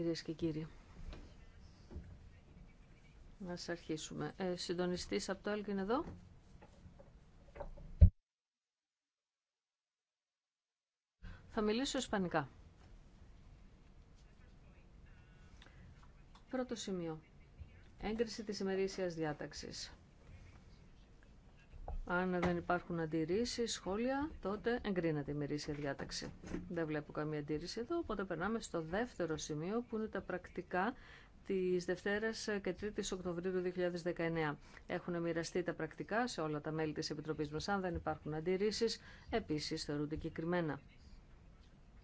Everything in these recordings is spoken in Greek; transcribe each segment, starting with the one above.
κυρίες και κύριοι. Να αρχίσουμε. Ε, συντονιστής από το είναι εδώ. Θα μιλήσω ισπανικά. Πρώτο σημείο. Έγκριση της ημερήσιας διάταξης. Αν δεν υπάρχουν αντιρρήσει, σχόλια, τότε εγκρίνεται η μερίσια διάταξη. Δεν βλέπω καμία αντίρρηση εδώ, οπότε περνάμε στο δεύτερο σημείο που είναι τα πρακτικά τη Δευτέρα και 3η Οκτωβρίου 2019. Έχουν μοιραστεί τα πρακτικά σε όλα τα μέλη τη Επιτροπή μα. Αν δεν υπάρχουν αντιρρήσει, επίση θεωρούνται κεκριμένα.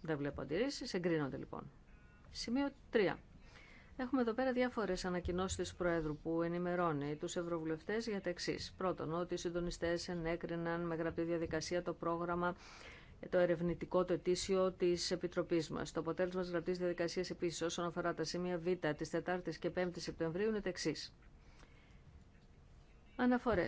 Δεν βλέπω αντιρρήσει, εγκρίνονται λοιπόν. Σημείο 3. Έχουμε εδώ πέρα διάφορε ανακοινώσει τη Προέδρου που ενημερώνει του Ευρωβουλευτέ για τα εξή. Πρώτον, ότι οι συντονιστέ ενέκριναν με γραπτή διαδικασία το πρόγραμμα το ερευνητικό το ετήσιο τη Επιτροπή μα. Το αποτέλεσμα τη γραπτή διαδικασία επίση όσον αφορά τα σημεία Β τη 4η και 5η Σεπτεμβρίου είναι τα εξή. Αναφορέ.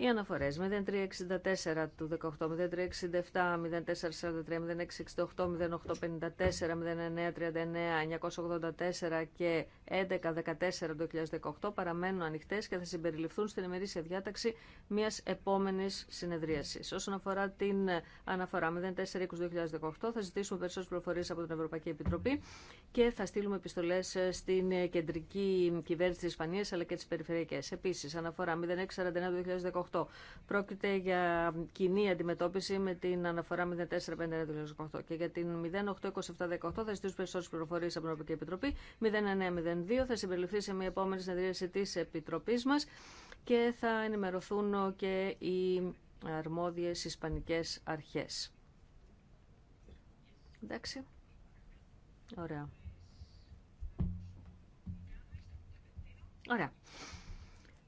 Οι αναφορές 0364 του 18, 0367, 0443, 0668, 0854, 0939, 984 και 1114 του 2018 παραμένουν ανοιχτές και θα συμπεριληφθούν στην ημερήσια διάταξη μιας επόμενης συνεδρίασης. Όσον αφορά την αναφορά 0420 2018 θα ζητήσουμε περισσότερες πληροφορίες από την Ευρωπαϊκή Επιτροπή και θα στείλουμε επιστολές στην κεντρική κυβέρνηση της Ισπανίας αλλά και τις περιφερειακές. Επίσης, αναφορά 0649 2018 Πρόκειται για κοινή αντιμετώπιση με την αναφορά 0451-2008 και για την 08-27-18 θα ζητήσουμε περισσότερε πληροφορίε από την Ευρωπαϊκή Επιτροπή. 0902 θα συμπεριληφθεί σε μια επόμενη συνεδρίαση τη Επιτροπή μα και θα ενημερωθούν και οι αρμόδιες ισπανικέ αρχέ. Εντάξει. Ωραία. Ωραία.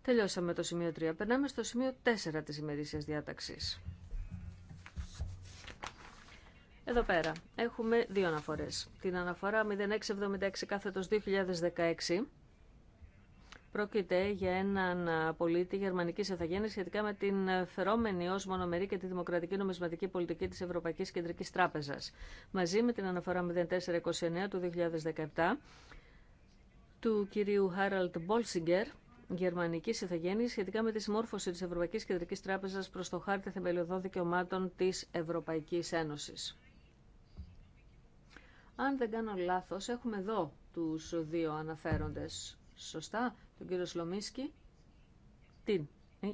Τελειώσαμε το σημείο 3. Περνάμε στο σημείο 4 της ημερήσιας διάταξης. Εδώ πέρα έχουμε δύο αναφορές. Την αναφορά 0676 κάθετος 2016 Πρόκειται για έναν πολίτη γερμανικής εθαγένειας σχετικά με την φερόμενη ω μονομερή και τη δημοκρατική νομισματική πολιτική της Ευρωπαϊκής Κεντρικής Τράπεζας. Μαζί με την αναφορά 0429 του 2017 του κυρίου Χάραλτ Μπόλσιγκερ Γερμανική ηθαγένεια σχετικά με τη συμμόρφωση τη Ευρωπαϊκής Κεντρικής Τράπεζας προ το χάρτη θεμελιωδών δικαιωμάτων της Ευρωπαϊκής Ένωσης. Αν δεν κάνω λάθος, έχουμε εδώ τους δύο αναφέροντε Σωστά, τον κύριο Σλομίσκι την, ε,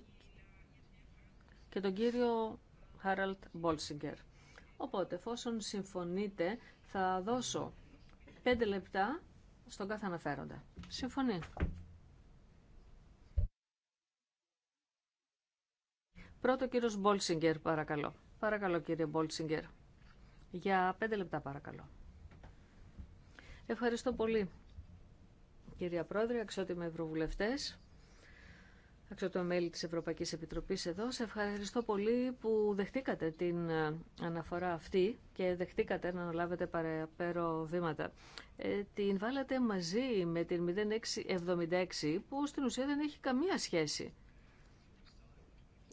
και τον κύριο Χάραλτ Μπόλσιγκερ. Οπότε, εφόσον συμφωνείτε, θα δώσω πέντε λεπτά στον κάθε αναφέροντα. Συμφωνεί. Πρώτο κύριο κύριος Μπόλσιγκερ, παρακαλώ. Παρακαλώ κύριε Μπόλσιγκερ. Για πέντε λεπτά παρακαλώ. Ευχαριστώ πολύ. Κυρία Πρόεδρε, αξιότιμοι ευρωβουλευτές, αξιότιμοι μέλη της Ευρωπαϊκής Επιτροπής εδώ, σε ευχαριστώ πολύ που δεχτήκατε την ε, αναφορά αυτή και δεχτήκατε να αναλάβετε παραπέρα βήματα. Ε, την βάλατε μαζί με την 0676 που στην ουσία δεν έχει καμία σχέση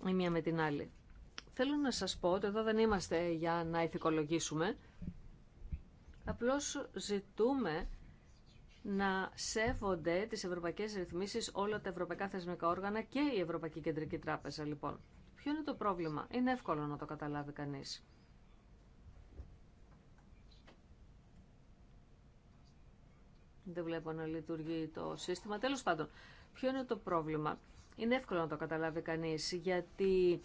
η μία με την άλλη. Θέλω να σας πω ότι εδώ δεν είμαστε για να ηθικολογήσουμε. Απλώς ζητούμε να σέβονται τις ευρωπαϊκές ρυθμίσεις όλα τα ευρωπαϊκά θεσμικά όργανα και η Ευρωπαϊκή Κεντρική Τράπεζα λοιπόν. Ποιο είναι το πρόβλημα. Είναι εύκολο να το καταλάβει κανείς. Δεν βλέπω να λειτουργεί το σύστημα. Τέλος πάντων, ποιο είναι το πρόβλημα. Είναι εύκολο να το καταλάβει κανεί, γιατί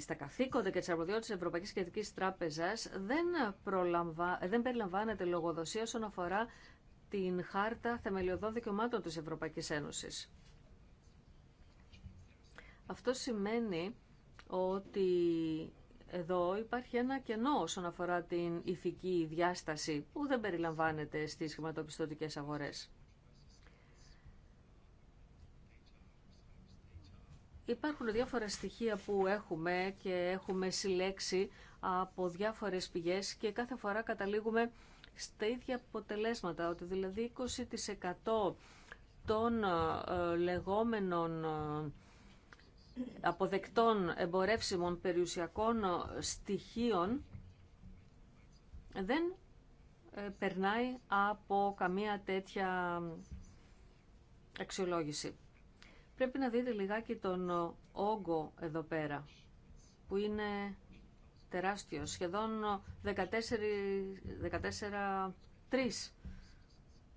στα καθήκοντα και τι αρμοδιότητε τη Ευρωπαϊκή Κεντρική Τράπεζα δεν, δεν περιλαμβάνεται λογοδοσία όσον αφορά την Χάρτα Θεμελιωδών Δικαιωμάτων της Ευρωπαϊκής Ένωσης. Αυτό σημαίνει ότι εδώ υπάρχει ένα κενό όσον αφορά την ηθική διάσταση που δεν περιλαμβάνεται στις χρηματοπιστωτικές αγορές. Υπάρχουν διάφορα στοιχεία που έχουμε και έχουμε συλλέξει από διάφορες πηγές και κάθε φορά καταλήγουμε στα ίδια αποτελέσματα, ότι δηλαδή 20% των ε, λεγόμενων ε, αποδεκτών εμπορεύσιμων περιουσιακών ε, στοιχείων δεν περνάει από καμία τέτοια αξιολόγηση. Πρέπει να δείτε λιγάκι τον ε, όγκο εδώ πέρα, που είναι τεραστιο σχεδόν 14, ε, 14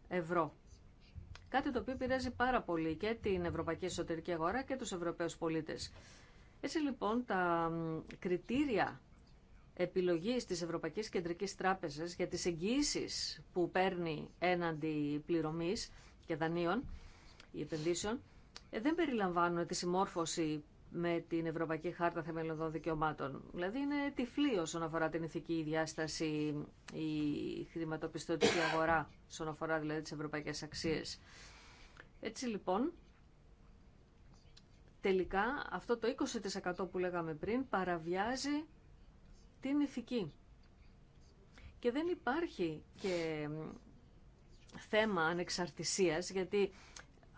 ευρώ. Κάτι το οποίο πειράζει πάρα πολύ και την ευρωπαϊκή εσωτερική αγορά και τους ευρωπαίους πολίτες. Έτσι λοιπόν τα κριτήρια επιλογής της Ευρωπαϊκής Κεντρικής Τράπεζας για τις εγγυήσει που παίρνει έναντι πληρωμής και δανείων ή επενδύσεων ε, δεν περιλαμβάνουν τη συμμόρφωση με την Ευρωπαϊκή Χάρτα Θεμελιωδών Δικαιωμάτων. Δηλαδή είναι τυφλή όσον αφορά την ηθική διάσταση η χρηματοπιστωτική αγορά, όσον αφορά δηλαδή τις ευρωπαϊκές αξίες. Έτσι λοιπόν, τελικά αυτό το 20% που λέγαμε πριν παραβιάζει την ηθική. Και δεν υπάρχει και θέμα ανεξαρτησίας, γιατί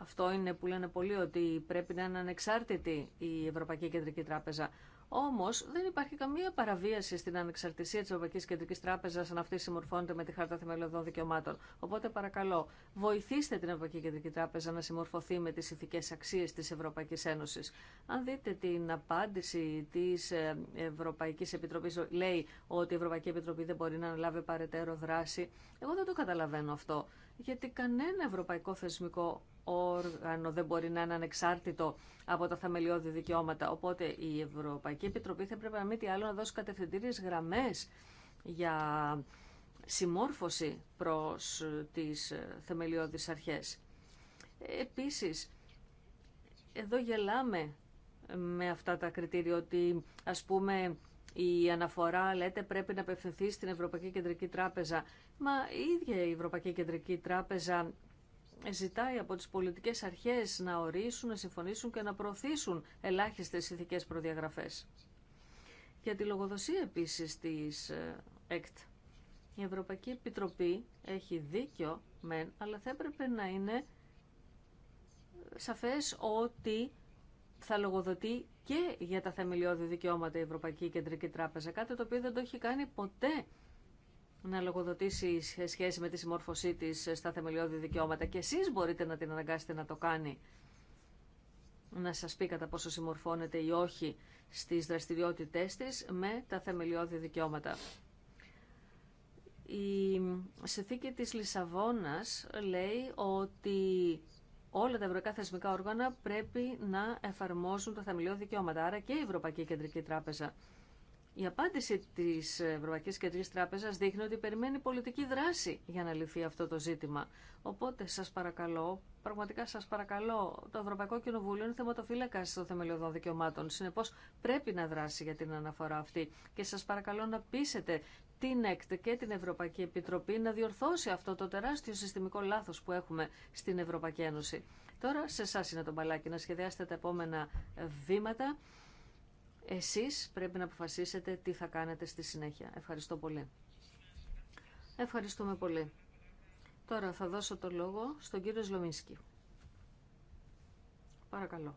αυτό είναι που λένε πολλοί ότι πρέπει να είναι ανεξάρτητη η Ευρωπαϊκή Κεντρική Τράπεζα. Όμω δεν υπάρχει καμία παραβίαση στην ανεξαρτησία τη Ευρωπαϊκή Κεντρική Τράπεζα αν αυτή συμμορφώνεται με τη Χάρτα Θεμελιωδών Δικαιωμάτων. Οπότε παρακαλώ, βοηθήστε την Ευρωπαϊκή Κεντρική Τράπεζα να συμμορφωθεί με τι ηθικέ αξίε τη Ευρωπαϊκή Ένωση. Αν δείτε την απάντηση τη ε, Ευρωπαϊκή Επιτροπή, λέει ότι η Ευρωπαϊκή Επιτροπή δεν μπορεί να αναλάβει παρετέρω δράση. Εγώ δεν το καταλαβαίνω αυτό. Γιατί κανένα ευρωπαϊκό θεσμικό όργανο δεν μπορεί να είναι ανεξάρτητο από τα θεμελιώδη δικαιώματα. Οπότε η Ευρωπαϊκή Επιτροπή θα πρέπει να μην τι άλλο να δώσει κατευθυντήριες γραμμές για συμμόρφωση προς τις ε, θεμελιώδεις αρχές. Επίσης, εδώ γελάμε με αυτά τα κριτήρια ότι ας πούμε η αναφορά λέτε πρέπει να απευθυνθεί στην Ευρωπαϊκή Κεντρική Τράπεζα. Μα η ίδια η Ευρωπαϊκή Κεντρική Τράπεζα ζητάει από τις πολιτικές αρχές να ορίσουν, να συμφωνήσουν και να προωθήσουν ελάχιστες ηθικές προδιαγραφές. Για τη λογοδοσία επίσης της ε, ΕΚΤ. Η Ευρωπαϊκή Επιτροπή έχει δίκιο μεν, αλλά θα έπρεπε να είναι σαφές ότι θα λογοδοτεί και για τα θεμελιώδη δικαιώματα η Ευρωπαϊκή Κεντρική Τράπεζα, κάτι το οποίο δεν το έχει κάνει ποτέ να λογοδοτήσει σε σχέση με τη συμμόρφωσή τη στα θεμελιώδη δικαιώματα και εσείς μπορείτε να την αναγκάσετε να το κάνει να σας πει κατά πόσο συμμορφώνεται ή όχι στις δραστηριότητές της με τα θεμελιώδη δικαιώματα. Η συνθήκη της Λισαβόνας λέει ότι όλα τα ευρωπαϊκά θεσμικά όργανα πρέπει να εφαρμόζουν τα θεμελιώδη δικαιώματα, άρα και η Ευρωπαϊκή Κεντρική Τράπεζα. Η απάντηση τη Ευρωπαϊκή Κεντρική Τράπεζα δείχνει ότι περιμένει πολιτική δράση για να λυθεί αυτό το ζήτημα. Οπότε σα παρακαλώ, πραγματικά σα παρακαλώ, το Ευρωπαϊκό Κοινοβούλιο είναι θεματοφύλακα των θεμελιωδών δικαιωμάτων. Συνεπώ πρέπει να δράσει για την αναφορά αυτή. Και σα παρακαλώ να πείσετε την ΕΚΤ και την Ευρωπαϊκή Επιτροπή να διορθώσει αυτό το τεράστιο συστημικό λάθο που έχουμε στην Ευρωπαϊκή Ένωση. Τώρα σε εσά είναι το μπαλάκι να σχεδιάσετε τα επόμενα βήματα εσείς πρέπει να αποφασίσετε τι θα κάνετε στη συνέχεια. Ευχαριστώ πολύ. Ευχαριστούμε πολύ. Τώρα θα δώσω το λόγο στον κύριο Σλομίσκι. Παρακαλώ.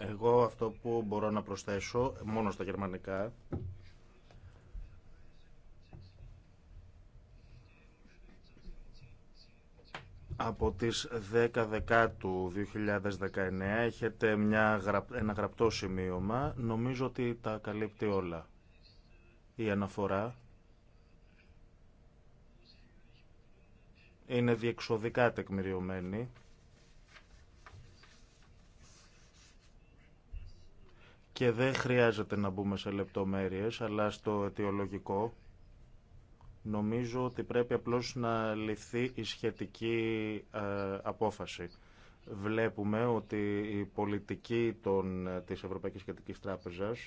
Εγώ αυτό που μπορώ να προσθέσω, μόνο στα γερμανικά, από τις 10 Δεκάτου 2019 έχετε μια, ένα γραπτό σημείωμα. Νομίζω ότι τα καλύπτει όλα. Η αναφορά είναι διεξοδικά τεκμηριωμένη. και δεν χρειάζεται να μπούμε σε λεπτομέρειες, αλλά στο αιτιολογικό νομίζω ότι πρέπει απλώς να ληφθεί η σχετική ε, απόφαση. Βλέπουμε ότι η πολιτική των, της Ευρωπαϊκής Τράπεζα Τράπεζας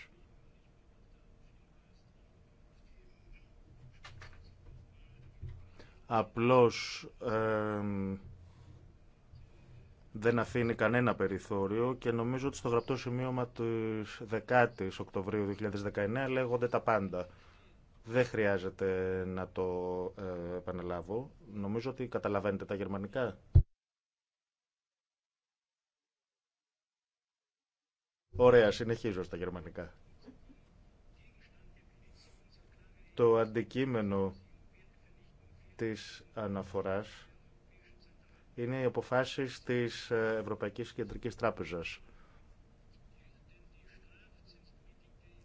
απλώς... Ε, δεν αφήνει κανένα περιθώριο και νομίζω ότι στο γραπτό σημείωμα της 10 Οκτωβρίου 2019 λέγονται τα πάντα. Δεν χρειάζεται να το ε, επαναλάβω. Νομίζω ότι καταλαβαίνετε τα γερμανικά. Ωραία, συνεχίζω στα γερμανικά. Το αντικείμενο της αναφοράς είναι οι αποφάσεις της ε, Ευρωπαϊκής Κεντρικής Τράπεζας.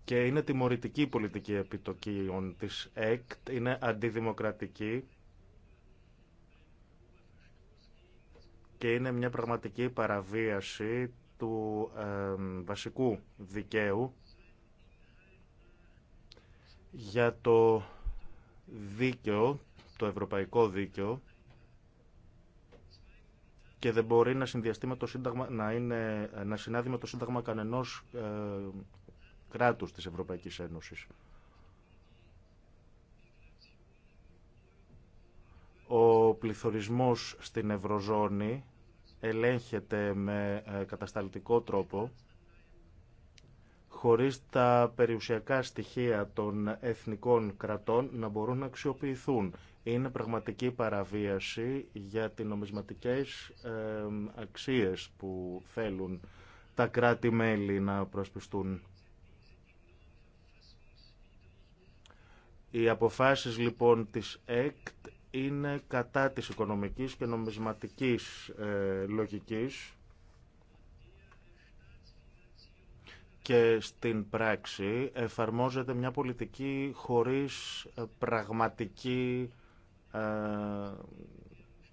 Και είναι τιμωρητική η πολιτική επιτοκίων της ΕΚΤ, είναι αντιδημοκρατική και είναι μια πραγματική παραβίαση του βασικού δικαίου για το δίκαιο, το ευρωπαϊκό δίκαιο, και δεν μπορεί να, συνδυαστεί με το σύνταγμα, να, είναι, να συνάδει το Σύνταγμα κανενός ε, κράτους της Ευρωπαϊκής Ένωσης. Ο πληθωρισμός στην Ευρωζώνη ελέγχεται με ε, κατασταλτικό τρόπο χωρίς τα περιουσιακά στοιχεία των εθνικών κρατών να μπορούν να αξιοποιηθούν είναι πραγματική παραβίαση για τις νομισματικές αξίες που θέλουν τα κράτη-μέλη να προσπιστούν. Οι αποφάσεις λοιπόν της ΕΚΤ είναι κατά της οικονομικής και νομισματικής ε, λογικής και στην πράξη εφαρμόζεται μια πολιτική χωρίς ε, πραγματική ε,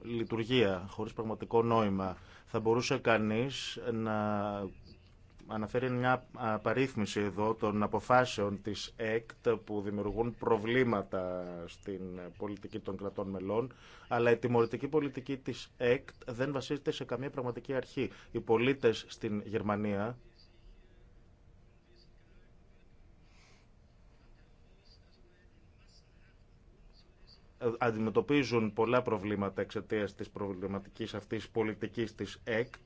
λειτουργία, χωρίς πραγματικό νόημα. Θα μπορούσε κανείς να αναφέρει μια παρήθμιση εδώ των αποφάσεων της ΕΚΤ που δημιουργούν προβλήματα στην πολιτική των κρατών μελών, αλλά η τιμωρητική πολιτική της ΕΚΤ δεν βασίζεται σε καμία πραγματική αρχή. Οι πολίτες στην Γερμανία αντιμετωπίζουν πολλά προβλήματα εξαιτία της προβληματικής αυτής πολιτικής της ΕΚΤ.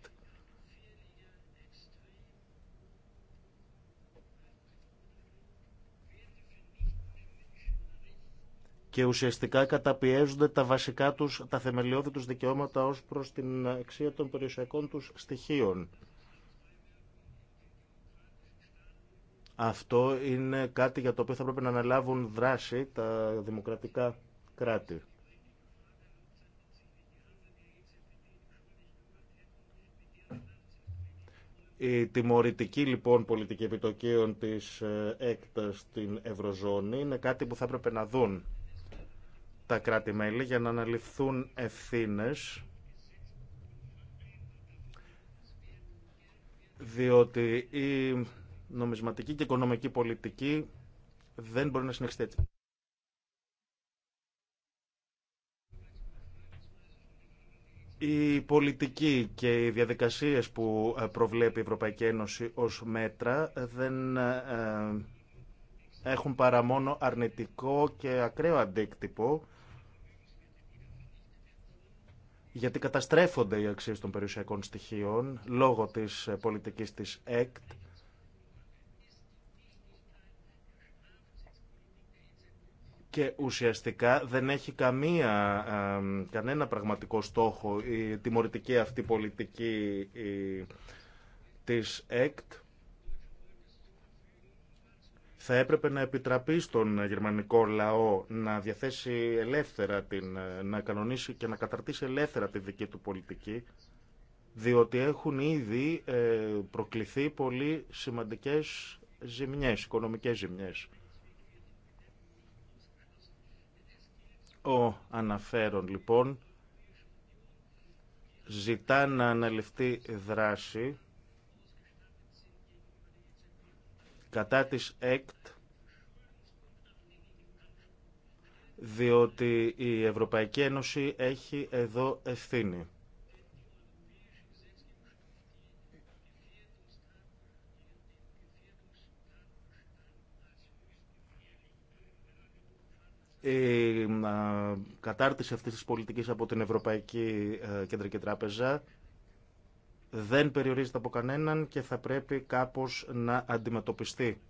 Και ουσιαστικά καταπιέζονται τα βασικά τους, τα θεμελιώδη τους δικαιώματα ως προς την αξία των περιουσιακών τους στοιχείων. Αυτό είναι κάτι για το οποίο θα πρέπει να αναλάβουν δράση τα δημοκρατικά κράτη. Η τιμωρητική λοιπόν πολιτική επιτοκίων της ε, ΕΚΤΑ στην Ευρωζώνη είναι κάτι που θα έπρεπε να δουν τα κράτη-μέλη για να αναλυφθούν ευθύνες διότι η νομισματική και οικονομική πολιτική δεν μπορεί να συνεχιστεί έτσι. Η πολιτική και οι διαδικασίες που ε, προβλέπει η Ευρωπαϊκή Ένωση ως μέτρα δεν ε, ε, έχουν παρά μόνο αρνητικό και ακραίο αντίκτυπο γιατί καταστρέφονται οι αξίες των περιουσιακών στοιχείων λόγω της πολιτικής της ΕΚΤ και ουσιαστικά δεν έχει καμία, κανένα πραγματικό στόχο η τιμωρητική αυτή πολιτική η, της ΕΚΤ θα έπρεπε να επιτραπεί στον γερμανικό λαό να διαθέσει ελεύθερα την, ε, να κανονίσει και να καταρτήσει ελεύθερα τη δική του πολιτική διότι έχουν ήδη ε, προκληθεί πολύ σημαντικές ζημιές, οικονομικές ζημιές. Ο αναφέρον λοιπόν ζητά να αναλυφθεί δράση κατά της ΕΚΤ διότι η Ευρωπαϊκή Ένωση έχει εδώ ευθύνη. η κατάρτιση αυτής της πολιτικής από την Ευρωπαϊκή ε, Κεντρική Τράπεζα δεν περιορίζεται από κανέναν και θα πρέπει κάπως να αντιμετωπιστεί.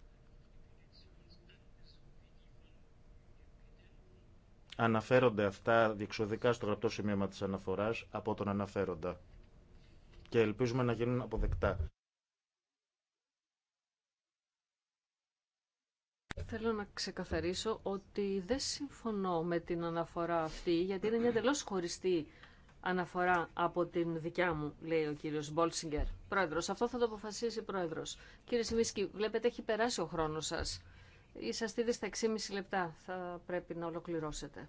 Αναφέρονται αυτά διεξοδικά στο γραπτό σημείωμα της αναφοράς από τον αναφέροντα και ελπίζουμε να γίνουν αποδεκτά. Θέλω να ξεκαθαρίσω ότι δεν συμφωνώ με την αναφορά αυτή, γιατί είναι μια εντελώ χωριστή αναφορά από την δικιά μου, λέει ο κύριο Μπόλσιγκερ. Πρόεδρο, αυτό θα το αποφασίσει ο πρόεδρο. Κύριε Σιμίσκι, βλέπετε έχει περάσει ο χρόνο σα. Είσαστε ήδη στα 6,5 λεπτά. Θα πρέπει να ολοκληρώσετε.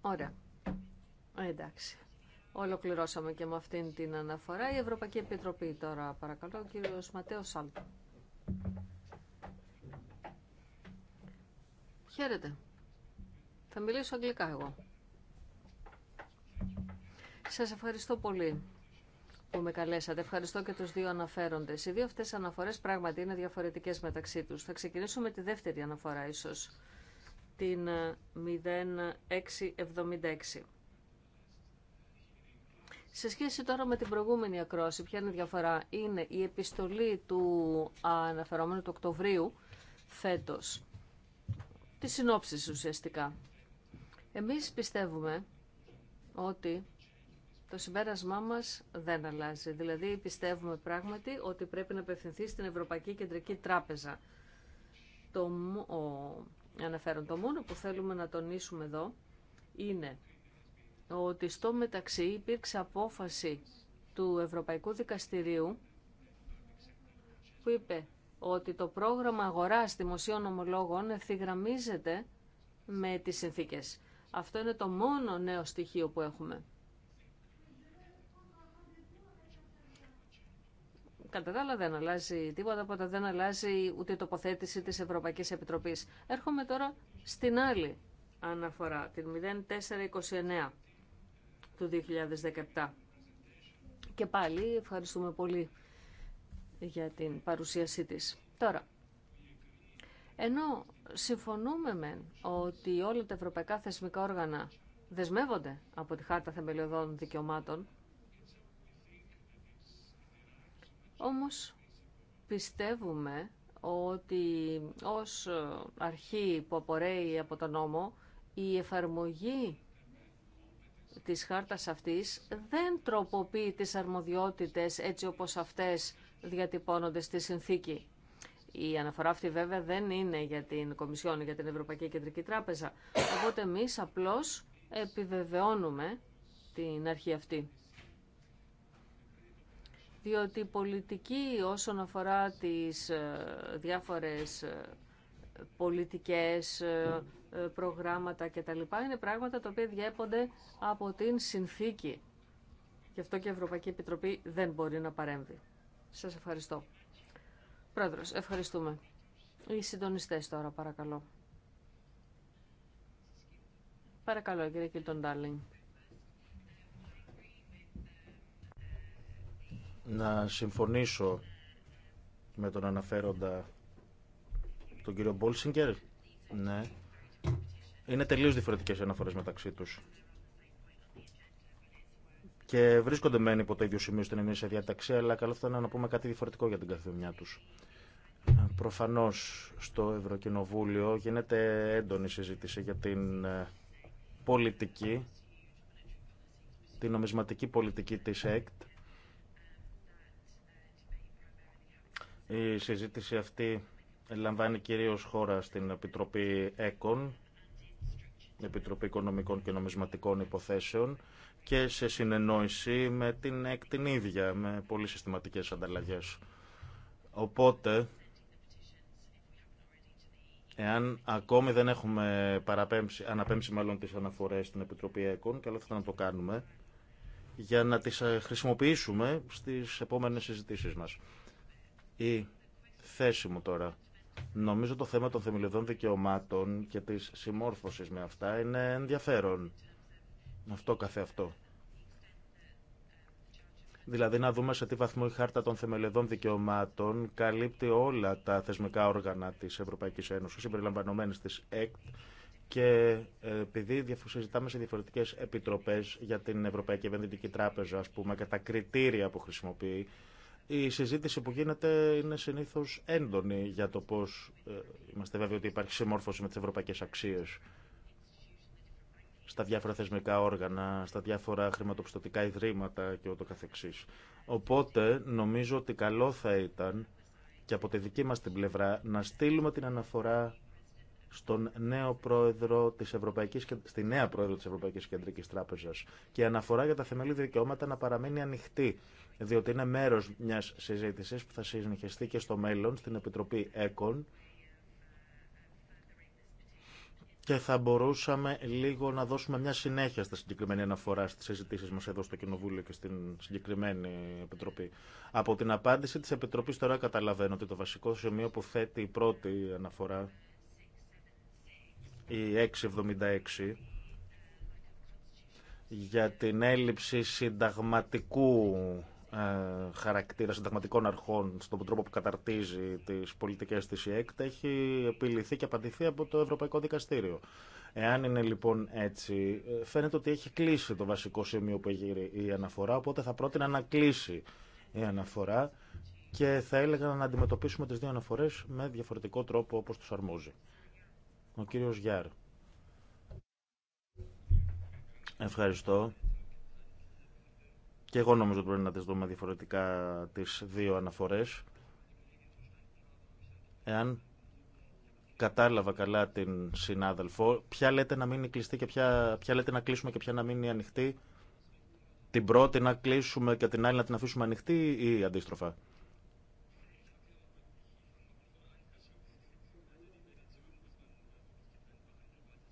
Ωραία. Ε, εντάξει. Ολοκληρώσαμε και με αυτήν την αναφορά. Η Ευρωπαϊκή Επιτροπή τώρα, παρακαλώ, ο κύριος Ματέος Σάλτο. Χαίρετε. Θα μιλήσω αγγλικά εγώ. Σας ευχαριστώ πολύ που με καλέσατε. Ευχαριστώ και τους δύο αναφέροντες. Οι δύο αυτές αναφορές πράγματι είναι διαφορετικές μεταξύ τους. Θα ξεκινήσω με τη δεύτερη αναφορά ίσως, την 0676. Ε, σε σχέση τώρα με την προηγούμενη ακρόση, ποια είναι η διαφορά. Είναι η επιστολή του αναφερόμενου του Οκτωβρίου φέτος. Τη συνόψεις ουσιαστικά. Εμείς πιστεύουμε ότι το συμπέρασμά μας δεν αλλάζει. Δηλαδή πιστεύουμε πράγματι ότι πρέπει να απευθυνθεί στην Ευρωπαϊκή Κεντρική Τράπεζα. Το, ο, το μόνο που θέλουμε να τονίσουμε εδώ είναι ότι στο μεταξύ υπήρξε απόφαση του Ευρωπαϊκού Δικαστηρίου που είπε ότι το πρόγραμμα αγοράς δημοσίων ομολόγων ευθυγραμμίζεται με τις συνθήκες. Αυτό είναι το μόνο νέο στοιχείο που έχουμε. Κατά τα άλλα δεν αλλάζει τίποτα, οπότε δεν αλλάζει ούτε η τοποθέτηση της Ευρωπαϊκής Επιτροπής. Έρχομαι τώρα στην άλλη αναφορά, την 0429 του 2017. Και πάλι ευχαριστούμε πολύ για την παρουσίασή της. Τώρα, ενώ συμφωνούμε με ότι όλα τα ευρωπαϊκά θεσμικά όργανα δεσμεύονται από τη Χάρτα Θεμελιωδών Δικαιωμάτων, όμως πιστεύουμε ότι ως αρχή που απορρέει από τον νόμο, η εφαρμογή της χάρτας αυτής δεν τροποποιεί τις αρμοδιότητες έτσι όπως αυτές διατυπώνονται στη συνθήκη. Η αναφορά αυτή βέβαια δεν είναι για την Κομισιόν, για την Ευρωπαϊκή Κεντρική Τράπεζα. Οπότε εμεί απλώς επιβεβαιώνουμε την αρχή αυτή. Διότι η πολιτική όσον αφορά τις ε, διάφορες ε, πολιτικές ε, ε, προγράμματα κτλ. Είναι πράγματα τα οποία διέπονται από την συνθήκη. Γι' αυτό και η Ευρωπαϊκή Επιτροπή δεν μπορεί να παρέμβει. Σας ευχαριστώ. Πρόεδρος, ευχαριστούμε. Οι συντονιστές τώρα, παρακαλώ. Παρακαλώ, κύριε Κίλτον Ντάρλινγκ. Να συμφωνήσω με τον αναφέροντα τον κύριο Μπόλσιγκερ. Ναι. Είναι τελείως διαφορετικές οι αναφορές μεταξύ τους. Και βρίσκονται μένει υπό το ίδιο σημείο στην ενίσχυση διαταξή, αλλά καλό θα είναι να πούμε κάτι διαφορετικό για την καθεμιά τους. Ε, προφανώς στο Ευρωκοινοβούλιο γίνεται έντονη συζήτηση για την ε, πολιτική, την νομισματική πολιτική της ΕΚΤ. Η συζήτηση αυτή λαμβάνει κυρίως χώρα στην Επιτροπή ΕΚΟΝ Επιτροπή Οικονομικών και Νομισματικών Υποθέσεων και σε συνεννόηση με την την ίδια, με πολύ συστηματικές ανταλλαγές. Οπότε, εάν ακόμη δεν έχουμε παραπέμψει, αναπέμψει μάλλον τις αναφορές στην Επιτροπή ΕΚΟΝ, καλό θα ήταν να το κάνουμε, για να τις ε, χρησιμοποιήσουμε στις επόμενες συζητήσεις μας. Η θέση μου τώρα Νομίζω το θέμα των θεμελιωδών δικαιωμάτων και της συμμόρφωσης με αυτά είναι ενδιαφέρον. Αυτό αυτό. Δηλαδή να δούμε σε τι βαθμό η Χάρτα των Θεμελιωδών Δικαιωμάτων καλύπτει όλα τα θεσμικά όργανα της Ευρωπαϊκής Ένωσης, συμπεριλαμβανομένε της ΕΚΤ, και ε, επειδή συζητάμε σε διαφορετικέ επιτροπέ για την Ευρωπαϊκή Επενδυτική Τράπεζα, α πούμε, και τα κριτήρια που χρησιμοποιεί, η συζήτηση που γίνεται είναι συνήθω έντονη για το πώ ε, είμαστε βέβαιοι ότι υπάρχει συμμόρφωση με τι ευρωπαϊκέ αξίε στα διάφορα θεσμικά όργανα, στα διάφορα χρηματοπιστωτικά ιδρύματα και ούτω καθεξής. Οπότε νομίζω ότι καλό θα ήταν και από τη δική μας την πλευρά να στείλουμε την αναφορά στον νέο πρόεδρο της Ευρωπαϊκής, στη νέα πρόεδρο της Ευρωπαϊκής Κεντρικής Τράπεζας και η αναφορά για τα θεμελή δικαιώματα να παραμείνει ανοιχτή διότι είναι μέρος μιας συζήτησης που θα συνεχιστεί και στο μέλλον στην Επιτροπή ΕΚΟΝ και θα μπορούσαμε λίγο να δώσουμε μια συνέχεια στα συγκεκριμένη αναφορά στις συζητήσει μας εδώ στο Κοινοβούλιο και στην συγκεκριμένη Επιτροπή. Από την απάντηση της Επιτροπής τώρα καταλαβαίνω ότι το βασικό σημείο που θέτει η πρώτη αναφορά, η 676, για την έλλειψη συνταγματικού ε, χαρακτήρα συνταγματικών αρχών στον τρόπο που καταρτίζει τις πολιτικές της η ΕΚΤ έχει επιληθεί και απαντηθεί από το Ευρωπαϊκό Δικαστήριο. Εάν είναι λοιπόν έτσι, ε, φαίνεται ότι έχει κλείσει το βασικό σημείο που έχει η αναφορά, οπότε θα πρότεινα να κλείσει η αναφορά και θα έλεγα να αντιμετωπίσουμε τις δύο αναφορές με διαφορετικό τρόπο όπως τους αρμόζει. Ο κύριος Γιάρ. Ευχαριστώ. Και εγώ νομίζω ότι πρέπει να τις δούμε διαφορετικά τις δύο αναφορές. Εάν κατάλαβα καλά την συνάδελφο, ποια λέτε να μείνει κλειστή και ποια, ποια λέτε να κλείσουμε και ποια να μείνει ανοιχτή. Την πρώτη να κλείσουμε και την άλλη να την αφήσουμε ανοιχτή ή αντίστροφα.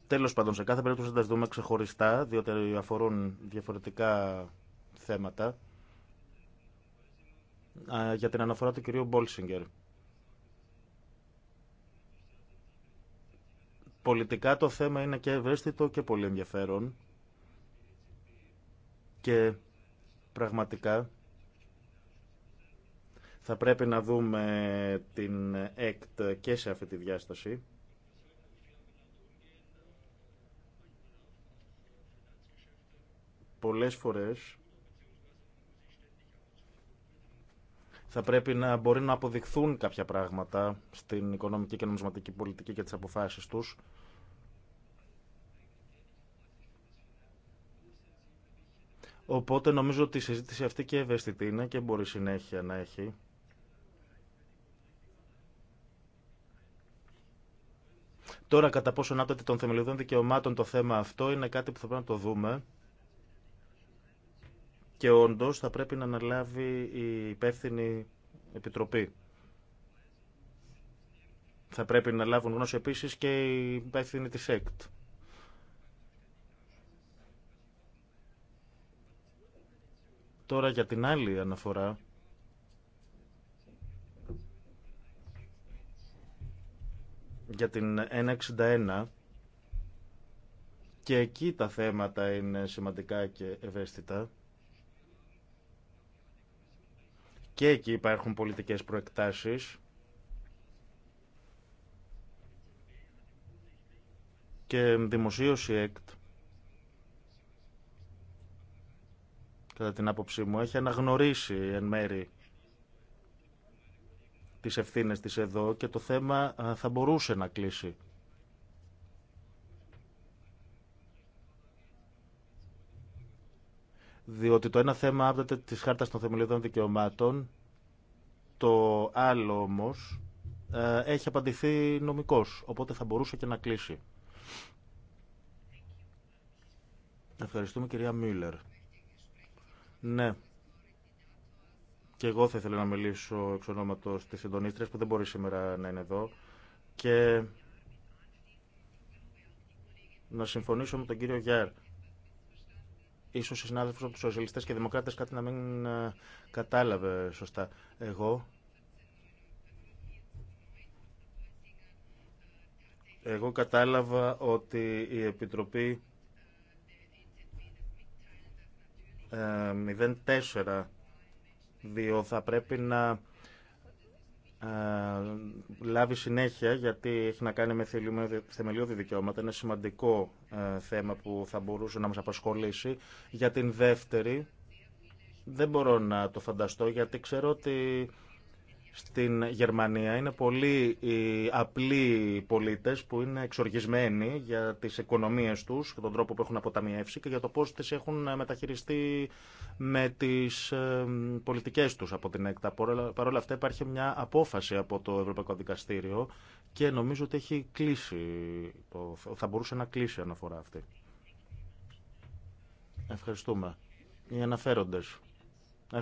Τέλος πάντων, σε κάθε περίπτωση θα τα δούμε ξεχωριστά, διότι αφορούν διαφορετικά θέματα για την αναφορά του κυρίου Μπόλσιγκερ. Πολιτικά το θέμα είναι και ευαίσθητο και πολύ ενδιαφέρον και πραγματικά θα πρέπει να δούμε την ΕΚΤ και σε αυτή τη διάσταση. Πολλές φορές Θα πρέπει να μπορεί να αποδειχθούν κάποια πράγματα στην οικονομική και νομισματική πολιτική και τις αποφάσεις τους. Οπότε νομίζω ότι η συζήτηση αυτή και ευαισθητή είναι και μπορεί συνέχεια να έχει. Τώρα, κατά πόσο ανάπτυξη των θεμελιωδών δικαιωμάτων το θέμα αυτό είναι κάτι που θα πρέπει να το δούμε και όντω θα πρέπει να αναλάβει η υπεύθυνη επιτροπή. Θα πρέπει να λάβουν γνώση επίση και η υπεύθυνη τη ΕΚΤ. Τώρα για την άλλη αναφορά. για την 161 και εκεί τα θέματα είναι σημαντικά και ευαίσθητα. Και εκεί υπάρχουν πολιτικές προεκτάσεις. Και δημοσίωση ΕΚΤ, κατά την άποψή μου, έχει αναγνωρίσει εν μέρη τις ευθύνες της εδώ και το θέμα θα μπορούσε να κλείσει. διότι το ένα θέμα άπτεται της Χάρτας των Θεμελιωδών Δικαιωμάτων, το άλλο όμως ε, έχει απαντηθεί νομικός, οπότε θα μπορούσε και να κλείσει. Ευχαριστούμε κυρία Μίλλερ. Ναι. Και εγώ θα ήθελα να μιλήσω εξ ονόματος της συντονίστριας που δεν μπορεί σήμερα να είναι εδώ και να συμφωνήσω με τον κύριο Γιάρ Ίσως ο συνάδελφος από τους σοσιαλιστές και δημοκράτες κάτι να μην ε, κατάλαβε σωστά. Εγώ Εγώ κατάλαβα ότι η Επιτροπή 04 ε, 2 θα πρέπει να ε, λάβει συνέχεια γιατί έχει να κάνει με θεμελιώδη δικαιώματα. Είναι σημαντικό ε, θέμα που θα μπορούσε να μας απασχολήσει. Για την δεύτερη δεν μπορώ να το φανταστώ γιατί ξέρω ότι στην Γερμανία είναι πολλοί οι απλοί πολίτες που είναι εξοργισμένοι για τις οικονομίες τους και τον τρόπο που έχουν αποταμιεύσει και για το πώς τις έχουν μεταχειριστεί με τις ε, πολιτικές τους από την ΕΚΤΑ. Παρ' όλα αυτά υπάρχει μια απόφαση από το Ευρωπαϊκό Δικαστήριο και νομίζω ότι έχει κλείσει, θα μπορούσε να κλείσει αναφορά αυτή. Ευχαριστούμε. Οι αναφέροντες.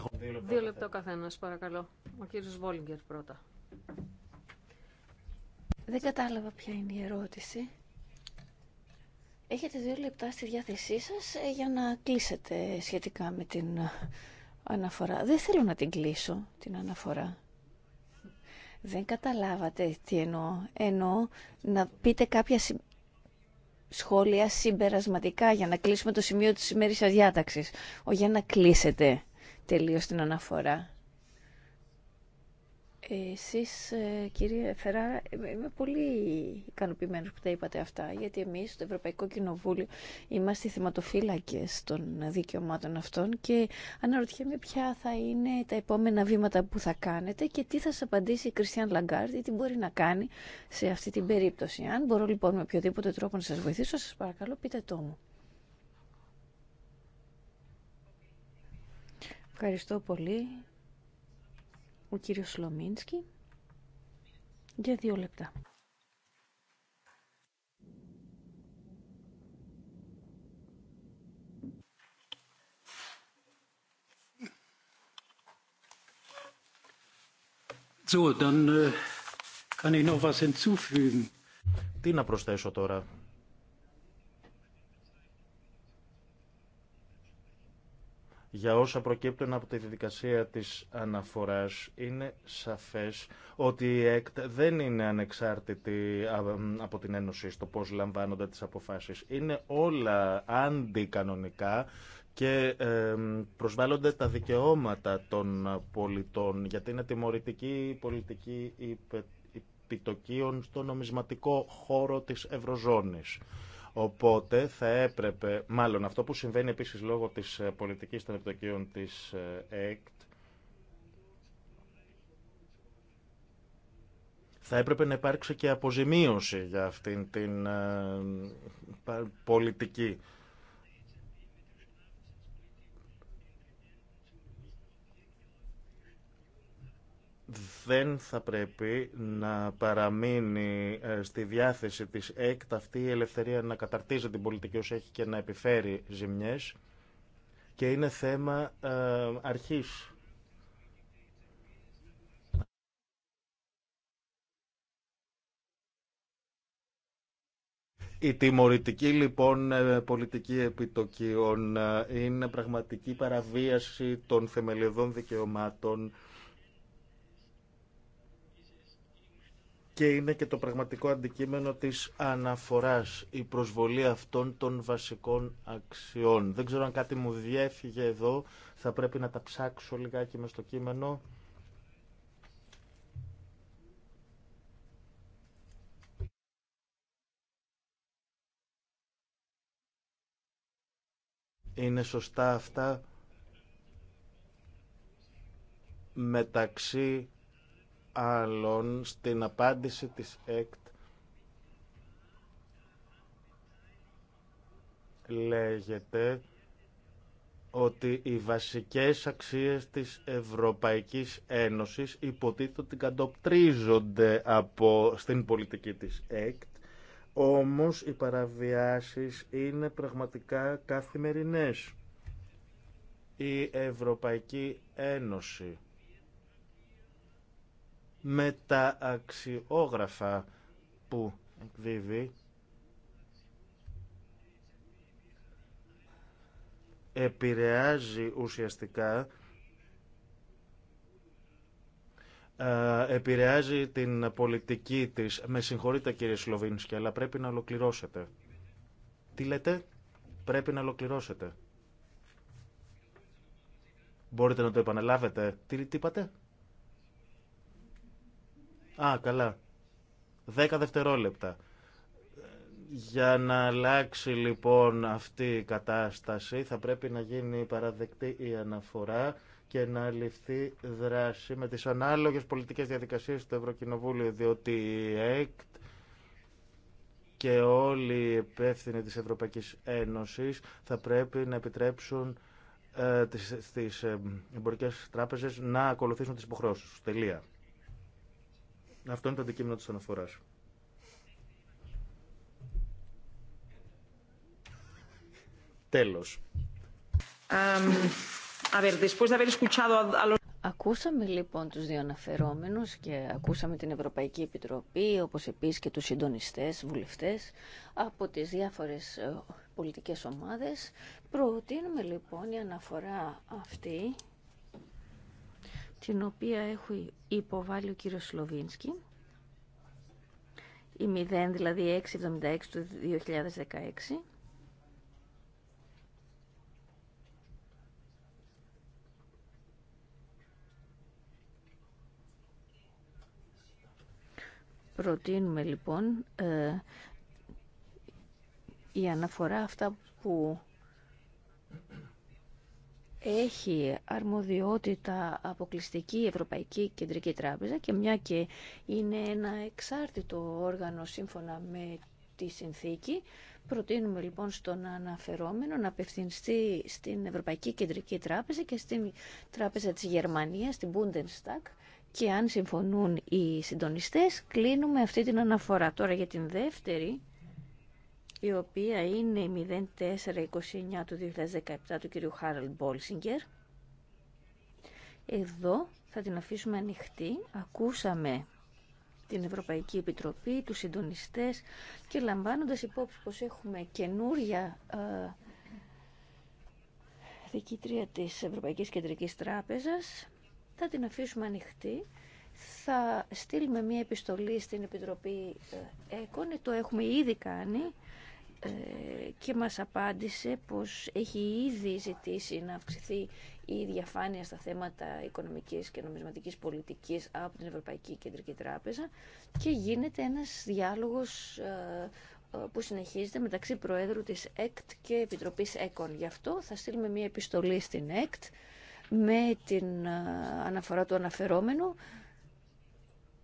Δύο λεπτά, λεπτά καθένα, παρακαλώ. Ο κύριο Βόλιγκερ πρώτα. Δεν κατάλαβα ποια είναι η ερώτηση. Έχετε δύο λεπτά στη διάθεσή σας ε, για να κλείσετε σχετικά με την ε, αναφορά. Δεν θέλω να την κλείσω, την αναφορά. Δεν καταλάβατε τι εννοώ. Εννοώ να πείτε κάποια σχόλια συμπερασματικά για να κλείσουμε το σημείο της ημέρης διάταξης. Όχι για να κλείσετε τελείως την αναφορά. Εσείς, ε, κύριε Φεράρα, είμαι πολύ ικανοποιημένο που τα είπατε αυτά, γιατί εμείς στο Ευρωπαϊκό Κοινοβούλιο είμαστε θεματοφύλακες των δικαιωμάτων αυτών και αναρωτιέμαι ποια θα είναι τα επόμενα βήματα που θα κάνετε και τι θα σας απαντήσει η Κριστιαν Λαγκάρτ ή τι μπορεί να κάνει σε αυτή την περίπτωση. Αν μπορώ λοιπόν με οποιοδήποτε τρόπο να σας βοηθήσω, σας παρακαλώ πείτε το μου. Ευχαριστώ πολύ. Ο κύριος Σλομίνσκι για δύο λεπτά. Äh, Τι να προσθέσω τώρα. για όσα προκύπτουν από τη διαδικασία της αναφοράς είναι σαφές ότι η ΕΚΤ δεν είναι ανεξάρτητη από την Ένωση στο πώς λαμβάνονται τις αποφάσεις. Είναι όλα αντικανονικά και ε, προσβάλλονται τα δικαιώματα των πολιτών γιατί είναι τιμωρητική η πολιτική επιτοκίων στο νομισματικό χώρο της Ευρωζώνης. Οπότε θα έπρεπε, μάλλον αυτό που συμβαίνει επίσης λόγω της ε, πολιτικής των επιτοκίων της ε, ΕΚΤ, θα έπρεπε να υπάρξει και αποζημίωση για αυτήν την ε, πολιτική δεν θα πρέπει να παραμείνει ε, στη διάθεση της ΕΚΤ αυτή η ελευθερία να καταρτίζει την πολιτική όσο έχει και να επιφέρει ζημιές και είναι θέμα ε, αρχής. Η τιμωρητική λοιπόν ε, πολιτική επιτοκίων είναι πραγματική παραβίαση των θεμελιωδών δικαιωμάτων και είναι και το πραγματικό αντικείμενο της αναφοράς, η προσβολή αυτών των βασικών αξιών. Δεν ξέρω αν κάτι μου διέφυγε εδώ, θα πρέπει να τα ψάξω λιγάκι μες στο κείμενο. Είναι σωστά αυτά μεταξύ άλλων στην απάντηση της ΕΚΤ λέγεται ότι οι βασικές αξίες της Ευρωπαϊκής Ένωσης υποτίθεται ότι κατοπτρίζονται από, στην πολιτική της ΕΚΤ, όμως οι παραβιάσεις είναι πραγματικά καθημερινές. Η Ευρωπαϊκή Ένωση με τα αξιόγραφα που εκδίδει επηρεάζει ουσιαστικά επηρεάζει την πολιτική της. Με συγχωρείτε κύριε Σλοβίνσκι, αλλά πρέπει να ολοκληρώσετε. Τι λέτε? Πρέπει να ολοκληρώσετε. Μπορείτε να το επαναλάβετε. Τι, τι είπατε? Α, καλά. Δέκα δευτερόλεπτα. Για να αλλάξει λοιπόν αυτή η κατάσταση θα πρέπει να γίνει παραδεκτή η αναφορά και να ληφθεί δράση με τις ανάλογες πολιτικές διαδικασίες του Ευρωκοινοβούλιο, διότι η ΕΚΤ και όλοι οι υπεύθυνοι της Ευρωπαϊκής Ένωσης θα πρέπει να επιτρέψουν ε, τις, τις ε, εμπορικές τράπεζες να ακολουθήσουν τις υποχρεώσεις. Τελεία. Αυτό είναι το αντικείμενο της αναφοράς. Τέλος. Ακούσαμε λοιπόν τους δύο αναφερόμενους και ακούσαμε την Ευρωπαϊκή Επιτροπή, όπως επίσης και τους συντονιστές, βουλευτές, από τις διάφορες ε, πολιτικές ομάδες. Προτείνουμε λοιπόν η αναφορά αυτή την οποία έχει υποβάλει ο κύριος Σλοβίνσκι, η 0 δηλαδή 676 του 2016, Προτείνουμε λοιπόν ε, η αναφορά αυτά που έχει αρμοδιότητα αποκλειστική Ευρωπαϊκή Κεντρική Τράπεζα και μια και είναι ένα εξάρτητο όργανο σύμφωνα με τη συνθήκη, προτείνουμε λοιπόν στον αναφερόμενο να απευθυνθεί στην Ευρωπαϊκή Κεντρική Τράπεζα και στην Τράπεζα της Γερμανίας, την Bundestag, και αν συμφωνούν οι συντονιστές, κλείνουμε αυτή την αναφορά. Τώρα για την δεύτερη η οποία είναι η 0429 του 2017 του κυρίου Χάραλ Μπόλσιγκερ. Εδώ θα την αφήσουμε ανοιχτή. Ακούσαμε την Ευρωπαϊκή Επιτροπή, τους συντονιστές και λαμβάνοντας υπόψη πως έχουμε καινούρια ε, διοικήτρια της Ευρωπαϊκής Κεντρικής Τράπεζας, θα την αφήσουμε ανοιχτή. Θα στείλουμε μία επιστολή στην Επιτροπή ε, ΕΚΟΝ, το έχουμε ήδη κάνει, και μας απάντησε πως έχει ήδη ζητήσει να αυξηθεί η διαφάνεια στα θέματα οικονομικής και νομισματικής πολιτικής από την Ευρωπαϊκή Κεντρική Τράπεζα και γίνεται ένας διάλογος ε, ε, που συνεχίζεται μεταξύ Προέδρου της ΕΚΤ και Επιτροπής ΕΚΟΝ. Γι' αυτό θα στείλουμε μια επιστολή στην ΕΚΤ με την ε, αναφορά του αναφερόμενου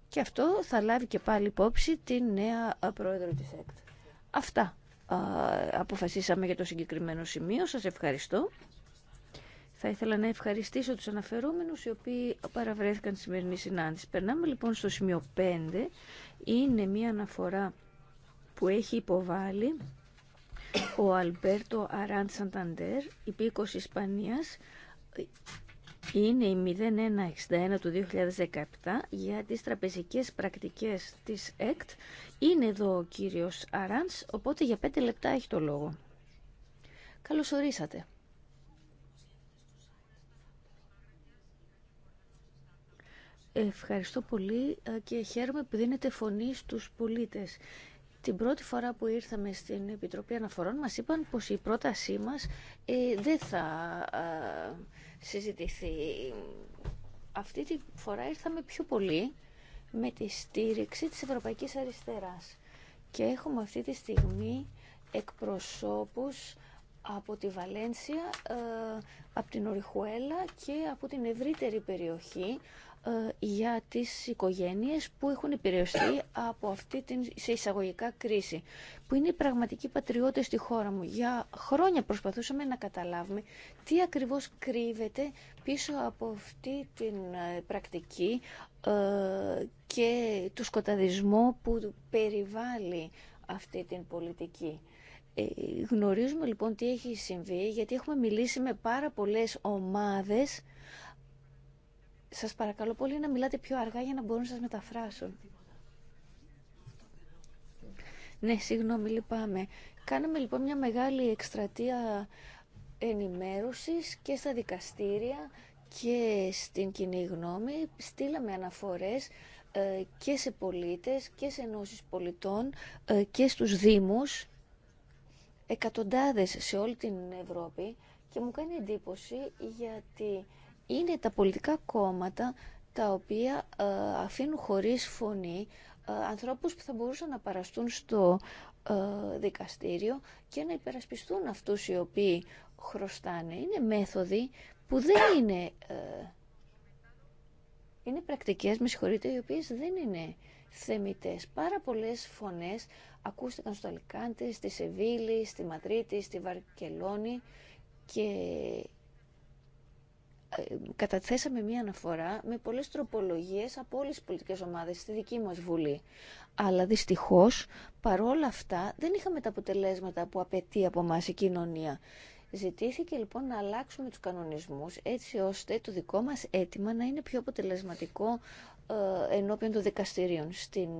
και αυτό θα λάβει και πάλι υπόψη την νέα Πρόεδρο της ΕΚΤ. Αυτά αποφασίσαμε για το συγκεκριμένο σημείο. Σας ευχαριστώ. Θα ήθελα να ευχαριστήσω τους αναφερόμενους οι οποίοι παραβρέθηκαν τη σημερινή συνάντηση. Περνάμε λοιπόν στο σημείο 5. Είναι μια αναφορά που έχει υποβάλει ο Αλμπέρτο Αράντ Σανταντέρ, υπήκος Ισπανίας, είναι η 0161 του 2017 για τις τραπεζικές πρακτικές της ΕΚΤ. Είναι εδώ ο κύριος Αράνς, οπότε για 5 λεπτά έχει το λόγο. Καλώς ορίσατε. Ευχαριστώ πολύ ε, και χαίρομαι που δίνετε φωνή στους πολίτες. Την πρώτη φορά που ήρθαμε στην Επιτροπή Αναφορών μας είπαν πως η πρότασή μας ε, δεν θα... Ε, συζητηθεί. Αυτή τη φορά ήρθαμε πιο πολύ με τη στήριξη της Ευρωπαϊκής Αριστεράς και έχουμε αυτή τη στιγμή εκπροσώπους από τη Βαλένσια, ε, από την Οριχουέλα και από την ευρύτερη περιοχή ε, για τις οικογένειες που έχουν επηρεαστεί από αυτή την σε εισαγωγικά κρίση, που είναι οι πραγματικοί πατριώτες στη χώρα μου. Για χρόνια προσπαθούσαμε να καταλάβουμε τι ακριβώς κρύβεται πίσω από αυτή την ε, πρακτική ε, και το σκοταδισμό που περιβάλλει αυτή την πολιτική. Γνωρίζουμε λοιπόν τι έχει συμβεί, γιατί έχουμε μιλήσει με πάρα πολλές ομάδες σας παρακαλώ πολύ να μιλάτε πιο αργά για να μπορούν να σας μεταφράσουν. Ναι, συγγνώμη, λυπάμαι. Κάναμε λοιπόν μια μεγάλη εκστρατεία ενημέρωσης και στα δικαστήρια και στην κοινή γνώμη. Στείλαμε αναφορές ε, και σε πολίτες και σε ενώσεις πολιτών ε, και στους δήμους εκατοντάδες σε όλη την Ευρώπη και μου κάνει εντύπωση γιατί είναι τα πολιτικά κόμματα τα οποία ε, αφήνουν χωρίς φωνή ε, ανθρώπους που θα μπορούσαν να παραστούν στο ε, δικαστήριο και να υπερασπιστούν αυτούς οι οποίοι χρωστάνε. Είναι μέθοδοι που δεν είναι... Είναι πρακτικές, με συγχωρείτε, οι οποίες δεν είναι θεμητές. Πάρα πολλές φωνές ακούστηκαν στο Αλικάντη, στη Σεβίλη, στη Ματρίτη, στη Βαρκελόνη ε, καταθέσαμε μία αναφορά με πολλές τροπολογίες από όλες τις πολιτικές ομάδες στη δική μας Βουλή. Αλλά δυστυχώς, παρόλα αυτά, δεν είχαμε τα αποτελέσματα που απαιτεί από μας η κοινωνία. Ζητήθηκε λοιπόν να αλλάξουμε τους κανονισμούς έτσι ώστε το δικό μας αίτημα να είναι πιο αποτελεσματικό ε, ενώπιον των δικαστηρίων. Στην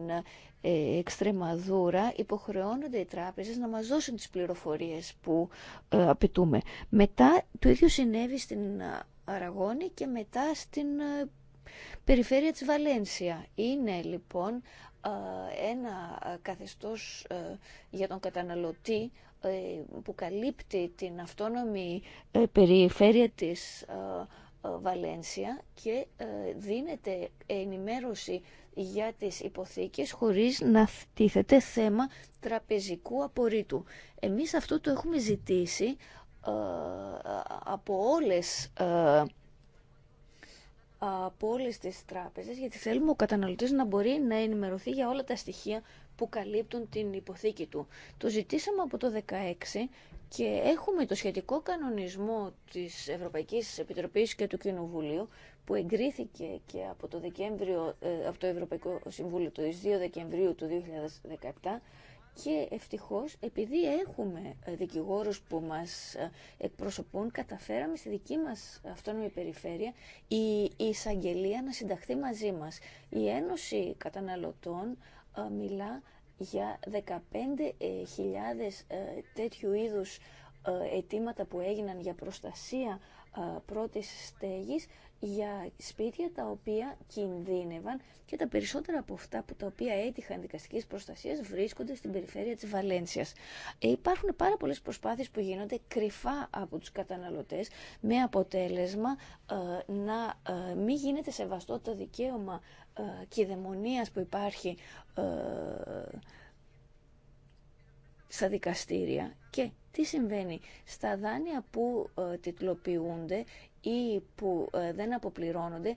ε, Εξτρεμαδούρα υποχρεώνονται οι τράπεζες να μας δώσουν τις πληροφορίες που ε, απαιτούμε. Μετά το ίδιο συνέβη στην και μετά στην ε, περιφέρεια της Βαλένσια. Είναι λοιπόν ε, ένα ε, καθεστώς για τον καταναλωτή που καλύπτει την αυτόνομη περιφέρεια της Βαλένσια και δίνεται ενημέρωση για τις υποθήκες χωρίς να τίθεται θέμα τραπεζικού απορρίτου. Εμείς αυτό το έχουμε ζητήσει ε, από όλες ε, από όλε τι τράπεζε, γιατί θέλουμε ο καταναλωτής να μπορεί να ενημερωθεί για όλα τα στοιχεία που καλύπτουν την υποθήκη του. Το ζητήσαμε από το 2016 και έχουμε το σχετικό κανονισμό της Ευρωπαϊκής Επιτροπής και του Κοινοβουλίου που εγκρίθηκε και από το, Δεκέμβριο, ε, από το Ευρωπαϊκό Συμβούλιο το 2 Δεκεμβρίου του 2017 και ευτυχώς, επειδή έχουμε ε, δικηγόρους που μας ε, εκπροσωπούν, καταφέραμε στη δική μας αυτόνομη περιφέρεια η εισαγγελία να συνταχθεί μαζί μας. Η Ένωση Καταναλωτών ε, μιλά για 15.000 τέτοιου είδους αιτήματα που έγιναν για προστασία πρώτης στέγης για σπίτια τα οποία κινδύνευαν και τα περισσότερα από αυτά που τα οποία έτυχαν δικαστικής προστασίας βρίσκονται στην περιφέρεια της Βαλένσιας. Ε, υπάρχουν πάρα πολλές προσπάθειες που γίνονται κρυφά από τους καταναλωτές με αποτέλεσμα ε, να ε, μην γίνεται σεβαστό το δικαίωμα ε, κυδαιμονίας που υπάρχει ε, στα δικαστήρια και τι συμβαίνει στα δάνεια που ε, ή που ε, δεν αποπληρώνονται,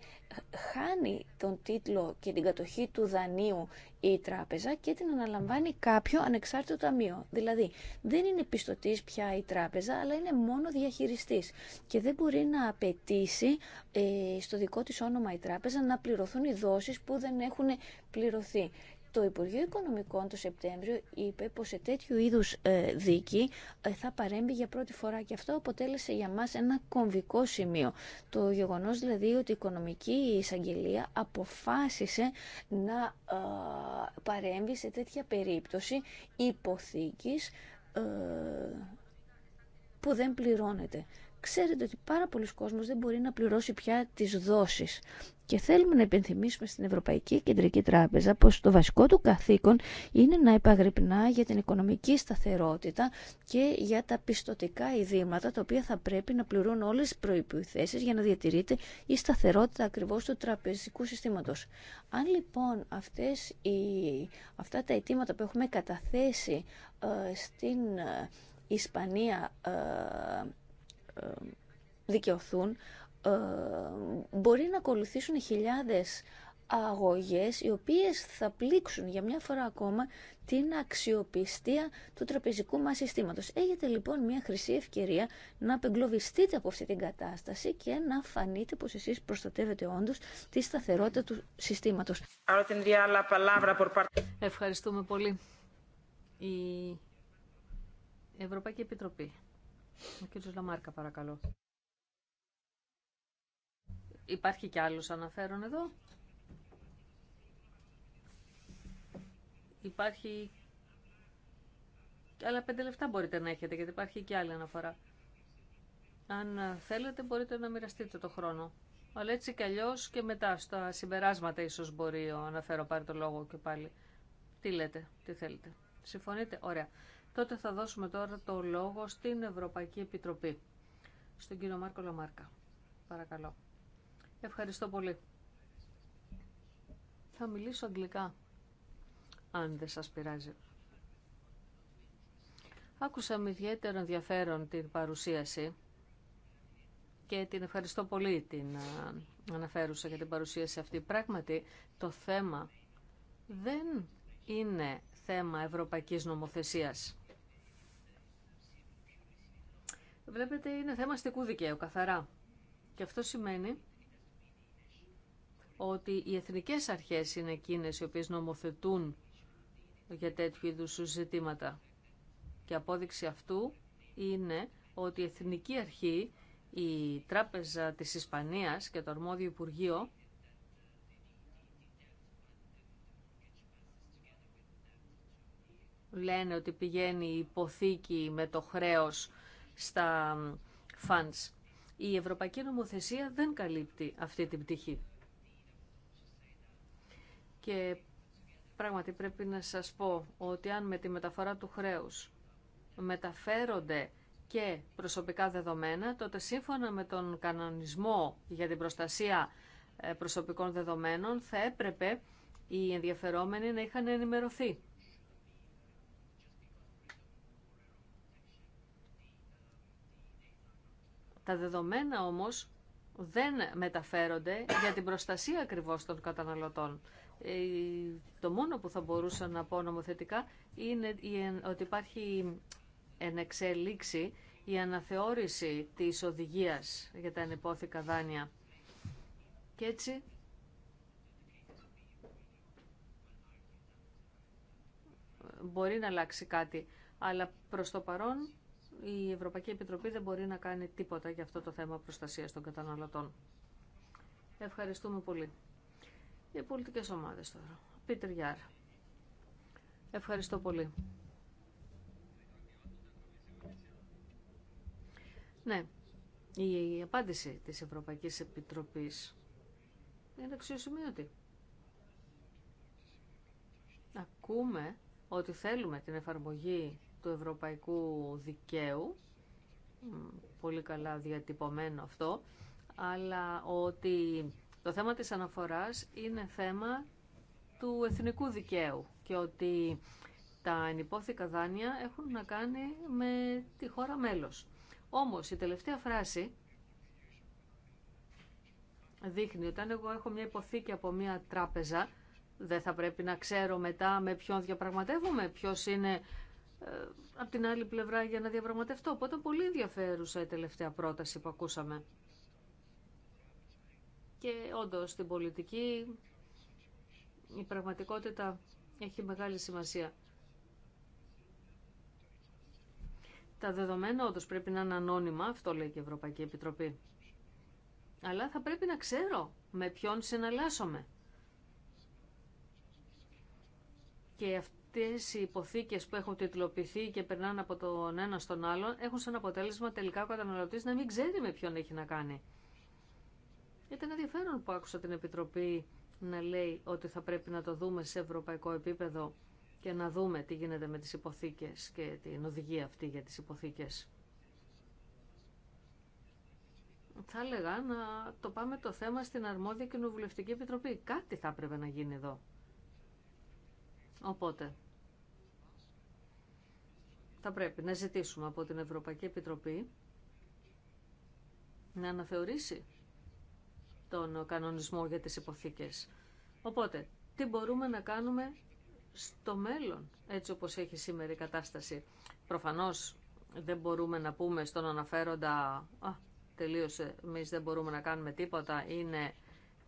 χάνει τον τίτλο και την κατοχή του δανείου η τράπεζα και την αναλαμβάνει κάποιο ανεξάρτητο ταμείο. Δηλαδή, δεν είναι πιστωτής πια η τράπεζα, αλλά είναι μόνο διαχειριστής και δεν μπορεί να απαιτήσει ε, στο δικό της όνομα η τράπεζα να πληρωθούν οι δόσεις που δεν έχουν πληρωθεί. Το Υπουργείο Οικονομικών το Σεπτέμβριο είπε πως σε τέτοιου είδους ε, δίκη ε, θα παρέμβει για πρώτη φορά και αυτό αποτέλεσε για μας ένα κομβικό σημείο. Το γεγονός δηλαδή ότι η Οικονομική Εισαγγελία αποφάσισε να ε, παρέμβει σε τέτοια περίπτωση υποθήκης που δεν πληρώνεται. Ξέρετε ότι πάρα πολλοί κόσμος δεν μπορεί να πληρώσει πια τις δόσεις. Και θέλουμε να υπενθυμίσουμε στην Ευρωπαϊκή Κεντρική Τράπεζα πως το βασικό του καθήκον είναι να υπαγρυπνά για την οικονομική σταθερότητα και για τα πιστοτικά ειδήματα, τα οποία θα πρέπει να πληρούν όλες τις προϋποθέσεις για να διατηρείται η σταθερότητα ακριβώς του τραπεζικού συστήματος. Αν λοιπόν αυτές οι, αυτά τα αιτήματα που έχουμε καταθέσει ε, στην ε, Ισπανία ε, δικαιωθούν, ε, μπορεί να ακολουθήσουν χιλιάδες αγωγές οι οποίες θα πλήξουν για μια φορά ακόμα την αξιοπιστία του τραπεζικού μας συστήματος. Έχετε λοιπόν μια χρυσή ευκαιρία να απεγκλωβιστείτε από αυτή την κατάσταση και να φανείτε πως εσείς προστατεύετε όντως τη σταθερότητα του συστήματος. Ευχαριστούμε πολύ. Η Ευρωπαϊκή Επιτροπή. Ο κ. Λαμάρκα παρακαλώ. Υπάρχει κι άλλος αναφέρον εδώ. Υπάρχει... Άλλα πέντε λεφτά μπορείτε να έχετε, γιατί υπάρχει και άλλη αναφορά. Αν θέλετε μπορείτε να μοιραστείτε το χρόνο. Αλλά έτσι κι αλλιώς και μετά στα συμπεράσματα ίσως μπορεί ο αναφέρον πάρει το λόγο και πάλι. Τι λέτε, τι θέλετε. Συμφωνείτε, ωραία. Τότε θα δώσουμε τώρα το λόγο στην Ευρωπαϊκή Επιτροπή. Στον κύριο Μάρκο Λαμάρκα. Παρακαλώ. Ευχαριστώ πολύ. Θα μιλήσω αγγλικά, αν δεν σας πειράζει. Άκουσα με ιδιαίτερο ενδιαφέρον την παρουσίαση και την ευχαριστώ πολύ την αναφέρουσα για την παρουσίαση αυτή. Πράγματι, το θέμα δεν είναι θέμα ευρωπαϊκής νομοθεσίας. Βλέπετε, είναι θέμα αστικού δικαίου, καθαρά. Και αυτό σημαίνει ότι οι εθνικές αρχές είναι εκείνες οι οποίες νομοθετούν για τέτοιου είδους ζητήματα. Και απόδειξη αυτού είναι ότι η Εθνική Αρχή, η Τράπεζα της Ισπανίας και το Αρμόδιο Υπουργείο λένε ότι πηγαίνει η υποθήκη με το χρέος στα funds. Η Ευρωπαϊκή Νομοθεσία δεν καλύπτει αυτή την πτυχή. Και πράγματι πρέπει να σας πω ότι αν με τη μεταφορά του χρέους μεταφέρονται και προσωπικά δεδομένα, τότε σύμφωνα με τον κανονισμό για την προστασία ε, προσωπικών δεδομένων θα έπρεπε οι ενδιαφερόμενοι να είχαν ενημερωθεί. Τα δεδομένα όμως δεν μεταφέρονται για την προστασία ακριβώς των καταναλωτών. Ε, το μόνο που θα μπορούσα να πω νομοθετικά είναι ότι υπάρχει ενεξέλιξη η αναθεώρηση της οδηγίας για τα ανεπόθηκα δάνεια. Και έτσι μπορεί να αλλάξει κάτι. Αλλά προς το παρόν η Ευρωπαϊκή Επιτροπή δεν μπορεί να κάνει τίποτα για αυτό το θέμα προστασίας των καταναλωτών. Ευχαριστούμε πολύ. Οι πολιτικές ομάδες τώρα. Πίτερ Γιάρ. Ευχαριστώ πολύ. Ναι, η απάντηση της Ευρωπαϊκής Επιτροπής είναι αξιοσημείωτη. Ακούμε ότι θέλουμε την εφαρμογή του ευρωπαϊκού δικαίου, πολύ καλά διατυπωμένο αυτό, αλλά ότι το θέμα της αναφοράς είναι θέμα του εθνικού δικαίου και ότι τα ενυπόθηκα δάνεια έχουν να κάνει με τη χώρα μέλος. Όμως η τελευταία φράση δείχνει ότι αν εγώ έχω μια υποθήκη από μια τράπεζα δεν θα πρέπει να ξέρω μετά με ποιον διαπραγματεύομαι, ποιος είναι ε, από την άλλη πλευρά για να διαπραγματευτώ. Οπότε πολύ ενδιαφέρουσα η τελευταία πρόταση που ακούσαμε. Και όντως στην πολιτική η πραγματικότητα έχει μεγάλη σημασία. Τα δεδομένα όντως πρέπει να είναι ανώνυμα, αυτό λέει και η Ευρωπαϊκή Επιτροπή. Αλλά θα πρέπει να ξέρω με ποιον συναλλάσσομαι. Και αυτές οι υποθήκες που έχουν τιτλοποιηθεί και περνάνε από τον ένα στον άλλον έχουν σαν αποτέλεσμα τελικά ο καταναλωτής να μην ξέρει με ποιον έχει να κάνει. Ήταν ενδιαφέρον που άκουσα την Επιτροπή να λέει ότι θα πρέπει να το δούμε σε ευρωπαϊκό επίπεδο και να δούμε τι γίνεται με τις υποθήκες και την οδηγία αυτή για τις υποθήκες. Θα έλεγα να το πάμε το θέμα στην αρμόδια κοινοβουλευτική επιτροπή. Κάτι θα έπρεπε να γίνει εδώ. Οπότε, θα πρέπει να ζητήσουμε από την Ευρωπαϊκή Επιτροπή να αναθεωρήσει τον κανονισμό για τις υποθήκες. Οπότε, τι μπορούμε να κάνουμε στο μέλλον, έτσι όπως έχει σήμερα η κατάσταση. Προφανώς δεν μπορούμε να πούμε στον αναφέροντα «Α, τελείωσε, εμεί δεν μπορούμε να κάνουμε τίποτα, είναι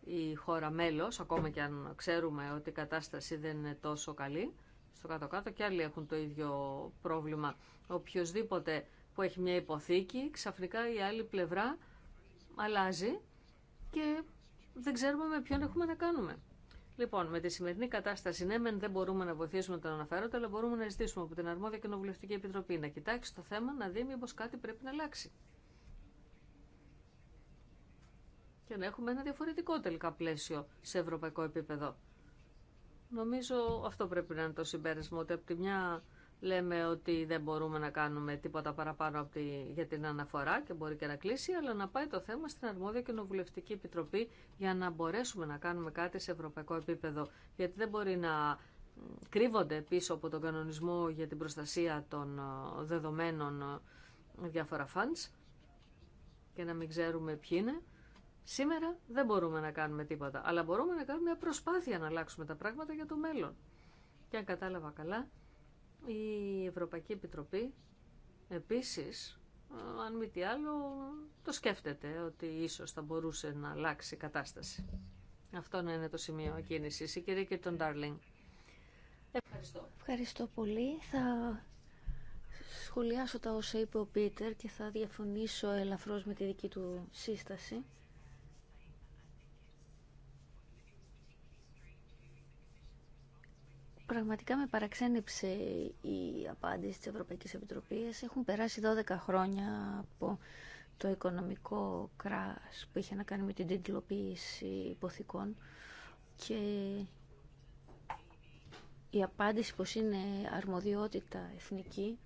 η χώρα μέλος, ακόμα και αν ξέρουμε ότι η κατάσταση δεν είναι τόσο καλή». Στο κάτω-κάτω και άλλοι έχουν το ίδιο πρόβλημα. Οποιοδήποτε που έχει μια υποθήκη, ξαφνικά η άλλη πλευρά αλλάζει και δεν ξέρουμε με ποιον έχουμε να κάνουμε. Λοιπόν, με τη σημερινή κατάσταση, ναι, δεν μπορούμε να βοηθήσουμε τον αναφέροντα, αλλά μπορούμε να ζητήσουμε από την αρμόδια κοινοβουλευτική επιτροπή να κοιτάξει το θέμα, να δει μήπω κάτι πρέπει να αλλάξει. Και να έχουμε ένα διαφορετικό τελικά πλαίσιο σε ευρωπαϊκό επίπεδο. Νομίζω αυτό πρέπει να είναι το συμπέρασμα, ότι από τη μια λέμε ότι δεν μπορούμε να κάνουμε τίποτα παραπάνω από τη, για την αναφορά και μπορεί και να κλείσει, αλλά να πάει το θέμα στην αρμόδια κοινοβουλευτική επιτροπή για να μπορέσουμε να κάνουμε κάτι σε ευρωπαϊκό επίπεδο. Γιατί δεν μπορεί να κρύβονται πίσω από τον κανονισμό για την προστασία των ε, δεδομένων ε, διάφορα funds και να μην ξέρουμε ποιοι είναι. Σήμερα δεν μπορούμε να κάνουμε τίποτα, αλλά μπορούμε να κάνουμε μια προσπάθεια να αλλάξουμε τα πράγματα για το μέλλον. Και αν κατάλαβα καλά, η Ευρωπαϊκή Επιτροπή επίσης, αν μη τι άλλο, το σκέφτεται ότι ίσως θα μπορούσε να αλλάξει η κατάσταση. Αυτό να είναι το σημείο κίνηση Η κυρία και τον Darling. Ευχαριστώ. Ευχαριστώ πολύ. Θα σχολιάσω τα όσα είπε ο Πίτερ και θα διαφωνήσω ελαφρώς με τη δική του σύσταση. Πραγματικά με παραξένεψε η απάντηση της Ευρωπαϊκής Επιτροπής. Έχουν περάσει 12 χρόνια από το οικονομικό κράς που είχε να κάνει με την τίτλοποίηση υποθηκών και η απάντηση πως είναι αρμοδιότητα εθνική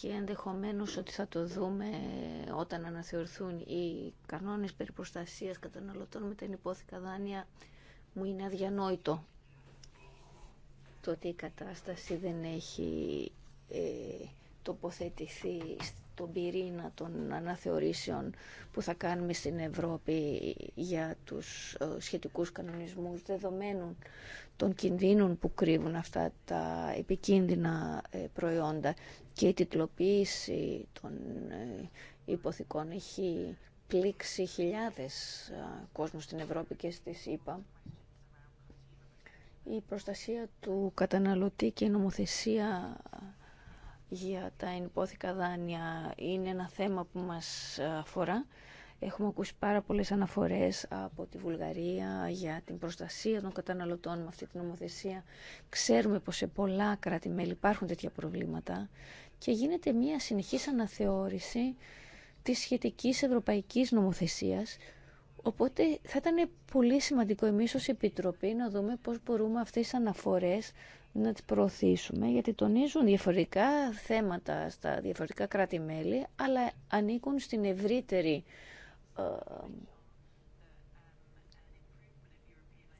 και ενδεχομένως ότι θα το δούμε όταν αναθεωρηθούν οι κανόνες περί προστασίας καταναλωτών με την υπόθηκα δάνεια μου είναι αδιανόητο ότι η κατάσταση δεν έχει ε, τοποθετηθεί στον πυρήνα των αναθεωρήσεων που θα κάνουμε στην Ευρώπη για τους ε, σχετικούς κανονισμούς δεδομένων των κινδύνων που κρύβουν αυτά τα επικίνδυνα ε, προϊόντα και η τιτλοποίηση των υποθηκών έχει πλήξει χιλιάδες κόσμου στην Ευρώπη και στις ΗΠΑ η προστασία του καταναλωτή και η νομοθεσία για τα ενυπόθηκα δάνεια είναι ένα θέμα που μας αφορά. Έχουμε ακούσει πάρα πολλές αναφορές από τη Βουλγαρία για την προστασία των καταναλωτών με αυτή τη νομοθεσία. Ξέρουμε πως σε πολλά κράτη-μέλη υπάρχουν τέτοια προβλήματα και γίνεται μια συνεχής αναθεώρηση της σχετικής ευρωπαϊκής νομοθεσίας Οπότε θα ήταν πολύ σημαντικό εμείς ως Επιτροπή να δούμε πώς μπορούμε αυτές τις αναφορές να τις προωθήσουμε, γιατί τονίζουν διαφορετικά θέματα στα διαφορετικά κράτη-μέλη, αλλά ανήκουν στην ευρύτερη ε,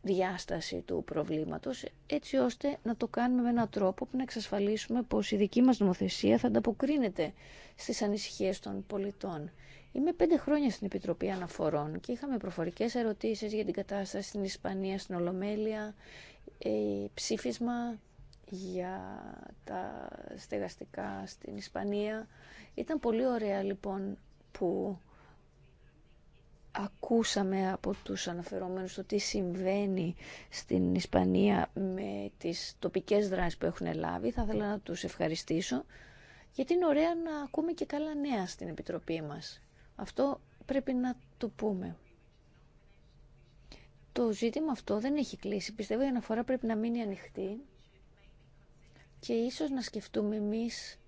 διάσταση του προβλήματος, έτσι ώστε να το κάνουμε με έναν τρόπο που να εξασφαλίσουμε πως η δική μας νομοθεσία θα ανταποκρίνεται στις ανησυχίες των πολιτών. Είμαι πέντε χρόνια στην Επιτροπή Αναφορών και είχαμε προφορικές ερωτήσεις για την κατάσταση στην Ισπανία, στην Ολομέλεια, ε, ψήφισμα για τα στεγαστικά στην Ισπανία. Ήταν πολύ ωραία λοιπόν που ακούσαμε από τους αναφερόμενους το τι συμβαίνει στην Ισπανία με τις τοπικές δράσεις που έχουν λάβει. Θα ήθελα να τους ευχαριστήσω γιατί είναι ωραία να ακούμε και καλά νέα στην Επιτροπή μας. Αυτό πρέπει να το πούμε. Το ζήτημα αυτό δεν έχει κλείσει. Πιστεύω η αναφορά πρέπει να μείνει ανοιχτή και ίσως να σκεφτούμε εμείς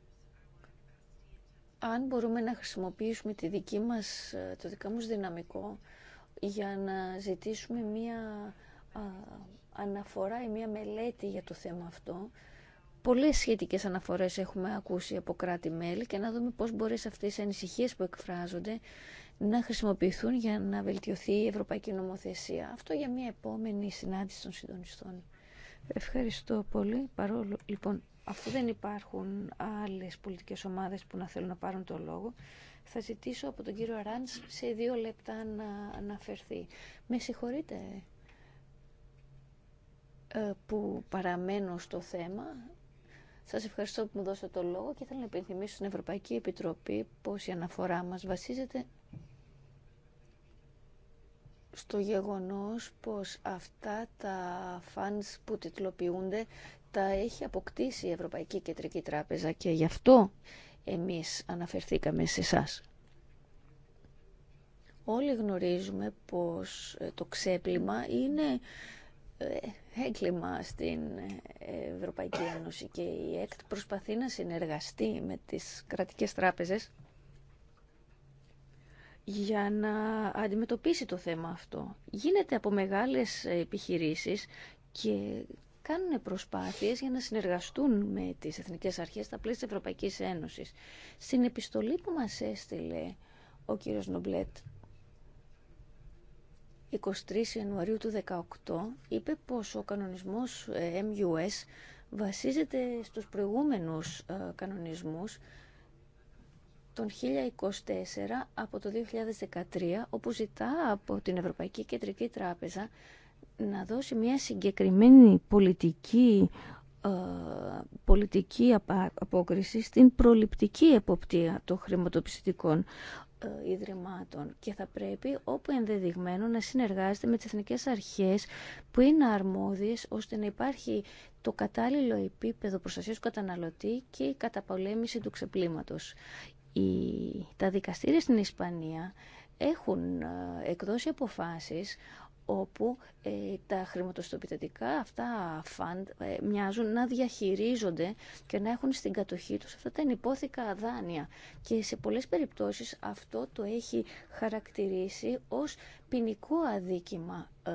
αν μπορούμε να χρησιμοποιήσουμε τη δική μας, το δικό μας δυναμικό για να ζητήσουμε μία αναφορά ή μία μελέτη για το θέμα αυτό Πολλές σχετικές αναφορές έχουμε ακούσει από κράτη-μέλη και να δούμε πώς μπορεί σε αυτές οι ανησυχίες που εκφράζονται να χρησιμοποιηθούν για να βελτιωθεί η ευρωπαϊκή νομοθεσία. Αυτό για μια επόμενη συνάντηση των συντονιστών. Ευχαριστώ πολύ. Παρόλο, λοιπόν, αφού δεν υπάρχουν άλλες πολιτικές ομάδες που να θέλουν να πάρουν το λόγο, θα ζητήσω από τον κύριο Ράντς σε δύο λεπτά να αναφερθεί. Με συγχωρείτε ε, που παραμένω στο θέμα Σα ευχαριστώ που μου δώσατε το λόγο και θέλω να υπενθυμίσω στην Ευρωπαϊκή Επιτροπή πω αυτά τα φάνη που τυκλοποιούνται τα έχει αποκτήσει η αναφορά μα βασίζεται στο γεγονός πως αυτά τα funds που τιτλοποιούνται τα έχει αποκτήσει η Ευρωπαϊκή Κεντρική Τράπεζα και γι' αυτό εμείς αναφερθήκαμε σε εσά. Όλοι γνωρίζουμε πως ε, το ξέπλυμα είναι ε, έγκλημα στην Ευρωπαϊκή Ένωση και η ΕΚΤ προσπαθεί να συνεργαστεί με τις κρατικές τράπεζες για να αντιμετωπίσει το θέμα αυτό. Γίνεται από μεγάλες επιχειρήσεις και κάνουν προσπάθειες για να συνεργαστούν με τις εθνικές αρχές στα πλαίσια της Ευρωπαϊκής Ένωσης. Στην επιστολή που μας έστειλε ο κύριος Νομπλέτ 23 Ιανουαρίου του 2018 είπε πως ο κανονισμός ε, MUS βασίζεται στους προηγούμενους ε, κανονισμούς τον 1024 από το 2013 όπου ζητά από την Ευρωπαϊκή Κεντρική Τράπεζα να δώσει μια συγκεκριμένη πολιτική ε, πολιτική απόκριση στην προληπτική εποπτεία των χρηματοπιστικών ε, ιδρυμάτων και θα πρέπει όπου ενδεδειγμένο να συνεργάζεται με τις εθνικές αρχές που είναι αρμόδιες ώστε να υπάρχει το κατάλληλο επίπεδο προστασίας του καταναλωτή και η καταπολέμηση του ξεπλήματος. Η... Τα δικαστήρια στην Ισπανία έχουν ε, εκδώσει αποφάσεις όπου ε, τα χρηματοστοπιτατικά αυτά φαντ ε, μοιάζουν να διαχειρίζονται και να έχουν στην κατοχή τους αυτά τα ενυπόθηκα δάνεια. Και σε πολλές περιπτώσεις αυτό το έχει χαρακτηρίσει ως ποινικό αδίκημα. Ε,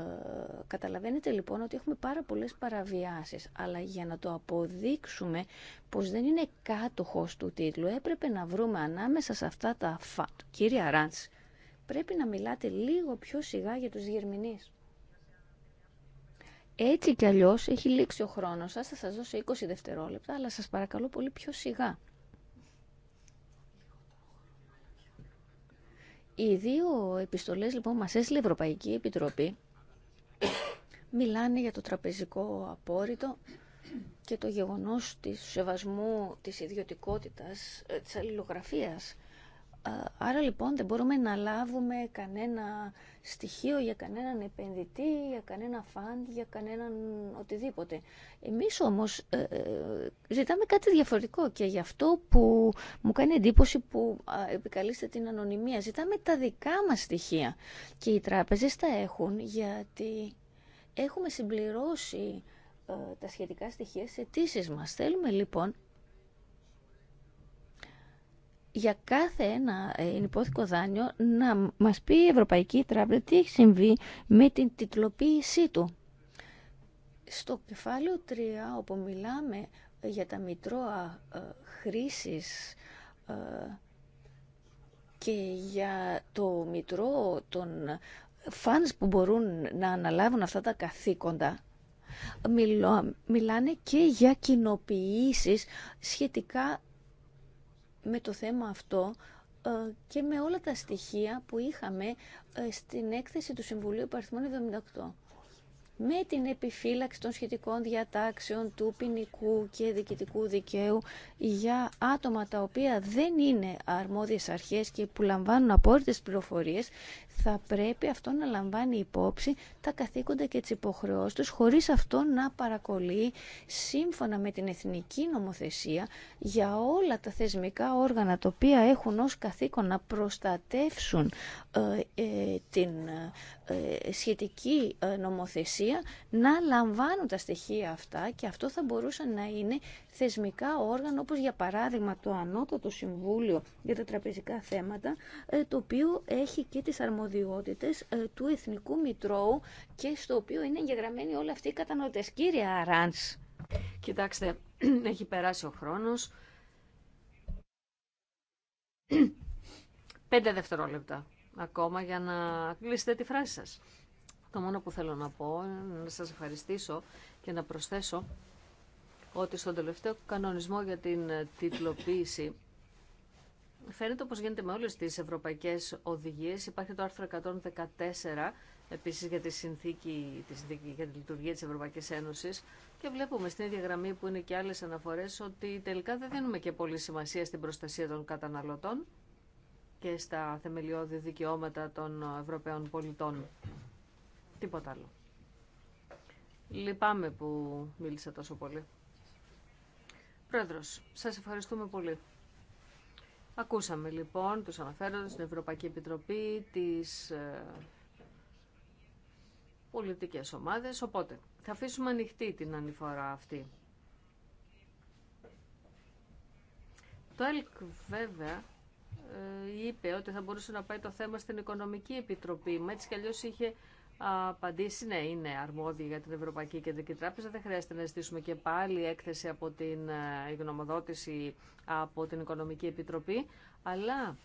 καταλαβαίνετε λοιπόν ότι έχουμε πάρα πολλές παραβιάσεις, αλλά για να το αποδείξουμε πως δεν είναι κάτοχος του τίτλου έπρεπε να βρούμε ανάμεσα σε αυτά τα φαντ. Κύριε Ράντς, πρέπει να μιλάτε λίγο πιο σιγά για τους διερμηνείς. Έτσι κι αλλιώς έχει λήξει ο χρόνος σας, θα σας δώσω 20 δευτερόλεπτα, αλλά σας παρακαλώ πολύ πιο σιγά. Οι δύο επιστολές λοιπόν μας έστειλε η Ευρωπαϊκή Επιτροπή μιλάνε για το τραπεζικό απόρριτο και το γεγονός της σεβασμού της ιδιωτικότητας, ε, της αλληλογραφίας ε, άρα λοιπόν δεν μπορούμε να λάβουμε κανένα στοιχείο για κανέναν επενδυτή, για κανένα φαντ, για κανέναν οτιδήποτε. Εμείς όμως ε, ε, ζητάμε κάτι διαφορετικό και γι' αυτό που μου κάνει εντύπωση που επικαλείστε την ανωνυμία. Ζητάμε τα δικά μας στοιχεία και οι τράπεζες τα έχουν γιατί έχουμε συμπληρώσει τα σχετικά στοιχεία σε αιτήσει μας. Θέλουμε λοιπόν για κάθε ένα ε, υπόθηκο δάνειο να μας πει η Ευρωπαϊκή Τράπεζα τι έχει συμβεί με την τιτλοποίησή του. Στο κεφάλαιο 3, όπου μιλάμε για τα μητρώα ε, ε και για το μητρό των φανς που μπορούν να αναλάβουν αυτά τα καθήκοντα, μιλάνε και για κοινοποιήσεις σχετικά με το θέμα αυτό ε, και με όλα τα στοιχεία που είχαμε ε, στην έκθεση του Συμβουλίου Παριθμών 78 με την επιφύλαξη των σχετικών διατάξεων του ποινικού και διοικητικού δικαίου για άτομα τα οποία δεν είναι αρμόδιες αρχές και που λαμβάνουν απόρριτες πληροφορίες θα πρέπει αυτό να λαμβάνει υπόψη τα καθήκοντα και τις υποχρεώσεις τους χωρίς αυτό να παρακολεί σύμφωνα με την εθνική νομοθεσία για όλα τα θεσμικά όργανα τα οποία έχουν ως καθήκον να προστατεύσουν ε, ε, την ε, σχετική ε, νομοθεσία να λαμβάνουν τα στοιχεία αυτά και αυτό θα μπορούσε να είναι θεσμικά όργανα όπως για παράδειγμα το Ανώτατο Συμβούλιο για τα Τραπεζικά Θέματα ε, το οποίο έχει και τις αρμοδιότητες του Εθνικού Μητρώου και στο οποίο είναι εγγεγραμμένοι όλοι αυτοί οι κατανοητές. Κύριε Αράνς. Κοιτάξτε, έχει περάσει ο χρόνος. Πέντε δευτερόλεπτα ακόμα για να κλείσετε τη φράση σας. Το μόνο που θέλω να πω, να σας ευχαριστήσω και να προσθέσω ότι στον τελευταίο κανονισμό για την ε, τιτλοποίηση φαίνεται όπως γίνεται με όλες τις ευρωπαϊκές οδηγίες. Υπάρχει το άρθρο 114 επίσης για τη συνθήκη, τη συνθήκη για τη λειτουργία της Ευρωπαϊκής Ένωσης και βλέπουμε στην ίδια γραμμή που είναι και άλλες αναφορές ότι τελικά δεν δίνουμε και πολύ σημασία στην προστασία των καταναλωτών και στα θεμελιώδη δικαιώματα των Ευρωπαίων πολιτών. Τίποτα άλλο. Λυπάμαι που μίλησα τόσο πολύ. Πρόεδρος, σας ευχαριστούμε πολύ. Ακούσαμε λοιπόν τους αναφέροντες στην Ευρωπαϊκή Επιτροπή, τις ε, πολιτικές ομάδες, οπότε θα αφήσουμε ανοιχτή την ανηφορά αυτή. Το ΕΛΚ βέβαια ε, είπε ότι θα μπορούσε να πάει το θέμα στην Οικονομική Επιτροπή. Μα έτσι κι αλλιώ είχε απαντήσει, ναι, είναι αρμόδιοι για την Ευρωπαϊκή Κεντρική Τράπεζα. Δεν χρειάζεται να ζητήσουμε και πάλι έκθεση από την ε, γνωμοδότηση από την Οικονομική Επιτροπή. Αλλά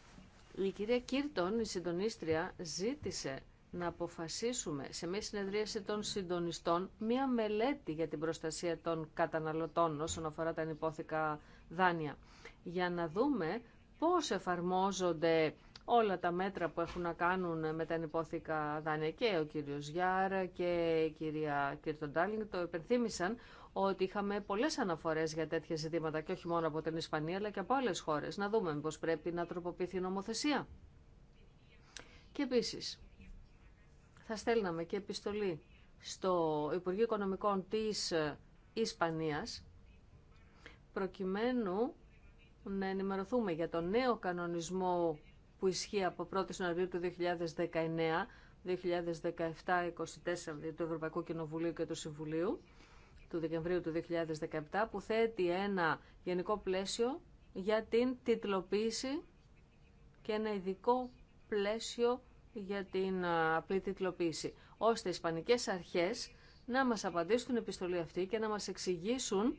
η κυρία Κίρτον, η συντονίστρια, ζήτησε να αποφασίσουμε σε μια συνεδρίαση των συντονιστών μια μελέτη για την προστασία των καταναλωτών όσον αφορά τα ανυπόθηκα δάνεια για να δούμε πώς εφαρμόζονται όλα τα μέτρα που έχουν να κάνουν με τα ανυπόθηκα δάνεια και ο κύριος Γιάρα και η κυρία Κυρτοντάλινγκ το υπενθύμησαν ότι είχαμε πολλές αναφορές για τέτοια ζητήματα και όχι μόνο από την Ισπανία αλλά και από άλλες χώρες. Να δούμε πώς πρέπει να τροποποιηθεί η νομοθεσία. Και επίσης θα στέλναμε και επιστολή στο Υπουργείο Οικονομικών της Ισπανίας προκειμένου να ενημερωθούμε για τον νέο κανονισμό που ισχύει από 1η Νοεμβρίου του 2019, 2017-24 του Ευρωπαϊκού Κοινοβουλίου και του Συμβουλίου, του Δεκεμβρίου του 2017, που θέτει ένα γενικό πλαίσιο για την τιτλοποίηση και ένα ειδικό πλαίσιο για την απλή τιτλοποίηση, ώστε οι Ισπανικές αρχές να μας απαντήσουν την επιστολή αυτή και να μας εξηγήσουν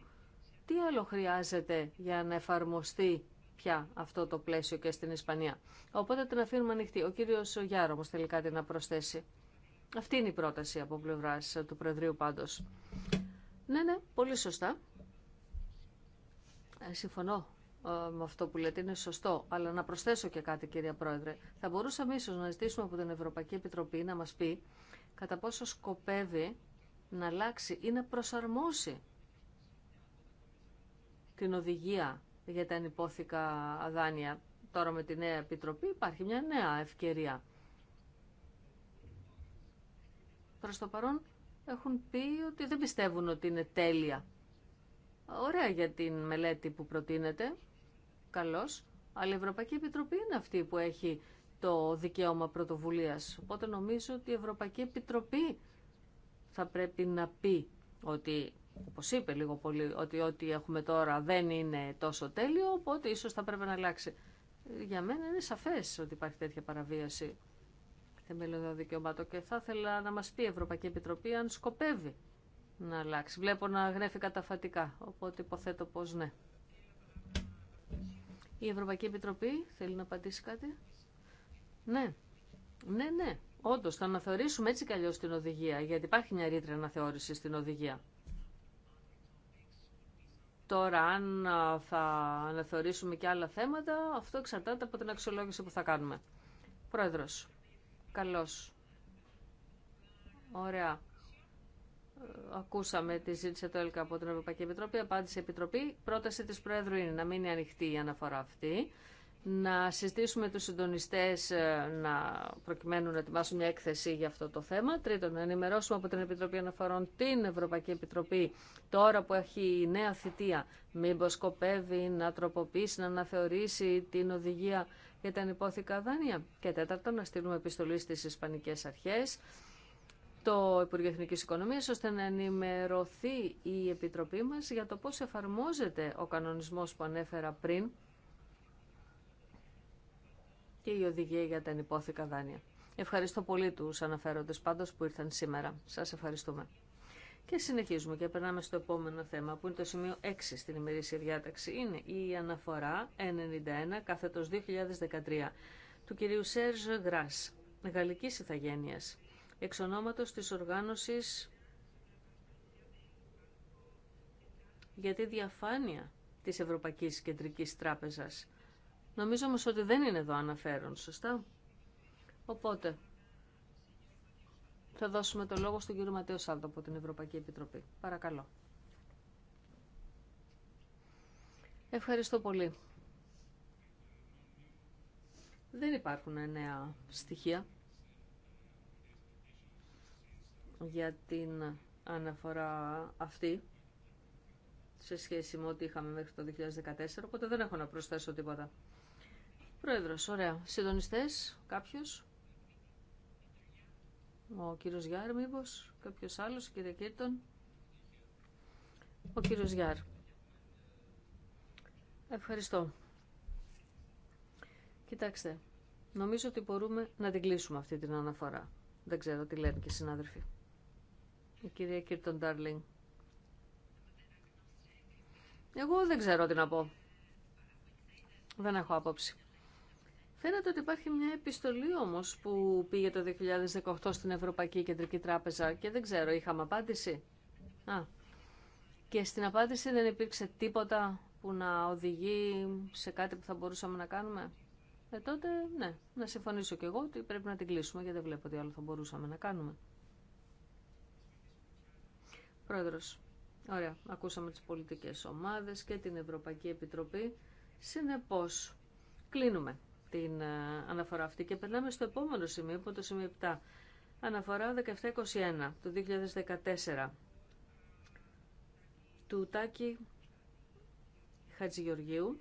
τι άλλο χρειάζεται για να εφαρμοστεί πια αυτό το πλαίσιο και στην Ισπανία. Οπότε την αφήνουμε ανοιχτή. Ο κύριο Γιάρο όμω θέλει κάτι να προσθέσει. Αυτή είναι η πρόταση από πλευρά του Προεδρείου πάντω. Ναι, ναι, πολύ σωστά. Ε, συμφωνώ ε, με αυτό που λέτε, είναι σωστό. Αλλά να προσθέσω και κάτι, κυρία Πρόεδρε. Θα μπορούσαμε ίσως να ζητήσουμε από την Ευρωπαϊκή Επιτροπή να μας πει κατά πόσο σκοπεύει να αλλάξει ή να προσαρμόσει την οδηγία για τα ανυπόθηκα δάνεια. Τώρα με τη νέα επιτροπή υπάρχει μια νέα ευκαιρία. Προς το παρόν έχουν πει ότι δεν πιστεύουν ότι είναι τέλεια. Ωραία για την μελέτη που προτείνεται, καλώς, αλλά η Ευρωπαϊκή Επιτροπή είναι αυτή που έχει το δικαίωμα πρωτοβουλίας. Οπότε νομίζω ότι η Ευρωπαϊκή Επιτροπή θα πρέπει να πει ότι όπως είπε λίγο πολύ, ότι ό,τι έχουμε τώρα δεν είναι τόσο τέλειο, οπότε ίσως θα πρέπει να αλλάξει. Για μένα είναι σαφές ότι υπάρχει τέτοια παραβίαση θεμελιωδών δικαιωμάτων και θα ήθελα να μας πει η Ευρωπαϊκή Επιτροπή αν σκοπεύει να αλλάξει. Βλέπω να γνέφει καταφατικά, οπότε υποθέτω πως ναι. Η Ευρωπαϊκή Επιτροπή θέλει να απαντήσει κάτι. Ναι, ναι, ναι. Όντω, θα αναθεωρήσουμε έτσι κι αλλιώ την οδηγία, γιατί υπάρχει μια ρήτρα αναθεώρηση στην οδηγία. Τώρα αν θα αναθεωρήσουμε και άλλα θέματα, αυτό εξαρτάται από την αξιολόγηση που θα κάνουμε. Πρόεδρος, καλώς. Ωραία. Ε, ακούσαμε τη ζήτηση το ΕΛΚΑ από την Ευρωπαϊκή Επιτροπή, απάντησε η Επιτροπή. Πρόταση της Πρόεδρου είναι να μείνει ανοιχτή η αναφορά αυτή να συζητήσουμε τους συντονιστές ε, να προκειμένου να ετοιμάσουν μια έκθεση για αυτό το θέμα. Τρίτον, να ενημερώσουμε από την Επιτροπή Αναφορών την Ευρωπαϊκή Επιτροπή τώρα που έχει η νέα θητεία. μήπω σκοπεύει να τροποποιήσει, να αναθεωρήσει την οδηγία για τα ανυπόθηκα δάνεια. Και τέταρτον, να στείλουμε επιστολή στις Ισπανικές Αρχές το Υπουργείο Εθνική Οικονομία, ώστε να ενημερωθεί η Επιτροπή μα για το πώ εφαρμόζεται ο κανονισμό που ανέφερα πριν και η οδηγία για τα ενυπόθηκα δάνεια. Ευχαριστώ πολύ τους αναφέροντες πάντως που ήρθαν σήμερα. Σας ευχαριστούμε. Και συνεχίζουμε και περνάμε στο επόμενο θέμα που είναι το σημείο 6 στην ημερήσια διάταξη. Είναι η αναφορά 91 κάθετος 2013 του κυρίου Σέρζ Γκράς, γαλλικής ηθαγένειας, εξ ονόματος της οργάνωσης για τη διαφάνεια της Ευρωπαϊκής Κεντρικής Τράπεζας Νομίζω όμως ότι δεν είναι εδώ αναφέρον, σωστά. Οπότε, θα δώσουμε το λόγο στον κύριο Ματέο Σάλτο από την Ευρωπαϊκή Επιτροπή. Παρακαλώ. Ευχαριστώ πολύ. Δεν υπάρχουν νέα στοιχεία για την αναφορά αυτή σε σχέση με ό,τι είχαμε μέχρι το 2014, οπότε δεν έχω να προσθέσω τίποτα. Πρόεδρος, ωραία. Συντονιστές, κάποιος. Ο κύριος Γιάρ μήπως, κάποιος άλλος, κύριε Κίρτον. Ο κύριος Γιάρ. Ευχαριστώ. Κοιτάξτε, νομίζω ότι μπορούμε να την κλείσουμε αυτή την αναφορά. Δεν ξέρω τι λένε και οι συνάδελφοι. Η κυρία Κίρτον, Ντάρλινγκ. Εγώ δεν ξέρω τι να πω. Δεν έχω άποψη. Φαίνεται ότι υπάρχει μια επιστολή όμως που πήγε το 2018 στην Ευρωπαϊκή Κεντρική Τράπεζα και δεν ξέρω, είχαμε απάντηση. Α. Και στην απάντηση δεν υπήρξε τίποτα που να οδηγεί σε κάτι που θα μπορούσαμε να κάνουμε. Ε, τότε ναι, να συμφωνήσω κι εγώ ότι πρέπει να την κλείσουμε γιατί δεν βλέπω τι άλλο θα μπορούσαμε να κάνουμε. Πρόεδρος, ωραία, ακούσαμε τις πολιτικές ομάδες και την Ευρωπαϊκή Επιτροπή. Συνεπώς, κλείνουμε την ε, αναφορά αυτή. Και περνάμε στο επόμενο σημείο, που το σημείο 7. Αναφορά 1721 του 2014 του Τάκη Χατζηγεωργίου,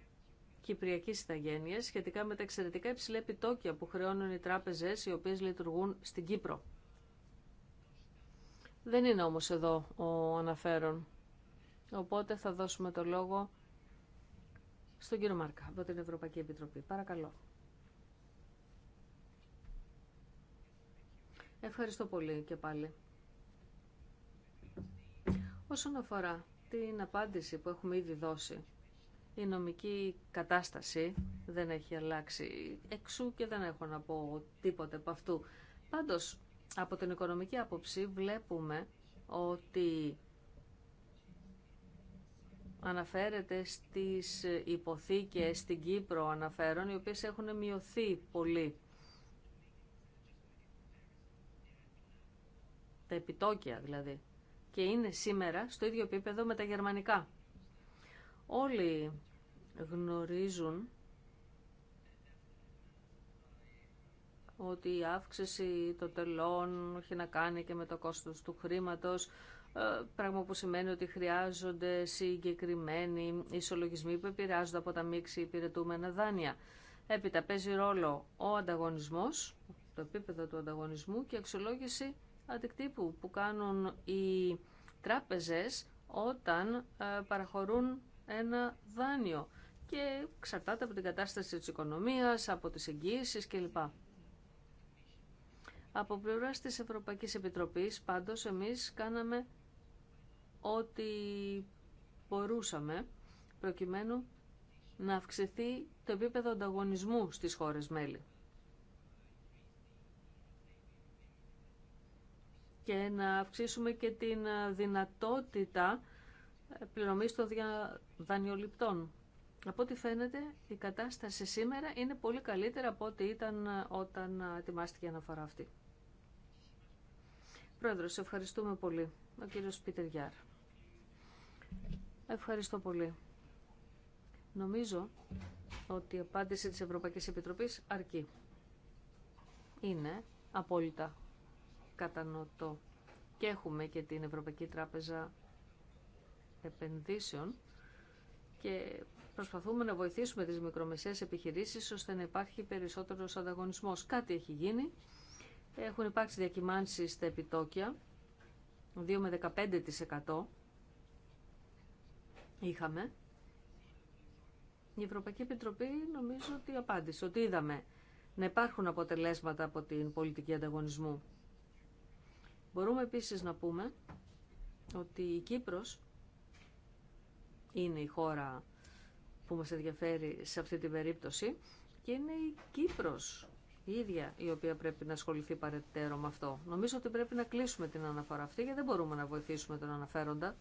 Κυπριακή Ιθαγένεια, σχετικά με τα εξαιρετικά υψηλά επιτόκια που χρεώνουν οι τράπεζε οι οποίε λειτουργούν στην Κύπρο. Δεν είναι όμως εδώ ο αναφέρον. Οπότε θα δώσουμε το λόγο στον κύριο Μάρκα από την Ευρωπαϊκή Επιτροπή. Παρακαλώ. Ευχαριστώ πολύ και πάλι. Όσον αφορά την απάντηση που έχουμε ήδη δώσει, η νομική κατάσταση δεν έχει αλλάξει εξού και δεν έχω να πω τίποτε από αυτού. Πάντως, από την οικονομική άποψη βλέπουμε ότι αναφέρεται στις υποθήκες στην Κύπρο αναφέρον, οι οποίες έχουν μειωθεί πολύ τα επιτόκια δηλαδή, και είναι σήμερα στο ίδιο επίπεδο με τα γερμανικά. Όλοι γνωρίζουν ότι η αύξηση των τελών έχει να κάνει και με το κόστος του χρήματος, ε, πράγμα που σημαίνει ότι χρειάζονται συγκεκριμένοι ισολογισμοί που επηρεάζονται από τα μίξη υπηρετούμενα δάνεια. Έπειτα παίζει ρόλο ο ανταγωνισμός, το επίπεδο του ανταγωνισμού και η αξιολόγηση αντικτύπου που κάνουν οι τράπεζες όταν ε, παραχωρούν ένα δάνειο και εξαρτάται από την κατάσταση της οικονομίας, από τις εγγύησεις κλπ. Από πλευρά της Ευρωπαϊκής Επιτροπής πάντως εμείς κάναμε ό,τι μπορούσαμε προκειμένου να αυξηθεί το επίπεδο ανταγωνισμού στις χώρες μέλη. και να αυξήσουμε και την ε, δυνατότητα ε, πληρωμής των δανειοληπτών. Από ό,τι φαίνεται η κατάσταση σήμερα είναι πολύ καλύτερα από ό,τι ήταν ε, όταν ετοιμάστηκε η αναφορά αυτή. Πρόεδρος, ευχαριστούμε πολύ. Ο κύριος Πίτερ Γιάρ. Ευχαριστώ πολύ. Νομίζω ότι η απάντηση της Ευρωπαϊκής Επιτροπής αρκεί. Είναι απόλυτα κατανοητό. Και έχουμε και την Ευρωπαϊκή Τράπεζα Επενδύσεων και προσπαθούμε να βοηθήσουμε τις μικρομεσαίες επιχειρήσεις ώστε να υπάρχει περισσότερος ανταγωνισμός. Κάτι έχει γίνει. Έχουν υπάρξει διακυμάνσεις στα επιτόκια, 2 με 15% είχαμε. Η Ευρωπαϊκή Επιτροπή νομίζω ότι απάντησε, ότι είδαμε να υπάρχουν αποτελέσματα από την πολιτική ανταγωνισμού. Μπορούμε επίσης να πούμε ότι η Κύπρος είναι η χώρα που μας ενδιαφέρει σε αυτή την περίπτωση και είναι η Κύπρος η ίδια η οποία πρέπει να ασχοληθεί παρετέρω με αυτό. Νομίζω ότι πρέπει να κλείσουμε την αναφορά αυτή γιατί δεν μπορούμε να βοηθήσουμε τον αναφέροντα.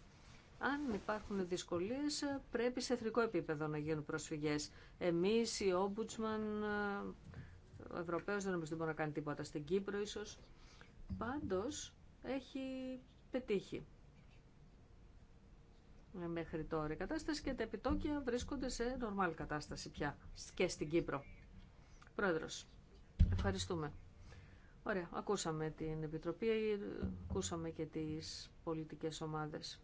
Αν υπάρχουν δυσκολίες πρέπει σε εθνικό επίπεδο να γίνουν προσφυγές. Εμείς, η Ombudsman, ε, ο Ευρωπαίος δεν νομίζω ότι μπορεί να κάνει τίποτα στην Κύπρο ίσως. Πάντως έχει πετύχει ε, μέχρι τώρα η κατάσταση και τα επιτόκια βρίσκονται σε νορμάλ κατάσταση πια και στην Κύπρο. Πρόεδρος, ευχαριστούμε. Ωραία, ακούσαμε την Επιτροπή, ακούσαμε και τις πολιτικές ομάδες.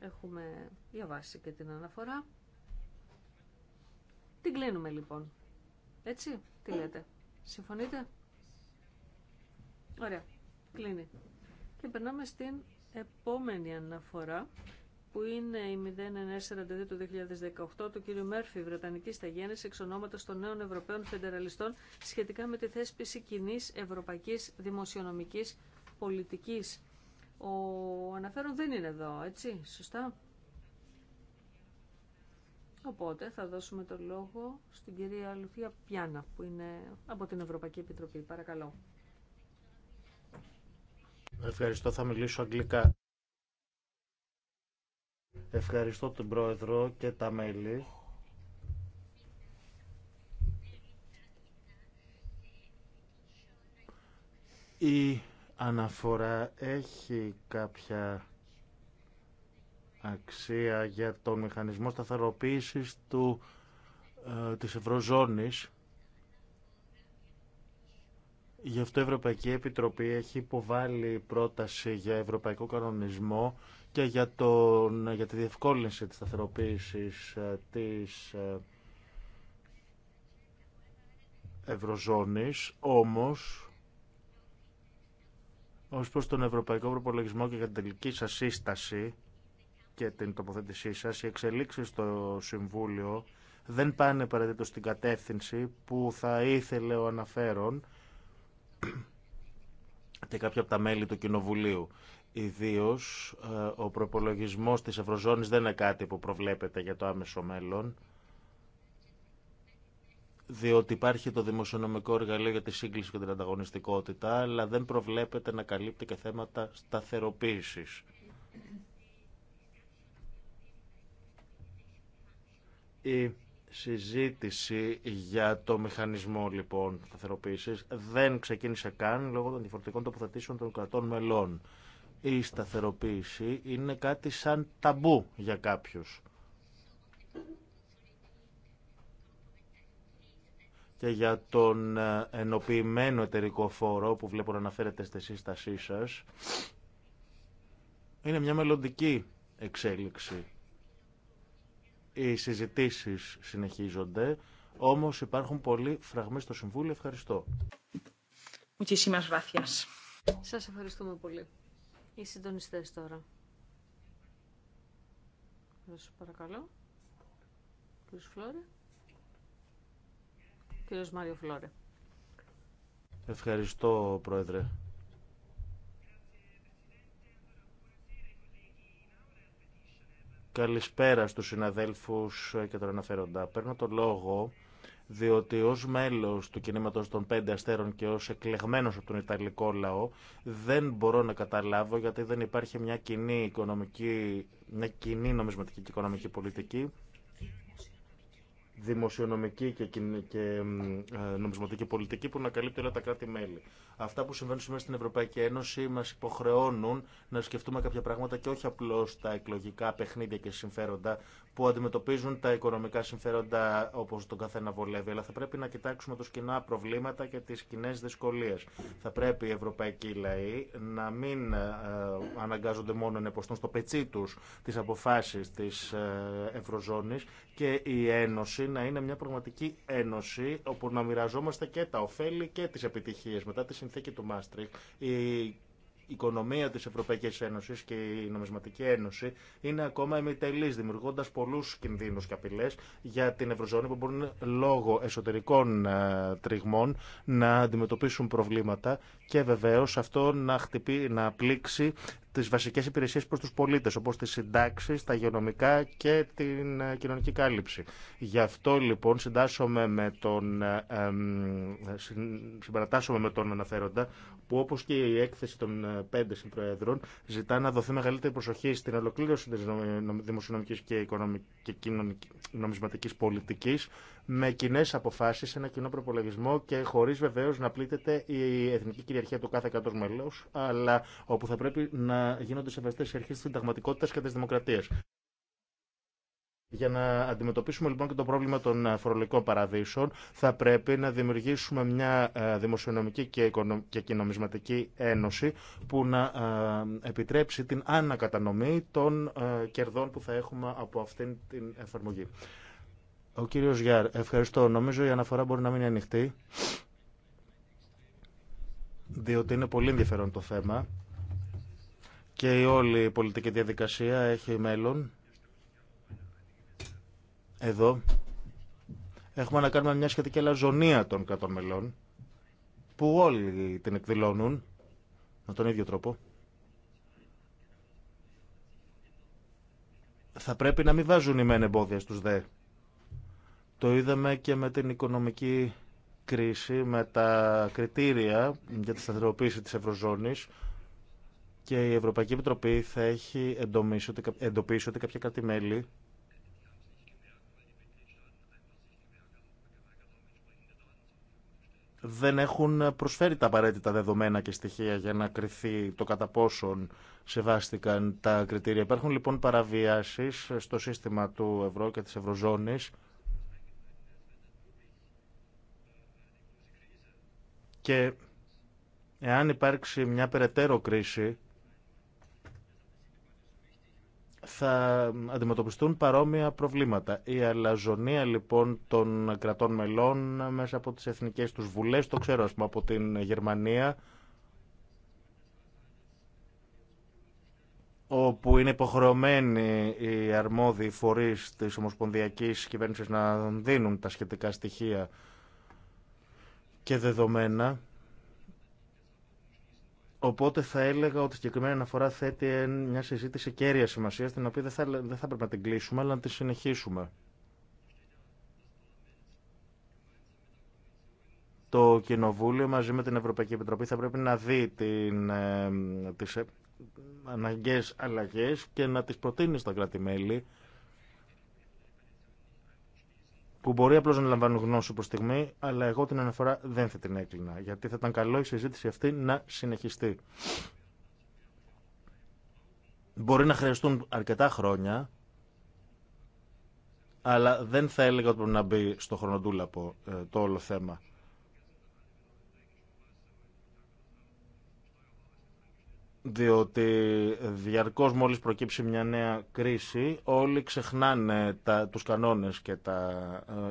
Έχουμε διαβάσει και την αναφορά. Την κλείνουμε λοιπόν. Έτσι, τι λέτε. Συμφωνείτε. Ωραία. Κλείνει. Και περνάμε στην επόμενη αναφορά που είναι η 0942 του 2018 του κύριου Μέρφυ, Βρετανική Σταγέννηση, εξ ονόματο των νέων Ευρωπαίων Φεντεραλιστών, σχετικά με τη θέσπιση κοινή Ευρωπαϊκή δημοσιονομικής πολιτικής. Ο αναφέρον δεν είναι εδώ, έτσι, σωστά. Οπότε θα δώσουμε το λόγο στην κυρία Λουθία Πιάνα, που είναι από την Ευρωπαϊκή Επιτροπή. Παρακαλώ. Ευχαριστώ, θα μιλήσω αγγλικά. Ευχαριστώ τον Πρόεδρο και τα μέλη. Η αναφορά έχει κάποια αξία για τον μηχανισμό σταθεροποίησης του, ε, της Ευρωζώνης Γι' αυτό η Ευρωπαϊκή Επιτροπή έχει υποβάλει πρόταση για ευρωπαϊκό κανονισμό και για, τον, για τη διευκόλυνση της σταθεροποίησης ε, της ε, Ευρωζώνης, όμως ως προς τον Ευρωπαϊκό Προπολογισμό και για την τελική σας σύσταση και την τοποθέτησή σας, οι εξελίξεις στο Συμβούλιο δεν πάνε παραδείγματος στην κατεύθυνση που θα ήθελε ο αναφέρον και κάποια από τα μέλη του Κοινοβουλίου. Ιδίω ε, ο προπολογισμό τη Ευρωζώνη δεν είναι κάτι που προβλέπεται για το άμεσο μέλλον, διότι υπάρχει το δημοσιονομικό εργαλείο για τη σύγκληση και την ανταγωνιστικότητα, αλλά δεν προβλέπεται να καλύπτει και θέματα σταθεροποίηση. Η συζήτηση για το μηχανισμό λοιπόν σταθεροποίηση δεν ξεκίνησε καν λόγω των διαφορετικών τοποθετήσεων των κρατών μελών. Η σταθεροποίηση είναι κάτι σαν ταμπού για κάποιους. Και για τον ε, ενοποιημένο εταιρικό φόρο που βλέπω να αναφέρεται στη σύστασή σας είναι μια μελλοντική εξέλιξη οι συζητήσει συνεχίζονται, όμως υπάρχουν πολλοί φραγμοί στο Συμβούλιο. Ευχαριστώ. Σας ευχαριστούμε πολύ. Οι συντονιστές τώρα. παρακαλώ. Κύριος Φλόρε. Κύριος Μάριο Φλόρε. Ευχαριστώ, Πρόεδρε. Καλησπέρα στους συναδέλφους και τον αναφέροντα. Παίρνω το λόγο διότι ως μέλος του κινήματος των πέντε αστέρων και ως εκλεγμένος από τον Ιταλικό λαό δεν μπορώ να καταλάβω γιατί δεν υπάρχει μια κοινή, οικονομική, μια κοινή νομισματική και οικονομική πολιτική δημοσιονομική και, και ε, νομισματική πολιτική που να καλύπτει όλα τα κράτη-μέλη. Αυτά που συμβαίνουν σήμερα στην Ευρωπαϊκή Ένωση μα υποχρεώνουν να σκεφτούμε κάποια πράγματα και όχι απλώ τα εκλογικά παιχνίδια και συμφέροντα που αντιμετωπίζουν τα οικονομικά συμφέροντα όπω τον καθένα βολεύει, αλλά θα πρέπει να κοιτάξουμε του κοινά προβλήματα και τι κοινέ δυσκολίε. Θα πρέπει οι ευρωπαϊκοί λαοί να μην ε, αναγκάζονται μόνο να υποστούν στο πετσί του τι αποφάσει τη ε, Ευρωζώνη και η Ένωση να είναι μια πραγματική Ένωση όπου να μοιραζόμαστε και τα ωφέλη και τι επιτυχίε. Μετά τη συνθήκη του Μάστριχ, οικονομία της Ευρωπαϊκής Ένωσης και η Νομισματική Ένωση είναι ακόμα εμιτελής, δημιουργώντας πολλούς κινδύνους και απειλέ για την Ευρωζώνη που μπορούν λόγω εσωτερικών ε, τριγμών να αντιμετωπίσουν προβλήματα και βεβαίως αυτό να, χτυπεί, να πλήξει τι βασικέ υπηρεσίε προ του πολίτε, όπω τι συντάξει, τα υγειονομικά και την ε, κοινωνική κάλυψη. Γι' αυτό λοιπόν συντάσσομαι με τον, ε, εμ, συμπαρατάσσομαι με τον αναφέροντα που όπως και η έκθεση των ε, πέντε συμπροέδρων ζητά να δοθεί μεγαλύτερη προσοχή στην ολοκλήρωση της δημοσιονομικής και, και νομισματικής πολιτικής με κοινέ αποφάσεις, ένα κοινό προπολογισμό και χωρίς βεβαίως να πλήττεται η εθνική κυριαρχία του κάθε κάτω μέλος, αλλά όπου θα πρέπει να γίνονται σεβαστές αρχές της συνταγματικότητας και της δημοκρατίας. Για να αντιμετωπίσουμε λοιπόν και το πρόβλημα των ε, φορολογικών παραδείσων, θα πρέπει να δημιουργήσουμε μια ε, δημοσιονομική και κοινομισματική ένωση που να ε, επιτρέψει την ανακατανομή των κερδών που θα έχουμε από αυτήν την εφαρμογή. Ο κύριος Γιάρ, ευχαριστώ. Νομίζω η αναφορά μπορεί να μείνει ανοιχτή, διότι είναι πολύ ενδιαφέρον το θέμα και η όλη πολιτική διαδικασία έχει μέλλον εδώ έχουμε να κάνουμε μια σχετική αλαζονία των κρατών μελών που όλοι την εκδηλώνουν με τον ίδιο τρόπο. Θα πρέπει να μην βάζουν οι μεν εμπόδια στους δε. Το είδαμε και με την οικονομική κρίση, με τα κριτήρια για τη σταθεροποίηση της Ευρωζώνης και η Ευρωπαϊκή Επιτροπή θα έχει εντοπίσει ότι κάποια κράτη-μέλη δεν έχουν προσφέρει τα απαραίτητα δεδομένα και στοιχεία για να κριθεί το κατά πόσον σεβάστηκαν τα κριτήρια. Υπάρχουν λοιπόν παραβιάσεις στο σύστημα του ευρώ και της ευρωζώνης και εάν υπάρξει μια περαιτέρω κρίση θα αντιμετωπιστούν παρόμοια προβλήματα. Η αλαζονία λοιπόν των κρατών μελών μέσα από τις εθνικές τους βουλές, το ξέρω ας πούμε από την Γερμανία, όπου είναι υποχρεωμένοι οι αρμόδιοι φορείς της Ομοσπονδιακής Κυβέρνησης να δίνουν τα σχετικά στοιχεία και δεδομένα Οπότε θα έλεγα ότι η συγκεκριμένη αναφορά θέτει μια συζήτηση κέρια σημασία, την οποία δεν θα, θα πρέπει να την κλείσουμε, αλλά να τη συνεχίσουμε. Το Κοινοβούλιο μαζί με την Ευρωπαϊκή Επιτροπή θα πρέπει να δει την, ε, τις ε, αναγκαίες αλλαγές και να τις προτείνει στα κράτη-μέλη που μπορεί απλώ να λαμβάνουν γνώση προ στιγμή, αλλά εγώ την αναφορά δεν θα την έκλεινα, γιατί θα ήταν καλό η συζήτηση αυτή να συνεχιστεί. Μπορεί να χρειαστούν αρκετά χρόνια, αλλά δεν θα έλεγα ότι πρέπει να μπει στο χρονοτούλαπο ε, το όλο θέμα. διότι διαρκώς μόλις προκύψει μια νέα κρίση όλοι ξεχνάνε τα, τους κανόνες και τα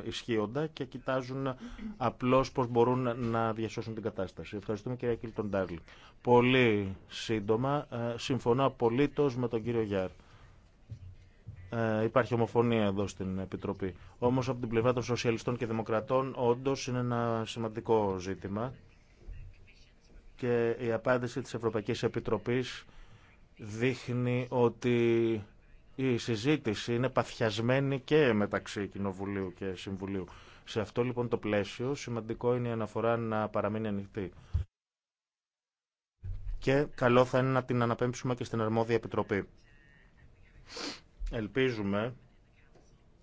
ε, ισχύοντα και κοιτάζουν απλώς πώς μπορούν να διασώσουν την κατάσταση. Ευχαριστούμε κυρία Κίλτον Ντάρλι. Πολύ σύντομα, ε, συμφωνώ απολύτως με τον κύριο Γιάρ. Ε, υπάρχει ομοφωνία εδώ στην Επιτροπή. Όμως από την πλευρά των Σοσιαλιστών και Δημοκρατών όντως είναι ένα σημαντικό ζήτημα και η απάντηση της Ευρωπαϊκής Επιτροπής δείχνει ότι η συζήτηση είναι παθιασμένη και μεταξύ Κοινοβουλίου και Συμβουλίου. Σε αυτό λοιπόν το πλαίσιο σημαντικό είναι η αναφορά να παραμείνει ανοιχτή. Και καλό θα είναι να την αναπέμψουμε και στην αρμόδια επιτροπή. Ελπίζουμε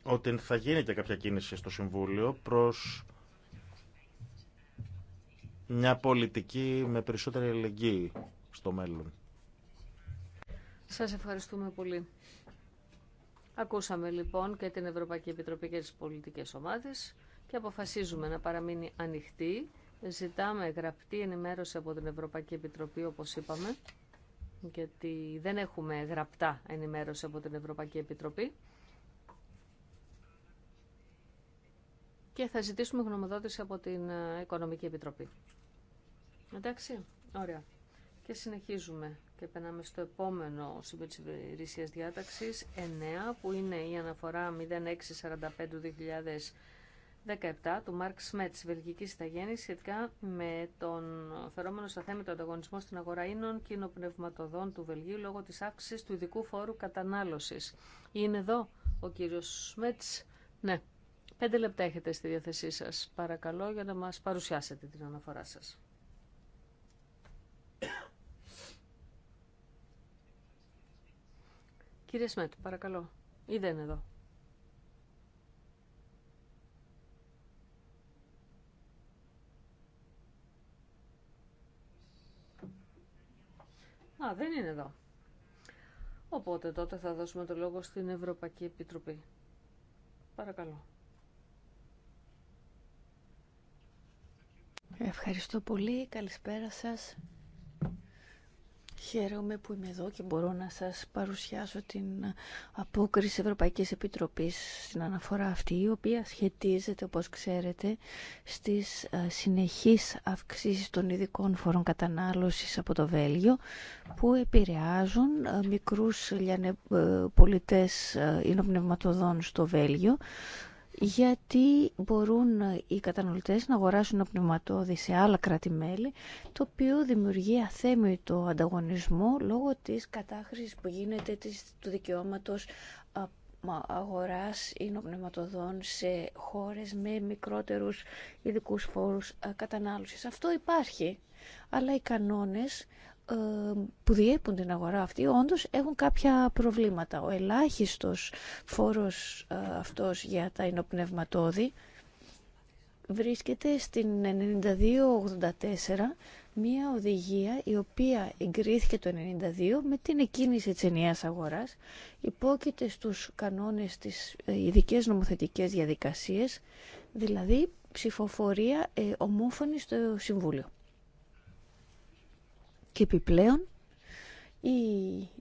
ότι θα γίνει και κάποια κίνηση στο Συμβούλιο προς μια πολιτική με περισσότερη ελεγγύη στο μέλλον. Σας ευχαριστούμε πολύ. Ακούσαμε λοιπόν και την Ευρωπαϊκή Επιτροπή και τις πολιτικές ομάδες και αποφασίζουμε να παραμείνει ανοιχτή. Ζητάμε γραπτή ενημέρωση από την Ευρωπαϊκή Επιτροπή όπως είπαμε γιατί δεν έχουμε γραπτά ενημέρωση από την Ευρωπαϊκή Επιτροπή. και θα ζητήσουμε γνωμοδότηση από την ε, Οικονομική Επιτροπή. Εντάξει, ωραία. Και συνεχίζουμε και περνάμε στο επόμενο σημείο της υπηρεσίας διάταξης, 9, που είναι η αναφορά 0645-2017 του Μάρκ Σμέτς, Βελγικής Ιταγέννης, σχετικά με τον φερόμενο σταθέμητο ανταγωνισμό στην αγορά ίνων κοινοπνευματοδών του Βελγίου λόγω της αύξηση του ειδικού φόρου κατανάλωσης. Είναι εδώ ο κύριος Σμέτς. Ναι. Πέντε λεπτά έχετε στη διάθεσή σας, παρακαλώ, για να μας παρουσιάσετε την αναφορά σας. Κύριε Σμέτ, παρακαλώ. Ή δεν είναι εδώ. Α, δεν είναι εδώ. Οπότε τότε θα δώσουμε το λόγο στην Ευρωπαϊκή Επιτροπή. Παρακαλώ. Ευχαριστώ πολύ. Καλησπέρα σας. Χαίρομαι που είμαι εδώ και μπορώ να σας παρουσιάσω την απόκριση Ευρωπαϊκής Επιτροπής στην αναφορά αυτή, η οποία σχετίζεται, όπως ξέρετε, στις ε, συνεχείς αυξήσεις των ειδικών φορών κατανάλωσης από το Βέλγιο, που επηρεάζουν ε, μικρούς ε, πολιτές υνοπνευματοδών στο Βέλγιο, γιατί μπορούν οι καταναλωτές να αγοράσουν πνευματόδη σε άλλα κράτη-μέλη, το οποίο δημιουργεί αθέμητο ανταγωνισμό λόγω της κατάχρησης που γίνεται του δικαιώματος αγοράς νοπνευματοδών σε χώρες με μικρότερους ειδικού φόρους κατανάλωσης. Αυτό υπάρχει, αλλά οι κανόνες ε, που διέπουν την αγορά αυτή όντως έχουν κάποια προβλήματα. Ο ελάχιστος φόρος ε, αυτός για τα ενοπνευματόδη βρίσκεται στην 9284 μια οδηγία η οποία εγκρίθηκε το 92 με την εκκίνηση της ενιαίας αγοράς υπόκειται στους κανόνες της ε, ειδικέ νομοθετικές διαδικασίες δηλαδή ψηφοφορία ομόφωνη στο Συμβούλιο. Και επιπλέον η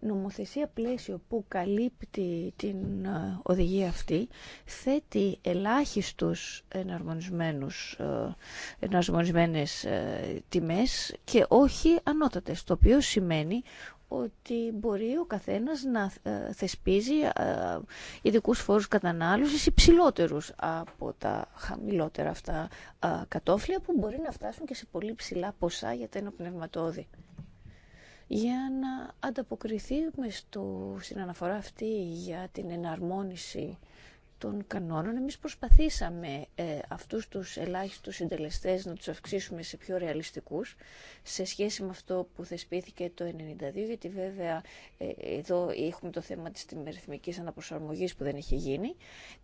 νομοθεσία πλαίσιο που καλύπτει την ε, οδηγία αυτή θέτει ελάχιστους εναρμονισμένους, ε, εναρμονισμένες ε, τιμές και όχι ανώτατες, το οποίο σημαίνει ότι μπορεί ο καθένας να θεσπίζει ειδικούς φόρους κατανάλωσης υψηλότερους από τα χαμηλότερα αυτά κατόφλια που μπορεί να φτάσουν και σε πολύ ψηλά ποσά για τα ενοπνευματόδη για να ανταποκριθούμε στην αναφορά αυτή για την εναρμόνιση των κανόνων. Εμείς προσπαθήσαμε ε, αυτούς τους ελάχιστους συντελεστές να τους αυξήσουμε σε πιο ρεαλιστικούς σε σχέση με αυτό που θεσπίθηκε το 1992, γιατί βέβαια ε, εδώ έχουμε το θέμα της τιμεριθμικής αναπροσαρμογής που δεν είχε γίνει.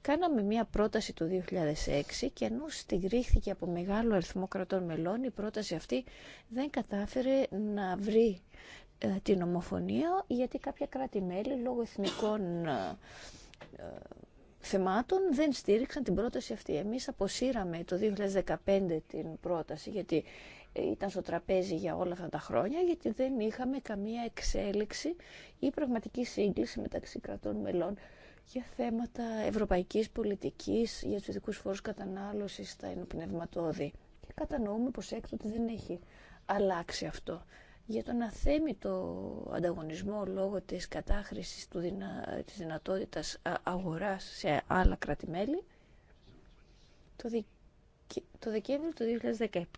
Κάναμε μια πρόταση το 2006 και ενώ στηρίχθηκε από μεγάλο αριθμό κρατών μελών, η πρόταση αυτή δεν κατάφερε να βρει ε, την ομοφωνία, γιατί κάποια κράτη-μέλη λόγω εθνικών ε, θεμάτων δεν στήριξαν την πρόταση αυτή. Εμείς αποσύραμε το 2015 την πρόταση γιατί ε, ήταν στο τραπέζι για όλα αυτά τα χρόνια γιατί δεν είχαμε καμία εξέλιξη ή πραγματική σύγκληση μεταξύ κρατών μελών για θέματα ευρωπαϊκής πολιτικής, για τους ειδικούς φόρους κατανάλωσης στα ενωπνευματώδη. Και κατανοούμε πως έκτοτε δεν έχει αλλάξει αυτό για τον αθέμητο ανταγωνισμό λόγω της κατάχρησης του της δυνατότητας αγοράς σε άλλα κράτη-μέλη. Το, δι... το Δεκέμβριο του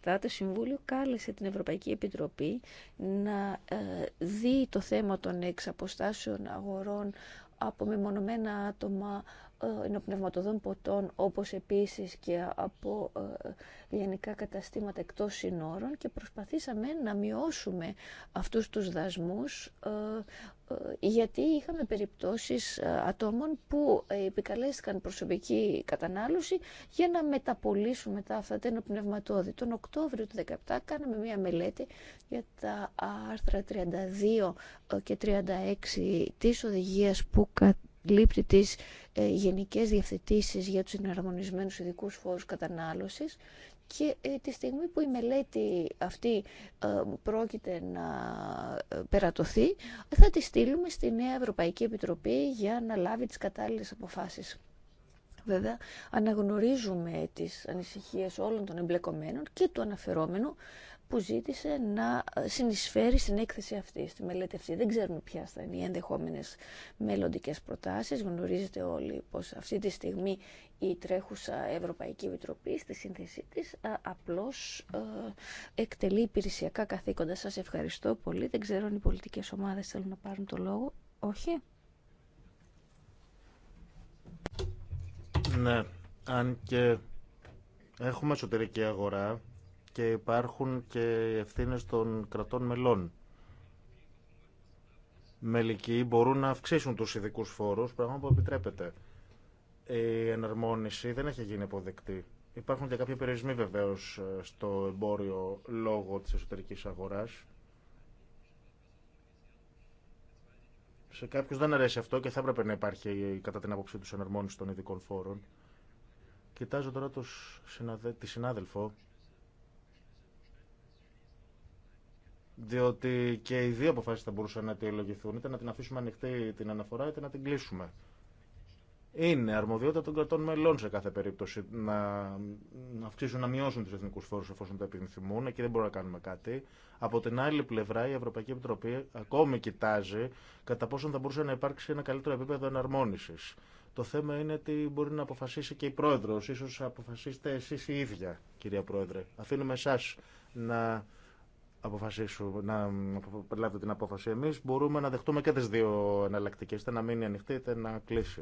2017 το Συμβούλιο κάλεσε την Ευρωπαϊκή Επιτροπή να ε, δει το θέμα των εξαποστάσεων αγορών από μεμονωμένα άτομα ε, ενοπνευματοδών ποτών όπως επίσης και από ε, γενικά καταστήματα εκτός συνόρων και προσπαθήσαμε να μειώσουμε αυτούς τους δασμούς ε, γιατί είχαμε περιπτώσεις ατόμων που επικαλέστηκαν προσωπική κατανάλωση για να μεταπολίσουν μετά αυτά τα ενοπνευματόδη. Τον Οκτώβριο του 2017 κάναμε μία μελέτη για τα άρθρα 32 και 36 της οδηγίας που λήπτη τις ε, γενικές διευθετήσεις για τους εναρμονισμένους ειδικού φόρους κατανάλωσης και ε, τη στιγμή που η μελέτη αυτή ε, πρόκειται να ε, περατωθεί θα τη στείλουμε στη Νέα Ευρωπαϊκή Επιτροπή για να λάβει τις κατάλληλες αποφάσεις. Βέβαια, αναγνωρίζουμε τις ανησυχίες όλων των εμπλεκομένων και του αναφερόμενου που ζήτησε να ε, συνεισφέρει στην έκθεση αυτή, στη μελέτη αυτή. Δεν ξέρουμε ποια θα είναι οι ενδεχόμενες μελλοντικέ προτάσεις. Γνωρίζετε όλοι πως αυτή τη στιγμή η τρέχουσα Ευρωπαϊκή Επιτροπή στη σύνθεσή της ε, απλώς ε, εκτελεί υπηρεσιακά καθήκοντα. Σας ευχαριστώ πολύ. Δεν ξέρω αν οι πολιτικές ομάδες θέλουν να πάρουν το λόγο. Όχι. Ναι, αν και έχουμε εσωτερική αγορά, και υπάρχουν και ευθύνε των κρατών μελών. Μελικοί μπορούν να αυξήσουν τους ειδικού φόρους, πράγμα που επιτρέπεται. Η εναρμόνιση δεν έχει γίνει αποδεκτή. Υπάρχουν και κάποιοι περιορισμοί βεβαίω ε, στο εμπόριο λόγω της εσωτερικής αγοράς. Σε κάποιους δεν αρέσει αυτό και θα έπρεπε να υπάρχει κατά την άποψή τους εναρμόνιση των ειδικών φόρων. Κοιτάζω τώρα τους, τη συνάδελφο Διότι και οι δύο αποφάσει θα μπορούσαν να αιτιολογηθούν, είτε να την αφήσουμε ανοιχτή την αναφορά, είτε να την κλείσουμε. Είναι αρμοδιότητα των κρατών μελών σε κάθε περίπτωση να αυξήσουν, να μειώσουν του εθνικού φόρου εφόσον τα επιθυμούν. Εκεί δεν μπορούμε να κάνουμε κάτι. Από την άλλη πλευρά, η Ευρωπαϊκή Επιτροπή ακόμη κοιτάζει κατά πόσον θα μπορούσε να υπάρξει ένα καλύτερο επίπεδο εναρμόνιση. Το θέμα είναι τι μπορεί να αποφασίσει και η Πρόεδρο. σω αποφασίσετε εσεί η ίδια, κυρία Πρόεδρε. Αφήνουμε εσά να αποφασίσουμε, να λάβετε την απόφαση εμείς, μπορούμε να δεχτούμε και τις δύο εναλλακτικέ, είτε να μείνει ανοιχτή είτε να κλείσει.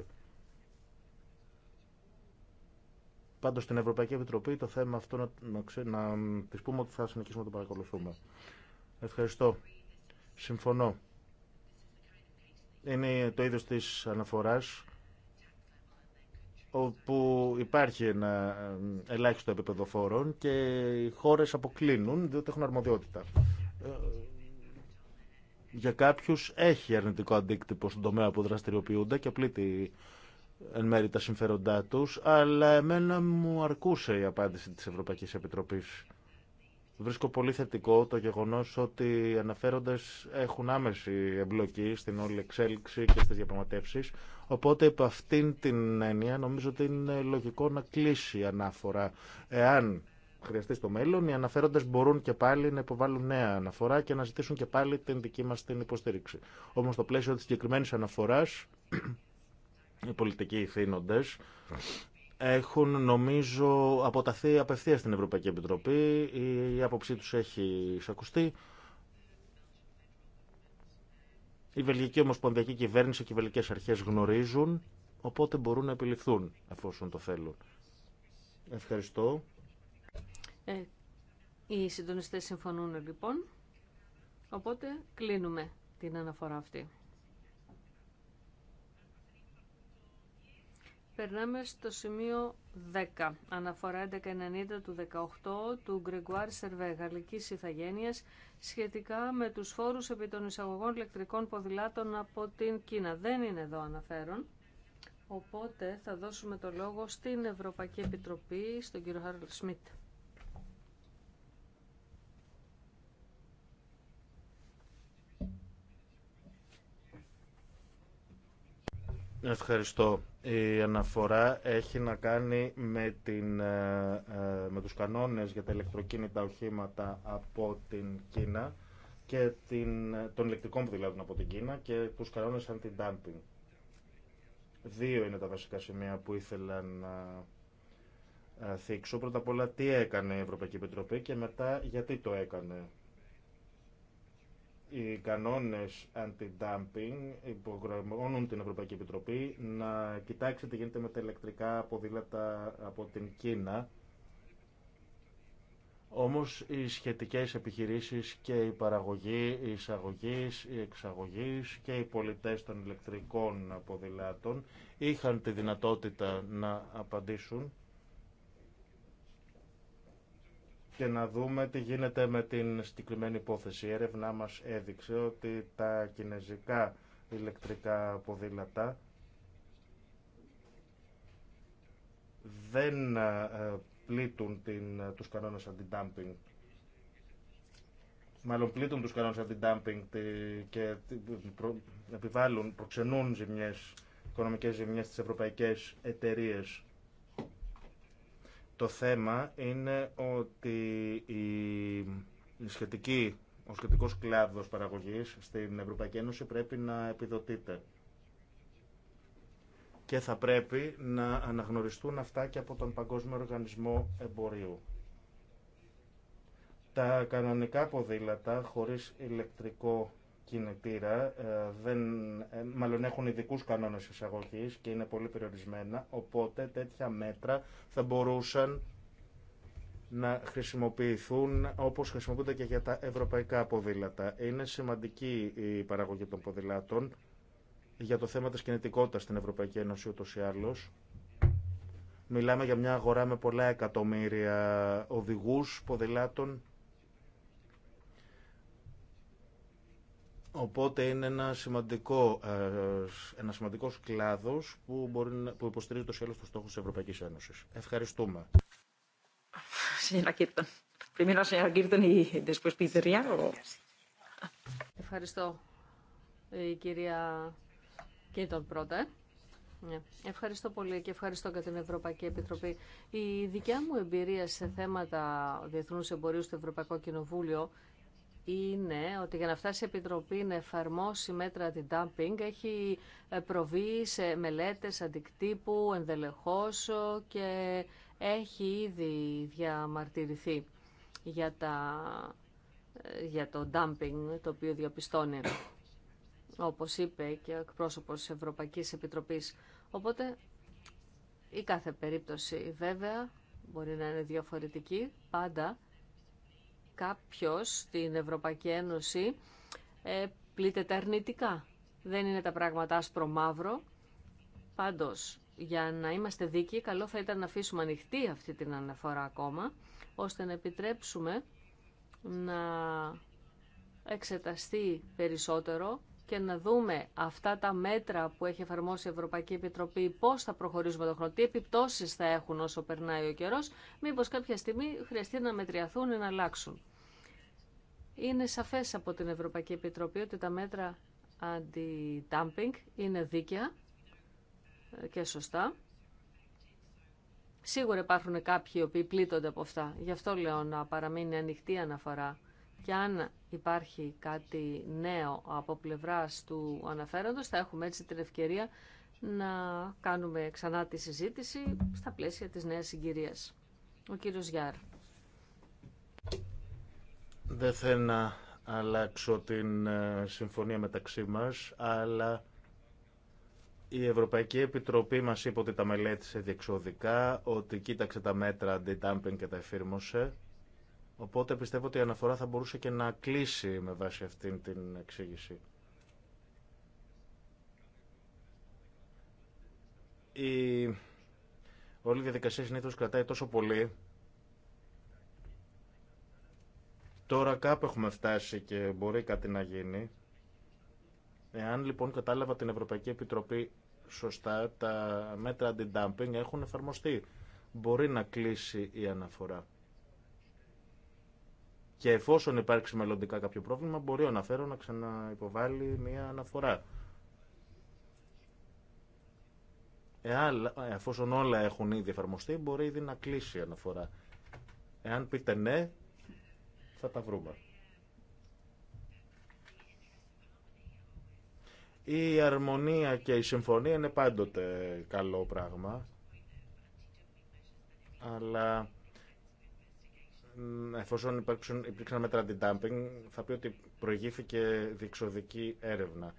Πάντως στην Ευρωπαϊκή Επιτροπή το θέμα αυτό να, να, να της πούμε ότι θα συνεχίσουμε να το παρακολουθούμε. Ευχαριστώ. Συμφωνώ. Είναι το είδος της αναφοράς όπου υπάρχει ένα ε, ελάχιστο επίπεδο φόρων και οι χώρες αποκλίνουν διότι έχουν αρμοδιότητα. Ε, για κάποιους έχει αρνητικό αντίκτυπο στον τομέα που δραστηριοποιούνται και πλήττει εν μέρη τα συμφέροντά τους, αλλά εμένα μου αρκούσε η απάντηση της Ευρωπαϊκής Επιτροπής Βρίσκω πολύ θετικό το γεγονός ότι οι αναφέροντες έχουν άμεση εμπλοκή στην όλη εξέλιξη και στις διαπραγματεύσεις, οπότε από αυτήν την έννοια νομίζω ότι είναι λογικό να κλείσει η ανάφορα. Εάν χρειαστεί στο μέλλον, οι αναφέροντες μπορούν και πάλι να υποβάλουν νέα αναφορά και να ζητήσουν και πάλι την δική μας την υποστήριξη. Όμως στο πλαίσιο της συγκεκριμένη αναφοράς, οι πολιτικοί ηθήνοντες έχουν νομίζω αποταθεί απευθεία στην Ευρωπαϊκή Επιτροπή. Η άποψή τους έχει εισακουστεί. Η Βελγική Ομοσπονδιακή Κυβέρνηση και οι Βελγικές Αρχές γνωρίζουν, οπότε μπορούν να επιληφθούν εφόσον το θέλουν. Ευχαριστώ. Ε, οι συντονιστές συμφωνούν λοιπόν, οπότε κλείνουμε την αναφορά αυτή. Περνάμε στο σημείο 10, αναφορά 1190 του 18 του Γκρεγκουάρ Σερβέ, γαλλική σχετικά με του φόρου επί των εισαγωγών ηλεκτρικών ποδηλάτων από την Κίνα. Δεν είναι εδώ αναφέρον, οπότε θα δώσουμε το λόγο στην Ευρωπαϊκή Επιτροπή, στον κύριο Χάρλ Σμιτ. Ευχαριστώ η αναφορά έχει να κάνει με, την, ε, ε, με τους κανόνες για τα ηλεκτροκίνητα οχήματα από την Κίνα και την, ε, των ηλεκτρικών δηλαδή από την Κίνα και τους κανόνες αντι-dumping. Δύο είναι τα βασικά σημεία που ήθελα να θίξω. Πρώτα απ' όλα τι έκανε η Ευρωπαϊκή Επιτροπή και μετά γιατί το έκανε οι κανονες αντι anti-dumping υπογραμμώνουν την Ευρωπαϊκή Επιτροπή να κοιτάξει τι γίνεται με τα ηλεκτρικά ποδήλατα από την Κίνα. Όμως οι σχετικές επιχειρήσεις και η παραγωγή, η εισαγωγή, η εξαγωγή και οι πολιτές των ηλεκτρικών ποδηλάτων είχαν τη δυνατότητα να απαντήσουν και να δούμε τι γίνεται με την συγκεκριμένη υπόθεση. Η έρευνά μας έδειξε ότι τα κινέζικα ηλεκτρικά ποδήλατα δεν ε, πλήττουν την, ε, τους κανόνες αντι-dumping. Μάλλον πλήττουν τους κανόνες αντι-dumping και προ, επιβάλλουν, προξενούν ζημιές, οικονομικές ζημιές στις ευρωπαϊκές εταιρείες το θέμα είναι ότι ο σχετικός κλάδος παραγωγής στην Ευρωπαϊκή Ένωση πρέπει να επιδοτείται και θα πρέπει να αναγνωριστούν αυτά και από τον Παγκόσμιο Οργανισμό Εμπορίου. Τα κανονικά ποδήλατα χωρίς ηλεκτρικό κινητήρα ε, δεν, ε, μάλλον έχουν ειδικού κανόνες εισαγωγή και είναι πολύ περιορισμένα, οπότε τέτοια μέτρα θα μπορούσαν να χρησιμοποιηθούν όπως χρησιμοποιούνται και για τα ευρωπαϊκά ποδήλατα. Είναι σημαντική η παραγωγή των ποδηλάτων για το θέμα της κινητικότητας στην Ευρωπαϊκή Ένωση ούτως ή άλλως. Μιλάμε για μια αγορά με πολλά εκατομμύρια οδηγούς ποδηλάτων Οπότε είναι ένα σημαντικό, ε, ένα κλάδος που, που υποστηρίζει το σχέδιο του στόχου της Ευρωπαϊκής Ένωσης. Ευχαριστούμε. Ευχαριστώ η κυρία Κίτον πρώτα. Ε. Ναι. Ευχαριστώ πολύ και ευχαριστώ για την Ευρωπαϊκή Επιτροπή. Η δικιά μου εμπειρία σε θέματα διεθνούς εμπορίου στο Ευρωπαϊκό Κοινοβούλιο είναι ότι για να φτάσει η Επιτροπή να εφαρμόσει την αντι-dumping έχει ε, προβεί σε μελέτες αντικτύπου ενδελεχώς ε, και έχει ήδη διαμαρτυρηθεί για, τα, ε, για το dumping το οποίο διαπιστώνει όπως είπε και ο εκπρόσωπος της Ευρωπαϊκής Επιτροπής. Οπότε η κάθε περίπτωση βέβαια μπορεί να είναι διαφορετική πάντα κάποιος στην Ευρωπαϊκή Ένωση ε, πλήττεται αρνητικά. Δεν είναι τα πράγματα άσπρο-μαύρο. Πάντως, για να είμαστε δίκοι, καλό θα ήταν να αφήσουμε ανοιχτή αυτή την αναφορά ακόμα, ώστε να επιτρέψουμε να εξεταστεί περισσότερο και να δούμε αυτά τα μέτρα που έχει εφαρμόσει η Ευρωπαϊκή Επιτροπή, πώς θα προχωρήσουμε το χρόνο, τι επιπτώσεις θα έχουν όσο περνάει ο καιρός, μήπως κάποια στιγμή χρειαστεί να μετριαθούν ή να αλλάξουν. Είναι σαφές από την Ευρωπαϊκή Επιτροπή ότι τα μέτρα αντι-dumping είναι δίκαια και σωστά. Σίγουρα υπάρχουν κάποιοι οι οποίοι πλήττονται από αυτά. Γι' αυτό λέω να παραμείνει ανοιχτή αναφορά. Και αν υπάρχει κάτι νέο από πλευράς του αναφέροντος, θα έχουμε έτσι την ευκαιρία να κάνουμε ξανά τη συζήτηση στα πλαίσια της νέας συγκυρίας. Ο κύριος Γιάρ. Δεν θέλω να αλλάξω την ε, συμφωνία μεταξύ μας, αλλά η Ευρωπαϊκή Επιτροπή μας είπε ότι τα μελέτησε διεξοδικά, ότι κοίταξε τα μέτρα και τα εφήρμοσε. Οπότε πιστεύω ότι η αναφορά θα μπορούσε και να κλείσει με βάση αυτήν την εξήγηση. Η όλη η διαδικασία συνήθω κρατάει τόσο πολύ Τώρα κάπου έχουμε φτάσει και μπορεί κάτι να γίνει. Εάν λοιπόν κατάλαβα την Ευρωπαϊκή Επιτροπή σωστά, τα μέτρα αντι-dumping έχουν εφαρμοστεί. Μπορεί να κλείσει η αναφορά. Και εφόσον υπάρξει μελλοντικά κάποιο πρόβλημα, μπορεί ο αναφέρον να ξαναυποβάλει μια αναφορά. Εάν, εφόσον όλα έχουν ήδη εφαρμοστεί, μπορεί ήδη να κλείσει η αναφορά. Εάν πείτε ναι, θα τα βρούμε. Η αρμονία και η συμφωνία είναι πάντοτε καλό πράγμα, αλλά εφόσον υπήρξαν μέτρα θα πει ότι προηγήθηκε διεξοδική έρευνα.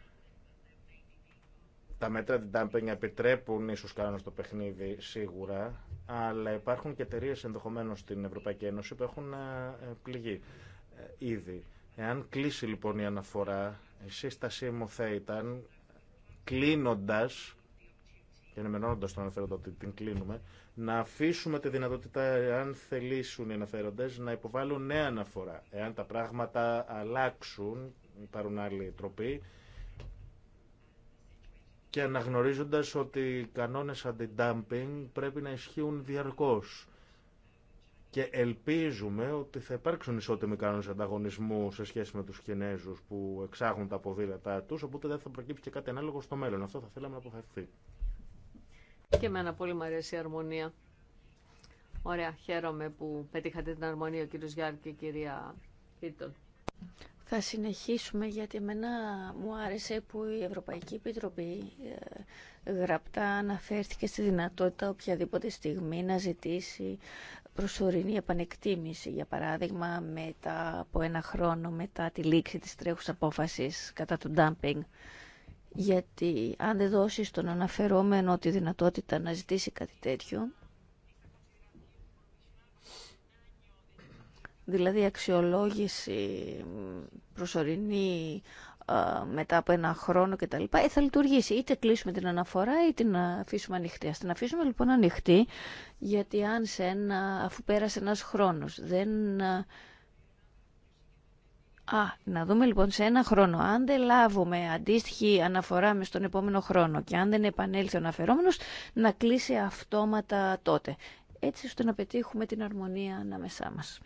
Τα μέτρα την dumping επιτρέπουν ίσω κάνω στο παιχνίδι σίγουρα, αλλά υπάρχουν και εταιρείε ενδεχομένω στην Ευρωπαϊκή Ένωση που έχουν ε, πληγεί ε, ήδη. Εάν κλείσει λοιπόν η αναφορά, η σύστασή μου θα ήταν κλείνοντα και ενημερώνοντα τον αναφέροντα ότι την κλείνουμε, να αφήσουμε τη δυνατότητα, εάν θελήσουν οι αναφέροντε, να υποβάλουν νέα αναφορά. Εάν τα πράγματα αλλάξουν, πάρουν άλλη τροπή, και αναγνωρίζοντας ότι οι κανόνες αντι-dumping πρέπει να ισχύουν διαρκώς. Και ελπίζουμε ότι θα υπάρξουν ισότιμοι κανόνες ανταγωνισμού σε σχέση με τους Κινέζους που εξάγουν τα ποδήλατά τους, οπότε δεν θα προκύψει και κάτι ανάλογο στο μέλλον. Αυτό θα θέλαμε να αποφευθεί. Και εμένα πολύ μου αρέσει η αρμονία. Ωραία, χαίρομαι που πετύχατε την αρμονία ο κύριος Γιάννη και η κυρία Ήττον. Θα συνεχίσουμε γιατί εμένα μου άρεσε που η Ευρωπαϊκή Επιτροπή ε, γραπτά αναφέρθηκε στη δυνατότητα οποιαδήποτε στιγμή να ζητήσει προσωρινή επανεκτίμηση, για παράδειγμα μετά από ένα χρόνο μετά τη λήξη της τρέχους απόφασης κατά του ντάμπινγκ. Γιατί αν δεν δώσει στον αναφερόμενο τη δυνατότητα να ζητήσει κάτι τέτοιο, δηλαδή αξιολόγηση προσωρινή ε, μετά από ένα χρόνο κτλ. Ε, θα λειτουργήσει. Είτε κλείσουμε την αναφορά ή την αφήσουμε ανοιχτή. Ας την αφήσουμε λοιπόν ανοιχτή γιατί αν σε ένα, αφού πέρασε ένας χρόνος δεν... Ε, Α, να δούμε λοιπόν σε ένα χρόνο. Αν δεν λάβουμε αντίστοιχη αναφορά με στον επόμενο χρόνο και αν δεν επανέλθει ο αναφερόμενος, να κλείσει αυτόματα τότε. Έτσι ώστε να πετύχουμε την αρμονία ανάμεσά μας.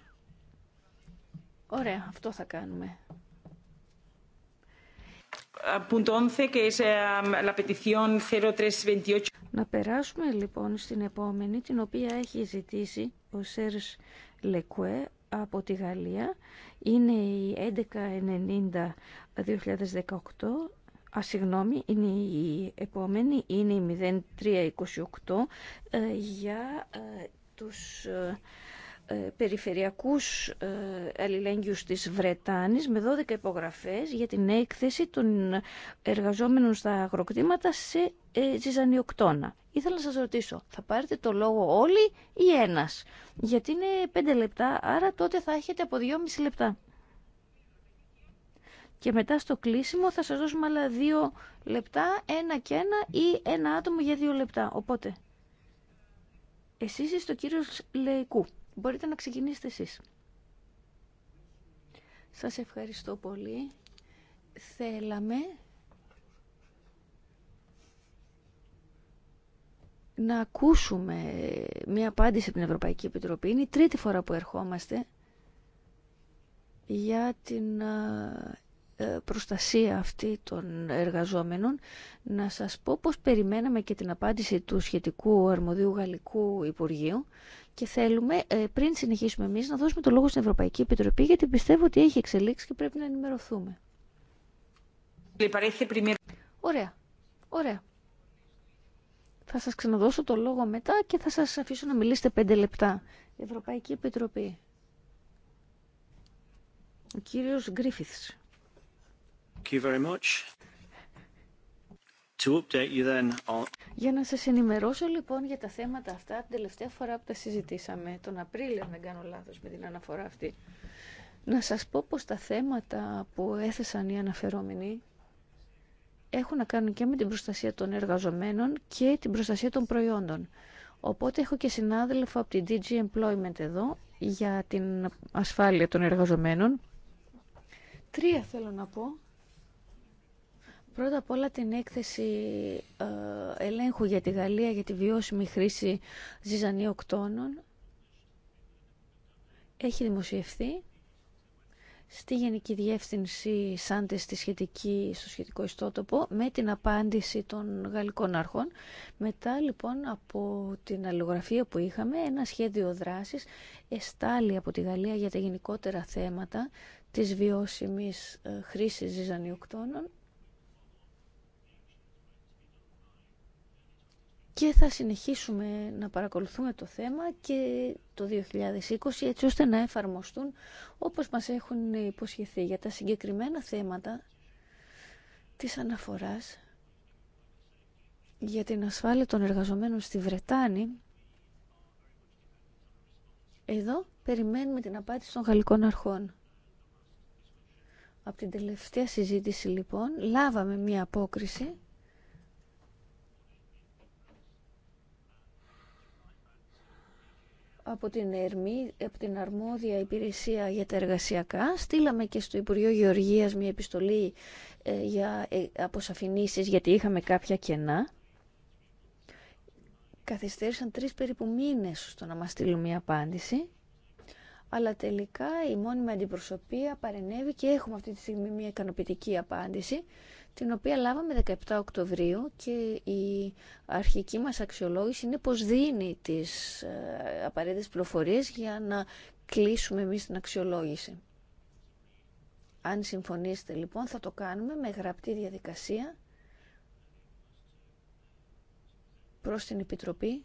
Ωραία, αυτό θα κάνουμε. Να περάσουμε λοιπόν στην επόμενη, την οποία έχει ζητήσει ο Σέρς Λεκουέ από τη Γαλλία. Είναι η 1190-2018. Α, είναι η επόμενη, είναι η 0328 ε, για ε, τους ε, ε, περιφερειακούς ε, αλληλέγγυους της Βρετάνης με 12 υπογραφές για την έκθεση των εργαζόμενων στα αγροκτήματα σε ε, ζυζανιοκτώνα. Ήθελα να σας ρωτήσω, θα πάρετε το λόγο όλοι ή ένας, γιατί είναι 5 λεπτά, άρα τότε θα έχετε από 2,5 λεπτά. Και μετά στο κλείσιμο θα σας δώσουμε άλλα 2 λεπτά, ένα και ένα ή ένα άτομο για 2 λεπτά. Οπότε, εσείς είστε ο κύριος Λεϊκού. Μπορείτε να ξεκινήσετε εσείς. Σας ευχαριστώ πολύ. Θέλαμε να ακούσουμε μια απάντηση από την Ευρωπαϊκή Επιτροπή. Είναι η τρίτη φορά που ερχόμαστε για την ε, προστασία αυτή των εργαζόμενων. Να σας πω πως περιμέναμε και την απάντηση του σχετικού αρμοδίου γαλλικού Υπουργείου και θέλουμε ε, πριν συνεχίσουμε εμείς να δώσουμε το λόγο στην Ευρωπαϊκή Επιτροπή γιατί πιστεύω ότι έχει εξελίξει και πρέπει να ενημερωθούμε. Ωραία. Ωραία. Θα σας ξαναδώσω το λόγο μετά και θα σας αφήσω να μιλήσετε πέντε λεπτά. Ευρωπαϊκή Επιτροπή. Ο κύριος Γκρίφιθς. Για να σας ενημερώσω λοιπόν για τα θέματα αυτά την τελευταία φορά που τα συζητήσαμε, τον Απρίλιο αν δεν κάνω λάθος με την αναφορά αυτή, να σας πω πως τα θέματα που έθεσαν οι αναφερόμενοι έχουν να κάνουν και με την προστασία των εργαζομένων και την προστασία των προϊόντων. Οπότε έχω και συνάδελφο από την DG Employment εδώ για την ασφάλεια των εργαζομένων. Τρία θέλω να πω Πρώτα απ' όλα την έκθεση ε, ελέγχου για τη Γαλλία για τη βιώσιμη χρήση ζυζανιοκτώνων έχει δημοσιευθεί στη Γενική Διεύθυνση Σάντες στη σχετική, στο σχετικό ιστότοπο με την απάντηση των γαλλικών αρχών. Μετά λοιπόν από την αλληλογραφία που είχαμε ένα σχέδιο δράσης εστάλει από τη Γαλλία για τα γενικότερα θέματα της βιώσιμης ε, χρήσης ζυζανιοκτώνων και θα συνεχίσουμε να παρακολουθούμε το θέμα και το 2020 έτσι ώστε να εφαρμοστούν όπως μας έχουν υποσχεθεί για τα συγκεκριμένα θέματα της αναφοράς για την ασφάλεια των εργαζομένων στη Βρετάνη. Εδώ περιμένουμε την απάντηση των γαλλικών αρχών. Από την τελευταία συζήτηση λοιπόν λάβαμε μία απόκριση από την την Αρμόδια Υπηρεσία για τα Εργασιακά. Στείλαμε και στο Υπουργείο Γεωργίας μια επιστολή ε, για ε, αποσαφηνίσεις γιατί είχαμε κάποια κενά. Καθυστέρησαν τρεις περίπου μήνες στο να μας στείλουν μια απάντηση. Αλλά τελικά η μόνιμη αντιπροσωπεία παρενέβη και έχουμε αυτή τη στιγμή μια ικανοποιητική απάντηση την οποία λάβαμε 17 Οκτωβρίου και η αρχική μας αξιολόγηση είναι πως δίνει τις ε, απαραίτητες πληροφορίες για να κλείσουμε εμείς την αξιολόγηση. Αν συμφωνήσετε λοιπόν θα το κάνουμε με γραπτή διαδικασία προς την Επιτροπή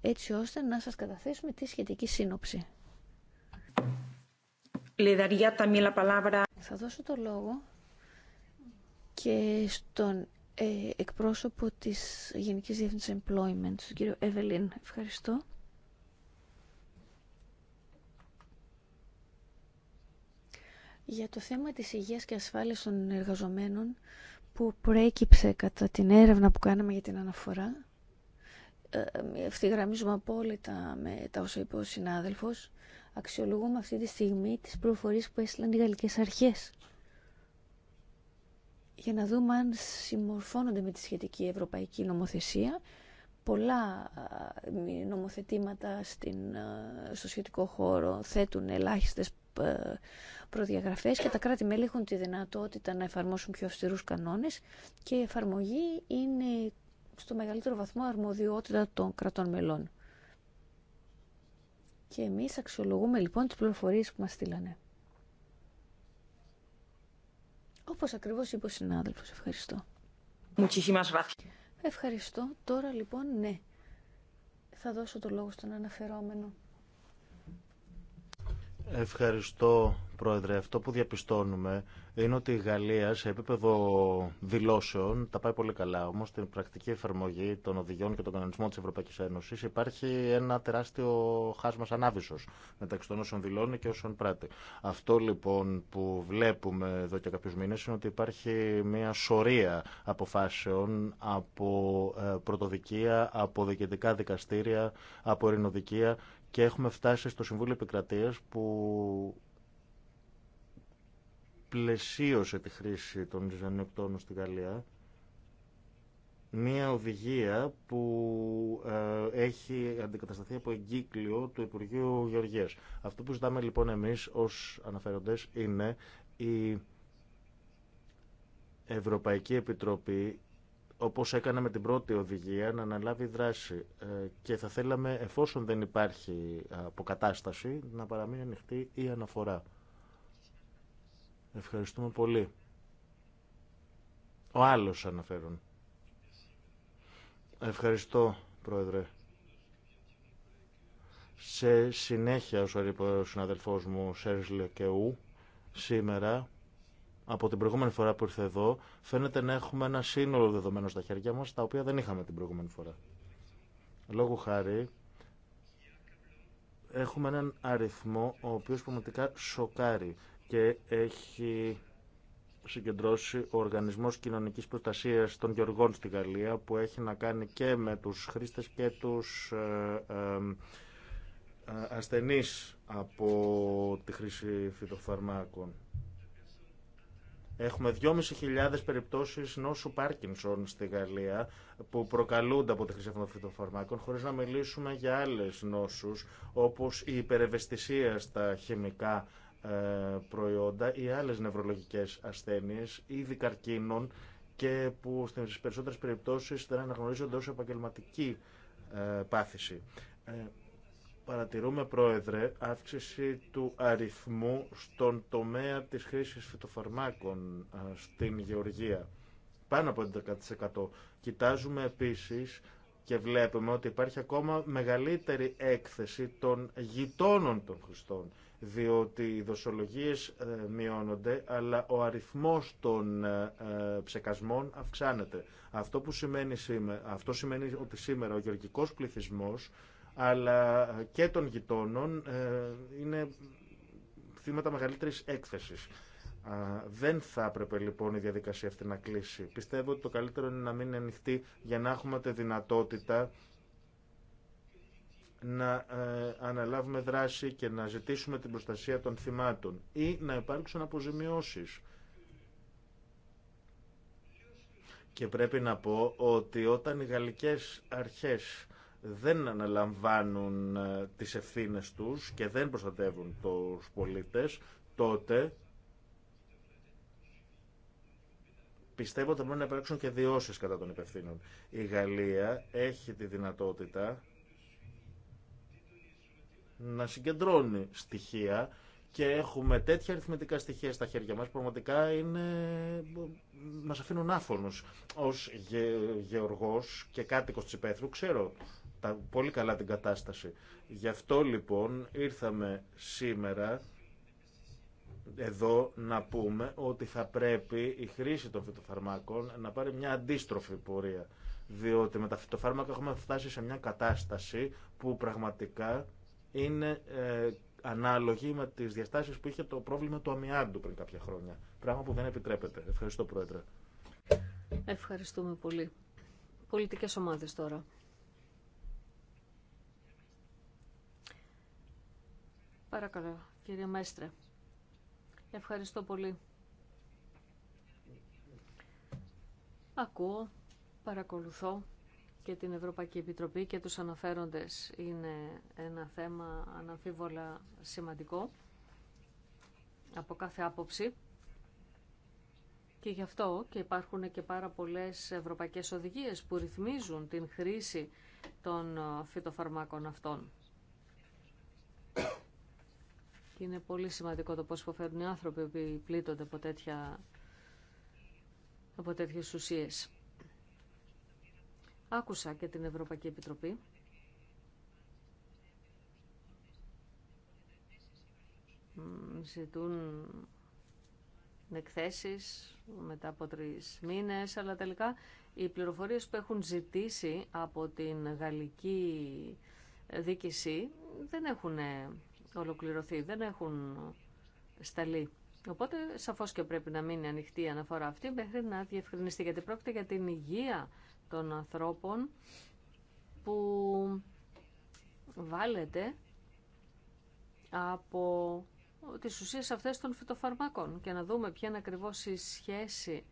έτσι ώστε να σας καταθέσουμε τη σχετική σύνοψη. Θα δώσω το λόγο και στον ε, εκπρόσωπο της Γενικής Διεύθυνσης Employment, τον κύριο Εβελίν. Ευχαριστώ. Για το θέμα της υγείας και ασφάλειας των εργαζομένων που προέκυψε κατά την έρευνα που κάναμε για την αναφορά, ε, ευθυγραμμίζουμε απόλυτα με τα όσα είπε ο συνάδελφος, αξιολογούμε αυτή τη στιγμή τις προφορίες που έστειλαν οι γαλλικές αρχές για να δούμε αν συμμορφώνονται με τη σχετική ευρωπαϊκή νομοθεσία. Πολλά ε, νομοθετήματα στην, ε, στο σχετικό χώρο θέτουν ελάχιστες ε, προδιαγραφές και τα κράτη-μέλη έχουν τη δυνατότητα να εφαρμόσουν πιο αυστηρούς κανόνες και η εφαρμογή είναι στο μεγαλύτερο βαθμό αρμοδιότητα των κρατών μελών. Και εμείς αξιολογούμε λοιπόν τις πληροφορίες που μας στείλανε. Όπως ακριβώς είπε ο συνάδελφο, ευχαριστώ. Ευχαριστώ. Τώρα λοιπόν, ναι, θα δώσω το λόγο στον αναφερόμενο. Ευχαριστώ, Πρόεδρε. Αυτό που διαπιστώνουμε είναι ότι η Γαλλία σε επίπεδο δηλώσεων τα πάει πολύ καλά. Όμω στην πρακτική εφαρμογή των οδηγιών και των κανονισμών τη Ευρωπαϊκή Ένωση υπάρχει ένα τεράστιο χάσμα ανάβησο μεταξύ των όσων δηλώνει και όσων πράττει. Αυτό λοιπόν που βλέπουμε εδώ και κάποιου μήνε είναι ότι υπάρχει μια σωρία αποφάσεων από ε, πρωτοδικεία, από διοικητικά δικαστήρια, από ειρηνοδικεία και έχουμε φτάσει στο Συμβούλιο Επικρατείας που πλαισίωσε τη χρήση των στη Γαλλία μια οδηγία που ε, έχει αντικατασταθεί από εγκύκλιο του Υπουργείου Γεωργίας. Αυτό που ζητάμε λοιπόν εμείς ως αναφέροντες είναι η Ευρωπαϊκή Επιτροπή όπως έκανα με την πρώτη οδηγία, να αναλάβει δράση. Ε, και θα θέλαμε, εφόσον δεν υπάρχει αποκατάσταση, να παραμείνει ανοιχτή η αναφορά. Ευχαριστούμε πολύ. Ο άλλος αναφέρον. Ευχαριστώ, Πρόεδρε. Σε συνέχεια, ο συναδελφός μου, και ού, σήμερα από την προηγούμενη φορά που ήρθε εδώ, φαίνεται να έχουμε ένα σύνολο δεδομένων στα χέρια μας, τα οποία δεν είχαμε την προηγούμενη φορά. Λόγω χάρη, έχουμε έναν αριθμό ο οποίος πραγματικά σοκάρει και έχει συγκεντρώσει ο Οργανισμός Κοινωνικής Προστασίας των Γεωργών στη Γαλλία που έχει να κάνει και με τους χρήστες και τους ε, ε, ε, ασθενείς από τη χρήση φυτοφαρμάκων. Έχουμε 2.500 περιπτώσει νόσου Πάρκινσον στη Γαλλία που προκαλούνται από τη χρήση αυτών των φυτοφαρμάκων χωρί να μιλήσουμε για άλλες νόσους όπως η υπερευαισθησία στα χημικά ε, προϊόντα ή άλλες νευρολογικές ασθένειες, ή καρκίνων και που στις περισσότερες περιπτώσεις δεν αναγνωρίζονται ως επαγγελματική ε, πάθηση. Ε, Παρατηρούμε, Πρόεδρε, αύξηση του αριθμού στον τομέα της χρήσης φυτοφαρμάκων στην Γεωργία. Πάνω από 11%. Κοιτάζουμε επίσης και βλέπουμε ότι υπάρχει ακόμα μεγαλύτερη έκθεση των γειτόνων των χρηστών, διότι οι δοσολογίες ε, μειώνονται, αλλά ο αριθμός των ε, ε, ψεκασμών αυξάνεται. Αυτό, που σημαίνει αυτό σημαίνει ότι σήμερα ο γεωργικός πληθυσμός αλλά και των γειτόνων ε, είναι θύματα μεγαλύτερης έκθεσης. Δεν θα έπρεπε λοιπόν η διαδικασία αυτή να κλείσει. Πιστεύω ότι το καλύτερο είναι να μείνει ανοιχτή για να έχουμε τη δυνατότητα να ε, αναλάβουμε δράση και να ζητήσουμε την προστασία των θυμάτων ή να υπάρξουν αποζημιώσεις. Και πρέπει να πω ότι όταν οι γαλλικές αρχές δεν αναλαμβάνουν ε, τις ευθύνες τους και δεν προστατεύουν τους πολίτες, τότε πιστεύω ότι μπορεί να υπάρξουν και διώσεις κατά των υπευθύνων. Η Γαλλία έχει τη δυνατότητα να συγκεντρώνει στοιχεία και έχουμε τέτοια αριθμητικά στοιχεία στα χέρια μας, πραγματικά είναι... μας αφήνουν άφωνος. Ως γεωργός και κάτοικος της υπαίθρου ξέρω τα πολύ καλά την κατάσταση. Γι' αυτό λοιπόν ήρθαμε σήμερα εδώ να πούμε ότι θα πρέπει η χρήση των φυτοφαρμάκων να πάρει μια αντίστροφη πορεία. Διότι με τα φυτοφάρμακα έχουμε φτάσει σε μια κατάσταση που πραγματικά είναι ε, ανάλογη με τις διαστάσεις που είχε το πρόβλημα του αμοιάντου πριν κάποια χρόνια. Πράγμα που δεν επιτρέπεται. Ευχαριστώ Πρόεδρε. Ευχαριστούμε πολύ. Πολιτικές ομάδες τώρα. Παρακαλώ, κύριε Μέστρε. Ευχαριστώ πολύ. Ακούω, παρακολουθώ και την Ευρωπαϊκή Επιτροπή και τους αναφέροντες είναι ένα θέμα αναμφίβολα σημαντικό από κάθε άποψη και γι' αυτό και υπάρχουν και πάρα πολλές ευρωπαϊκές οδηγίες που ρυθμίζουν την χρήση των φυτοφαρμάκων αυτών είναι πολύ σημαντικό το πώς υποφέρουν οι άνθρωποι που πλήττονται από, τέτοια, από τέτοιες ουσίες. Άκουσα και την Ευρωπαϊκή Επιτροπή. Ζητούν εκθέσεις μετά από τρεις μήνες, αλλά τελικά οι πληροφορίες που έχουν ζητήσει από την γαλλική δίκηση δεν έχουν ολοκληρωθεί, δεν έχουν σταλεί. Οπότε σαφώς και πρέπει να μείνει ανοιχτή η αναφορά αυτή μέχρι να διευκρινιστεί γιατί πρόκειται για την υγεία των ανθρώπων που βάλετε από τις ουσίες αυτές των φυτοφαρμάκων και να δούμε ποια είναι ακριβώς η σχέση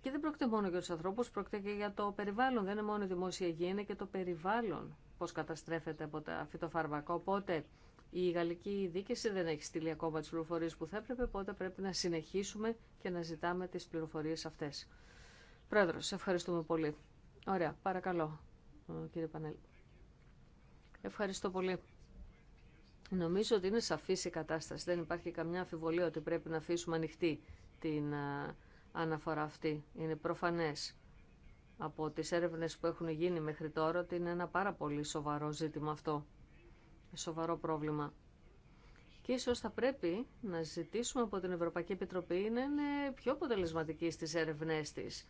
και δεν πρόκειται μόνο για τους ανθρώπους, πρόκειται και για το περιβάλλον. Δεν είναι μόνο η δημόσια υγεία, είναι και το περιβάλλον πώς καταστρέφεται από το φαρμακό. Οπότε η γαλλική δίκηση δεν έχει στείλει ακόμα τις πληροφορίες που θα έπρεπε, οπότε πρέπει να συνεχίσουμε και να ζητάμε τις πληροφορίες αυτές. Πρόεδρος, ευχαριστούμε πολύ. Ωραία, παρακαλώ, κύριε Πανέλη. Ευχαριστώ πολύ. Νομίζω ότι είναι σαφής η κατάσταση. Δεν υπάρχει καμιά αφιβολία ότι πρέπει να αφήσουμε ανοιχτή την αναφορά αυτή. Είναι προφανές από τις έρευνες που έχουν γίνει μέχρι τώρα ότι είναι ένα πάρα πολύ σοβαρό ζήτημα αυτό. Σοβαρό πρόβλημα. Και ίσως θα πρέπει να ζητήσουμε από την Ευρωπαϊκή Επιτροπή να είναι πιο αποτελεσματική στις έρευνές της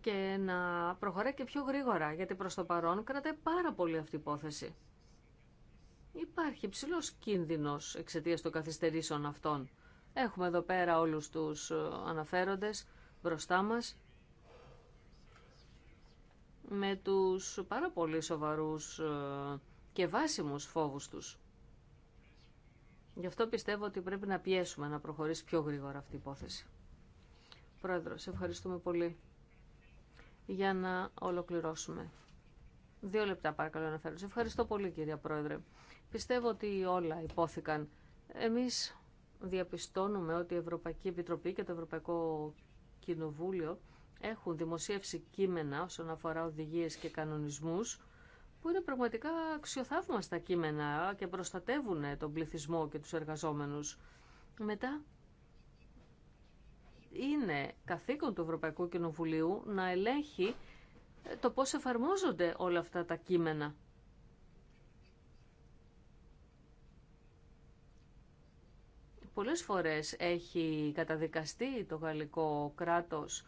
και να προχωράει και πιο γρήγορα, γιατί προς το παρόν κρατάει πάρα πολύ αυτή η υπόθεση. Υπάρχει ψηλό κίνδυνος εξαιτία των καθυστερήσεων αυτών. Έχουμε εδώ πέρα όλους τους ε, αναφέροντες μπροστά μας με τους πάρα πολύ σοβαρούς ε, και βάσιμους φόβους τους. Γι' αυτό πιστεύω ότι πρέπει να πιέσουμε να προχωρήσει πιο γρήγορα αυτή η υπόθεση. Πρόεδρο, σε ευχαριστούμε πολύ. Για να ολοκληρώσουμε. Δύο λεπτά παρακαλώ να φέρω. Σε ευχαριστώ πολύ κυρία Πρόεδρε. Πιστεύω ότι όλα υπόθηκαν. Εμείς διαπιστώνουμε ότι η Ευρωπαϊκή Επιτροπή και το Ευρωπαϊκό Κοινοβούλιο έχουν δημοσιεύσει κείμενα όσον αφορά οδηγίες και κανονισμούς που είναι πραγματικά αξιοθαύμαστα κείμενα και προστατεύουν τον πληθυσμό και τους εργαζόμενους. Μετά είναι καθήκον του Ευρωπαϊκού Κοινοβουλίου να ελέγχει ε, το πώς εφαρμόζονται όλα αυτά τα κείμενα. Πολλές φορές έχει καταδικαστεί το γαλλικό κράτος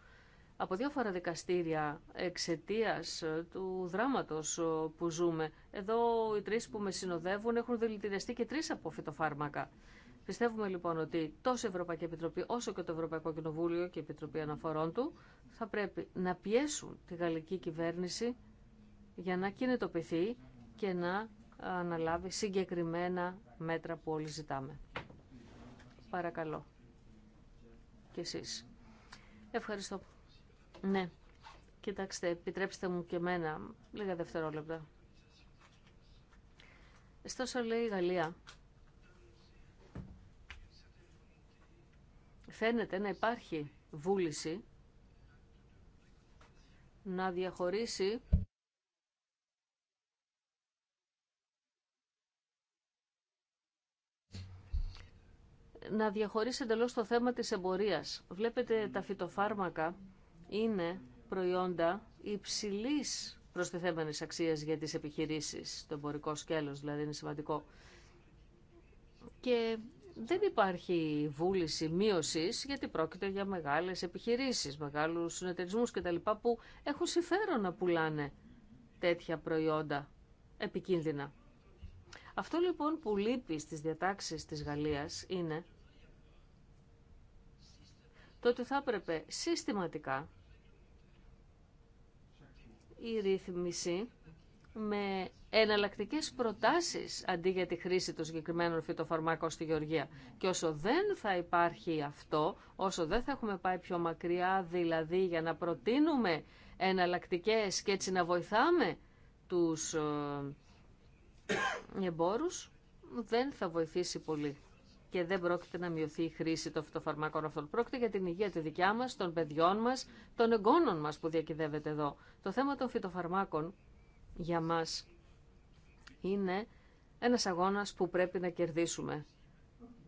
από διάφορα δικαστήρια εξαιτία ε, του δράματος ε, που ζούμε. Εδώ οι τρεις που με συνοδεύουν έχουν δηλητηριαστεί και τρεις από φυτοφάρμακα. Πιστεύουμε λοιπόν ότι τόσο η Ευρωπαϊκή Επιτροπή όσο και το Ευρωπαϊκό Κοινοβούλιο και η Επιτροπή Αναφορών του θα πρέπει να πιέσουν τη γαλλική κυβέρνηση για να κινητοποιηθεί και να αναλάβει συγκεκριμένα μέτρα που όλοι ζητάμε. Παρακαλώ. Και εσείς. Ευχαριστώ. Ναι. Κοιτάξτε, επιτρέψτε μου και εμένα λίγα δευτερόλεπτα. Στόσο λέει η Γαλλία. Φαίνεται να υπάρχει βούληση να διαχωρίσει να διαχωρίσει εντελώ το θέμα της εμπορίας. Βλέπετε τα φυτοφάρμακα είναι προϊόντα υψηλής προστιθέμενης αξίας για τις επιχειρήσεις. Το εμπορικό σκέλος δηλαδή είναι σημαντικό. Και δεν υπάρχει βούληση μείωσης γιατί πρόκειται για μεγάλες επιχειρήσεις, μεγάλους συνεταιρισμούς κτλ. που έχουν συμφέρον να πουλάνε τέτοια προϊόντα επικίνδυνα. Αυτό λοιπόν που λείπει στις διατάξεις της Γαλλίας είναι το ότι θα έπρεπε συστηματικά η ρύθμιση με εναλλακτικές προτάσεις αντί για τη χρήση των συγκεκριμένων φυτοφαρμάκων στη Γεωργία. Και όσο δεν θα υπάρχει αυτό, όσο δεν θα έχουμε πάει πιο μακριά δηλαδή για να προτείνουμε εναλλακτικές και έτσι να βοηθάμε τους ε, εμπόρους, δεν θα βοηθήσει πολύ και δεν πρόκειται να μειωθεί η χρήση των φυτοφαρμάκων αυτών. Πρόκειται για την υγεία τη δικιά μα, των παιδιών μα, των εγγόνων μα που διακυδεύεται εδώ. Το θέμα των φυτοφαρμάκων για μα είναι ένα αγώνα που πρέπει να κερδίσουμε.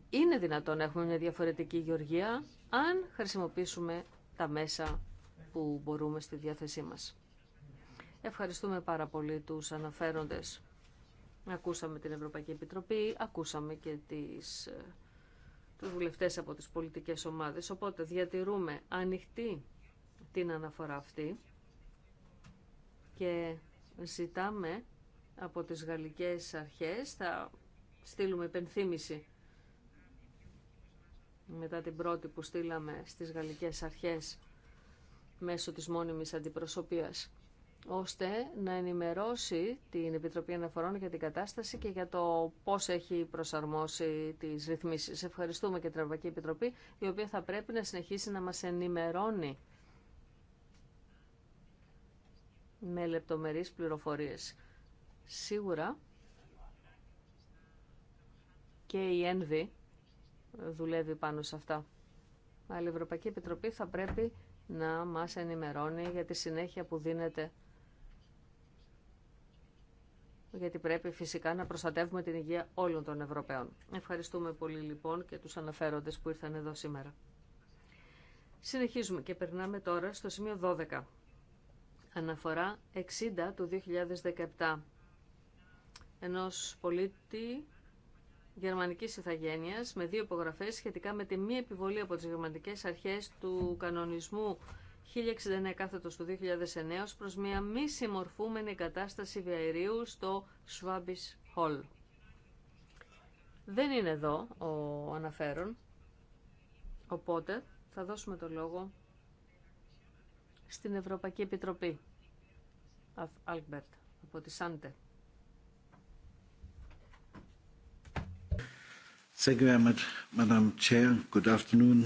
Είναι δυνατόν να έχουμε μια διαφορετική γεωργία αν χρησιμοποιήσουμε τα μέσα που μπορούμε στη διάθεσή μας. Ευχαριστούμε πάρα πολύ τους αναφέροντες. Ακούσαμε την Ευρωπαϊκή Επιτροπή, ακούσαμε και τις, ε, τους βουλευτές από τις πολιτικές ομάδες, οπότε διατηρούμε ανοιχτή την αναφορά αυτή και ζητάμε από τις γαλλικές αρχές, θα στείλουμε υπενθύμηση μετά την πρώτη που στείλαμε στις γαλλικές αρχές μέσω της μόνιμης αντιπροσωπείας ώστε να ενημερώσει την Επιτροπή Αναφορών για την κατάσταση και για το πώς έχει προσαρμόσει τις ρυθμίσεις. Ευχαριστούμε και την Ευρωπαϊκή Επιτροπή, η οποία θα πρέπει να συνεχίσει να μας ενημερώνει με λεπτομερείς πληροφορίες. Σίγουρα και η ΕΝΒΗ δουλεύει πάνω σε αυτά. Αλλά η Ευρωπαϊκή Επιτροπή θα πρέπει να μας ενημερώνει για τη συνέχεια που δίνεται γιατί πρέπει φυσικά να προστατεύουμε την υγεία όλων των Ευρωπαίων. Ευχαριστούμε πολύ λοιπόν και τους αναφέροντες που ήρθαν εδώ σήμερα. Συνεχίζουμε και περνάμε τώρα στο σημείο 12. Αναφορά 60 του 2017 ενός πολίτη γερμανικής ηθαγένειας με δύο υπογραφές σχετικά με τη μη επιβολή από τις γερμανικές αρχές του κανονισμού 1069 κάθετος του 2009 προς μια μη συμμορφούμενη κατάσταση βιαερίου στο Σουάμπι Hall. Δεν είναι εδώ ο αναφέρον, οπότε θα δώσουμε το λόγο στην Ευρωπαϊκή Επιτροπή. Αλμπερτ, από τη Σάντε. Madam Chair. Good afternoon.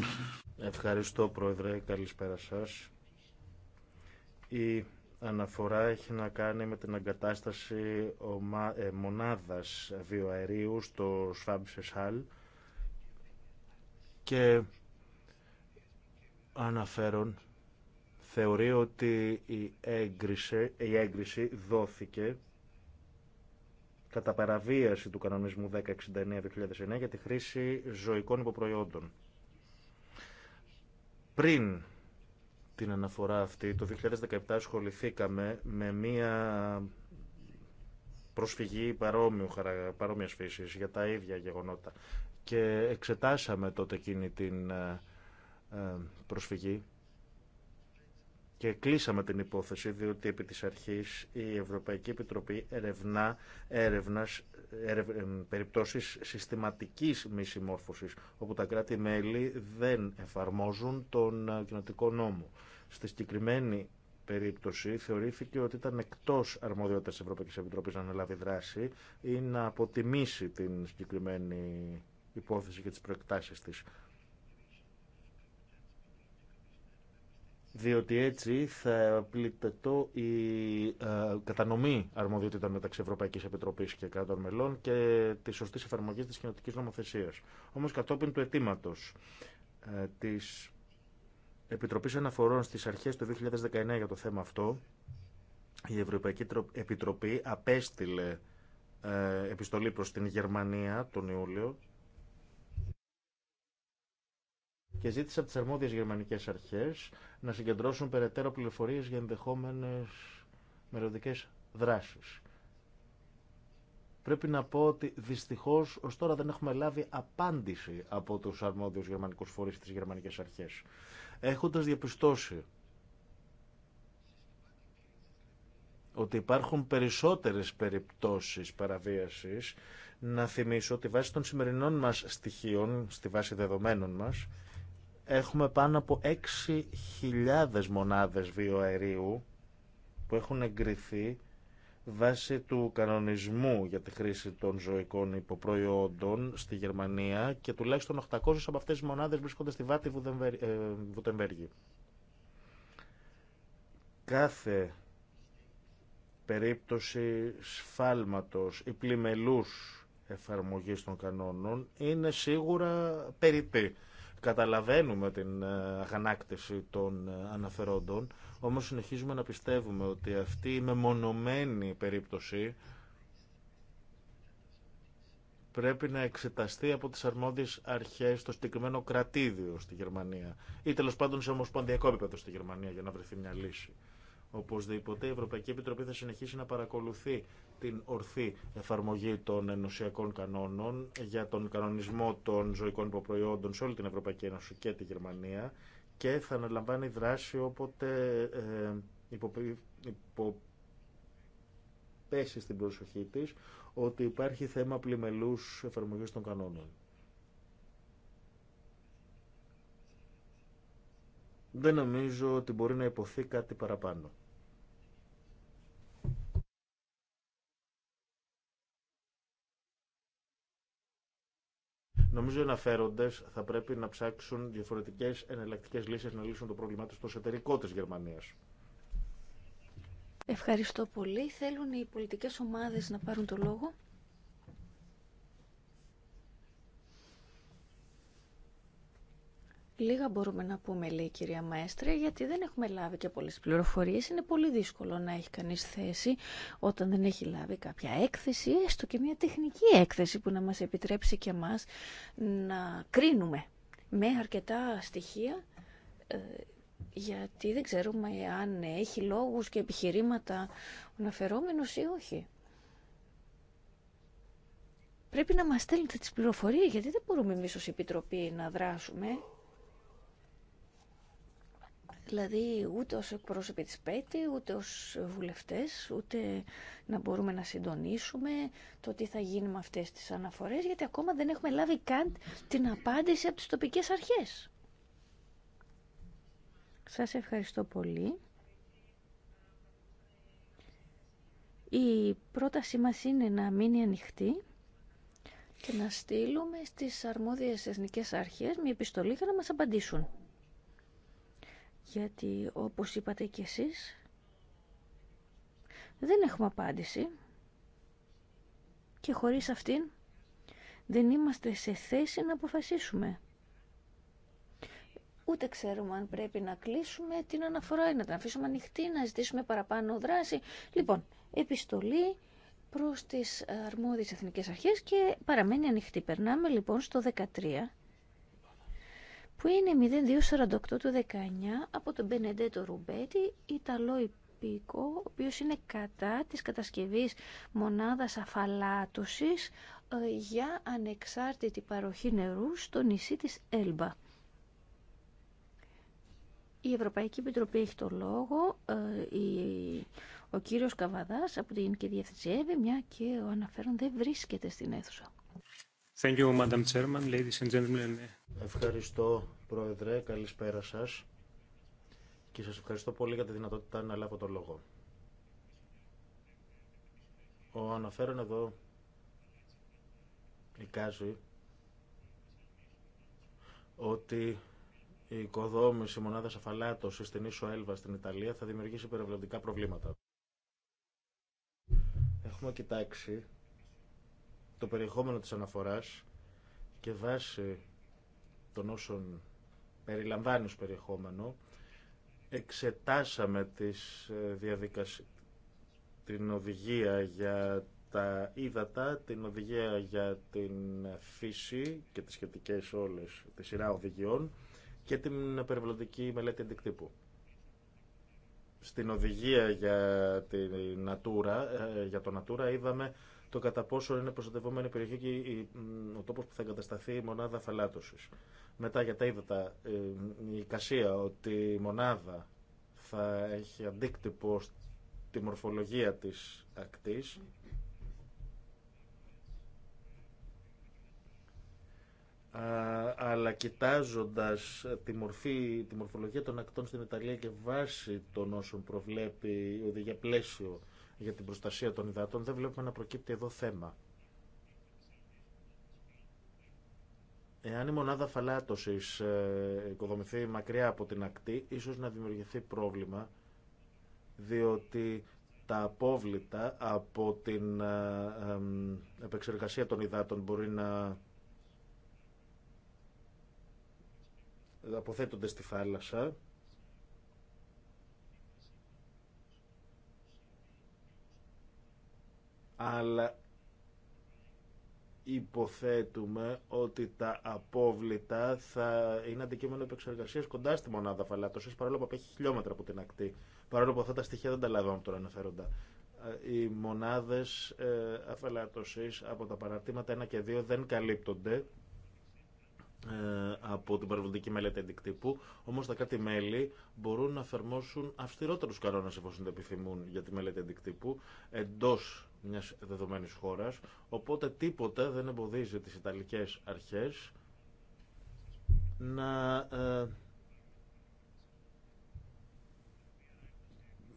Ευχαριστώ Πρόεδρε, καλησπέρα σας. Η αναφορά έχει να κάνει με την εγκατάσταση ε, μονάδας βιοαερίου στο Σφάμπσεσάλ και αναφέρον θεωρεί ότι η έγκριση, η έγκριση δόθηκε κατά παραβίαση του κανονισμού 1069-2009 για τη χρήση ζωικών υποπροϊόντων. Πριν την αναφορά αυτή, το 2017 ασχοληθήκαμε με μία προσφυγή παρόμοιου, παρόμοιας φύσης για τα ίδια γεγονότα και εξετάσαμε τότε εκείνη την ε, ε, προσφυγή και κλείσαμε την υπόθεση διότι επί της αρχής η Ευρωπαϊκή Επιτροπή ερευνά έρευνας, ερευ, περιπτώσεις συστηματικής μη συμμόρφωσης όπου τα κράτη-μέλη δεν εφαρμόζουν τον ε, κοινοτικό νόμο. Στη συγκεκριμένη περίπτωση θεωρήθηκε ότι ήταν εκτός αρμοδιότητας της Ευρωπαϊκής Επιτροπής να αναλάβει δράση ή να αποτιμήσει την συγκεκριμένη υπόθεση και τις προεκτάσεις της. διότι έτσι θα πληττετώ η ε, κατανομή αρμοδιότητα μεταξύ Ευρωπαϊκής Επιτροπής και κράτων μελών και τη σωστή εφαρμογή της κοινωτικής νομοθεσίας. Όμως κατόπιν του αιτήματο ε, της Επιτροπής Αναφορών στις αρχές του 2019 για το θέμα αυτό, η Ευρωπαϊκή Επιτροπή απέστειλε ε, επιστολή προς την Γερμανία τον Ιούλιο και ζήτησε από τις αρμόδιες γερμανικές αρχές να συγκεντρώσουν περαιτέρω πληροφορίες για ενδεχόμενες μελλοντικέ δράσεις. Πρέπει να πω ότι δυστυχώς ω τώρα δεν έχουμε λάβει απάντηση από τους αρμόδιους γερμανικούς φορείς της γερμανικές αρχές. έχοντα διαπιστώσει ότι υπάρχουν περισσότερες περιπτώσεις παραβίασης, να θυμίσω ότι βάσει των σημερινών μας στοιχείων, στη βάση δεδομένων μας, έχουμε πάνω από 6.000 μονάδες βιοαερίου που έχουν εγκριθεί βάσει του κανονισμού για τη χρήση των ζωικών υποπροϊόντων στη Γερμανία και τουλάχιστον 800 από αυτές τις μονάδες βρίσκονται στη Βάτη ε, Βουτεμβέργη. Κάθε περίπτωση σφάλματος ή πλημελούς εφαρμογής των κανόνων είναι σίγουρα περιττή. Καταλαβαίνουμε την ε, αγανάκτηση των ε, αναφερόντων, όμως συνεχίζουμε να πιστεύουμε ότι αυτή η μεμονωμένη περίπτωση πρέπει να εξεταστεί από τις αρμόδιες αρχές στο συγκεκριμένο κρατήδιο στη Γερμανία ή τέλο πάντων σε ομοσπονδιακό επίπεδο στη Γερμανία για να βρεθεί μια λύση. Οπωσδήποτε η Ευρωπαϊκή Επιτροπή θα συνεχίσει να παρακολουθεί την ορθή εφαρμογή των ενωσιακών κανόνων για τον κανονισμό των ζωικών υποπροϊόντων σε όλη την Ευρωπαϊκή Ένωση και τη Γερμανία και θα αναλαμβάνει δράση όποτε ε, υπο, στην προσοχή της ότι υπάρχει θέμα πλημελούς εφαρμογής των κανόνων. Δεν νομίζω ότι μπορεί να υποθεί κάτι παραπάνω. Νομίζω οι αναφέροντε θα πρέπει να ψάξουν διαφορετικέ εναλλακτικέ λύσει να λύσουν το πρόβλημά του στο εσωτερικό τη Γερμανία. Ευχαριστώ πολύ. Θέλουν οι πολιτικές ομάδες να πάρουν το λόγο. Λίγα μπορούμε να πούμε, λέει η κυρία Μαέστρε, γιατί δεν έχουμε λάβει και πολλές πληροφορίες. Είναι πολύ δύσκολο να έχει κανείς θέση όταν δεν έχει λάβει κάποια έκθεση, έστω και μια τεχνική έκθεση που να μας επιτρέψει και μας να κρίνουμε με αρκετά στοιχεία ε, γιατί δεν ξέρουμε αν έχει λόγους και επιχειρήματα ο αναφερόμενος ή όχι. Πρέπει να μας στέλνετε τις πληροφορίες, γιατί δεν μπορούμε εμείς ως Επιτροπή να δράσουμε. Δηλαδή ούτε ως εκπρόσωποι της ΠΕΤΗ, ούτε ως βουλευτές, ούτε να μπορούμε να συντονίσουμε το τι θα γίνει με αυτές τις αναφορές, γιατί ακόμα δεν έχουμε λάβει καν την απάντηση από τις τοπικές αρχές. Σας ευχαριστώ πολύ. Η πρότασή μας είναι να μείνει ανοιχτή και να στείλουμε στις αρμόδιες εθνικές αρχές μια επιστολή για να μας απαντήσουν γιατί όπως είπατε κι εσείς δεν έχουμε απάντηση και χωρίς αυτήν δεν είμαστε σε θέση να αποφασίσουμε. Ούτε ξέρουμε αν πρέπει να κλείσουμε την αναφορά ή να την αφήσουμε ανοιχτή, να ζητήσουμε παραπάνω δράση. Λοιπόν, επιστολή προς τις αρμόδιες εθνικές αρχές και παραμένει ανοιχτή. Περνάμε λοιπόν στο 13 που είναι 0248 του 19 από τον Μπενεντέτο Ρουμπέτη, Ιταλό υπήκο, ο οποίος είναι κατά της κατασκευής μονάδας αφαλάτωσης ε, για ανεξάρτητη παροχή νερού στο νησί της Έλμπα. Η Ευρωπαϊκή Επιτροπή έχει το λόγο, ε, ο κύριος Καβαδάς από την Γενική Διευθυνσία μια και ο αναφέρον δεν βρίσκεται στην αίθουσα. Ευχαριστώ, Πρόεδρε. Καλησπέρα σας. Και σας ευχαριστώ πολύ για τη δυνατότητα να λάβω το λόγο. Ο αναφέρον εδώ εικάζει ότι η οικοδόμηση μονάδα αφαλάτωση στην Ίσο Έλβα στην Ιταλία θα δημιουργήσει περιβαλλοντικά προβλήματα. Έχουμε κοιτάξει το περιεχόμενο της αναφοράς και βάσει των όσων περιλαμβάνει ως περιεχόμενο, εξετάσαμε τις ε, διαδικασίες, την οδηγία για τα ύδατα, την οδηγία για την φύση και τις σχετικές όλες, τη σειρά οδηγιών και την περιβαλλοντική μελέτη αντικτύπου. Στην οδηγία για, την Natura, ε, για το Natura είδαμε το κατά πόσο είναι προστατευόμενη η περιοχή και ο τόπο που θα εγκατασταθεί η μονάδα θαλάτωση. Μετά για τα είδατα, ε, η εικασία ότι η μονάδα θα έχει αντίκτυπο στη μορφολογία της ακτής αλλά κοιτάζοντας τη, μορφή, τη μορφολογία των ακτών στην Ιταλία και βάσει των όσων προβλέπει ο οδηγία πλαίσιο για την προστασία των υδάτων, δεν βλέπουμε να προκύπτει εδώ θέμα. Εάν η μονάδα φαλάτωσης ε, οικοδομηθεί μακριά από την ακτή, ίσως να δημιουργηθεί πρόβλημα, διότι τα απόβλητα από την ε, επεξεργασία των υδάτων μπορεί να αποθέτονται στη θάλασσα αλλά υποθέτουμε ότι τα απόβλητα θα είναι αντικείμενο επεξεργασία κοντά στη μονάδα φαλάτωση, παρόλο που απέχει χιλιόμετρα από την ακτή. Παρόλο που αυτά τα στοιχεία δεν τα λαμβάνω τώρα αναφέροντα. Ε, οι μονάδε αφαλάτωση από τα παρατήματα 1 και 2 δεν καλύπτονται ε, από την παρεμβολική μελέτη αντικτύπου. Όμω τα κράτη-μέλη μπορούν να εφαρμόσουν αυστηρότερου κανόνε εφόσον το επιθυμούν για τη μελέτη αντικτύπου εντό μια δεδομένη χώρα, οπότε τίποτε δεν εμποδίζει τι Ιταλικές αρχές να ε,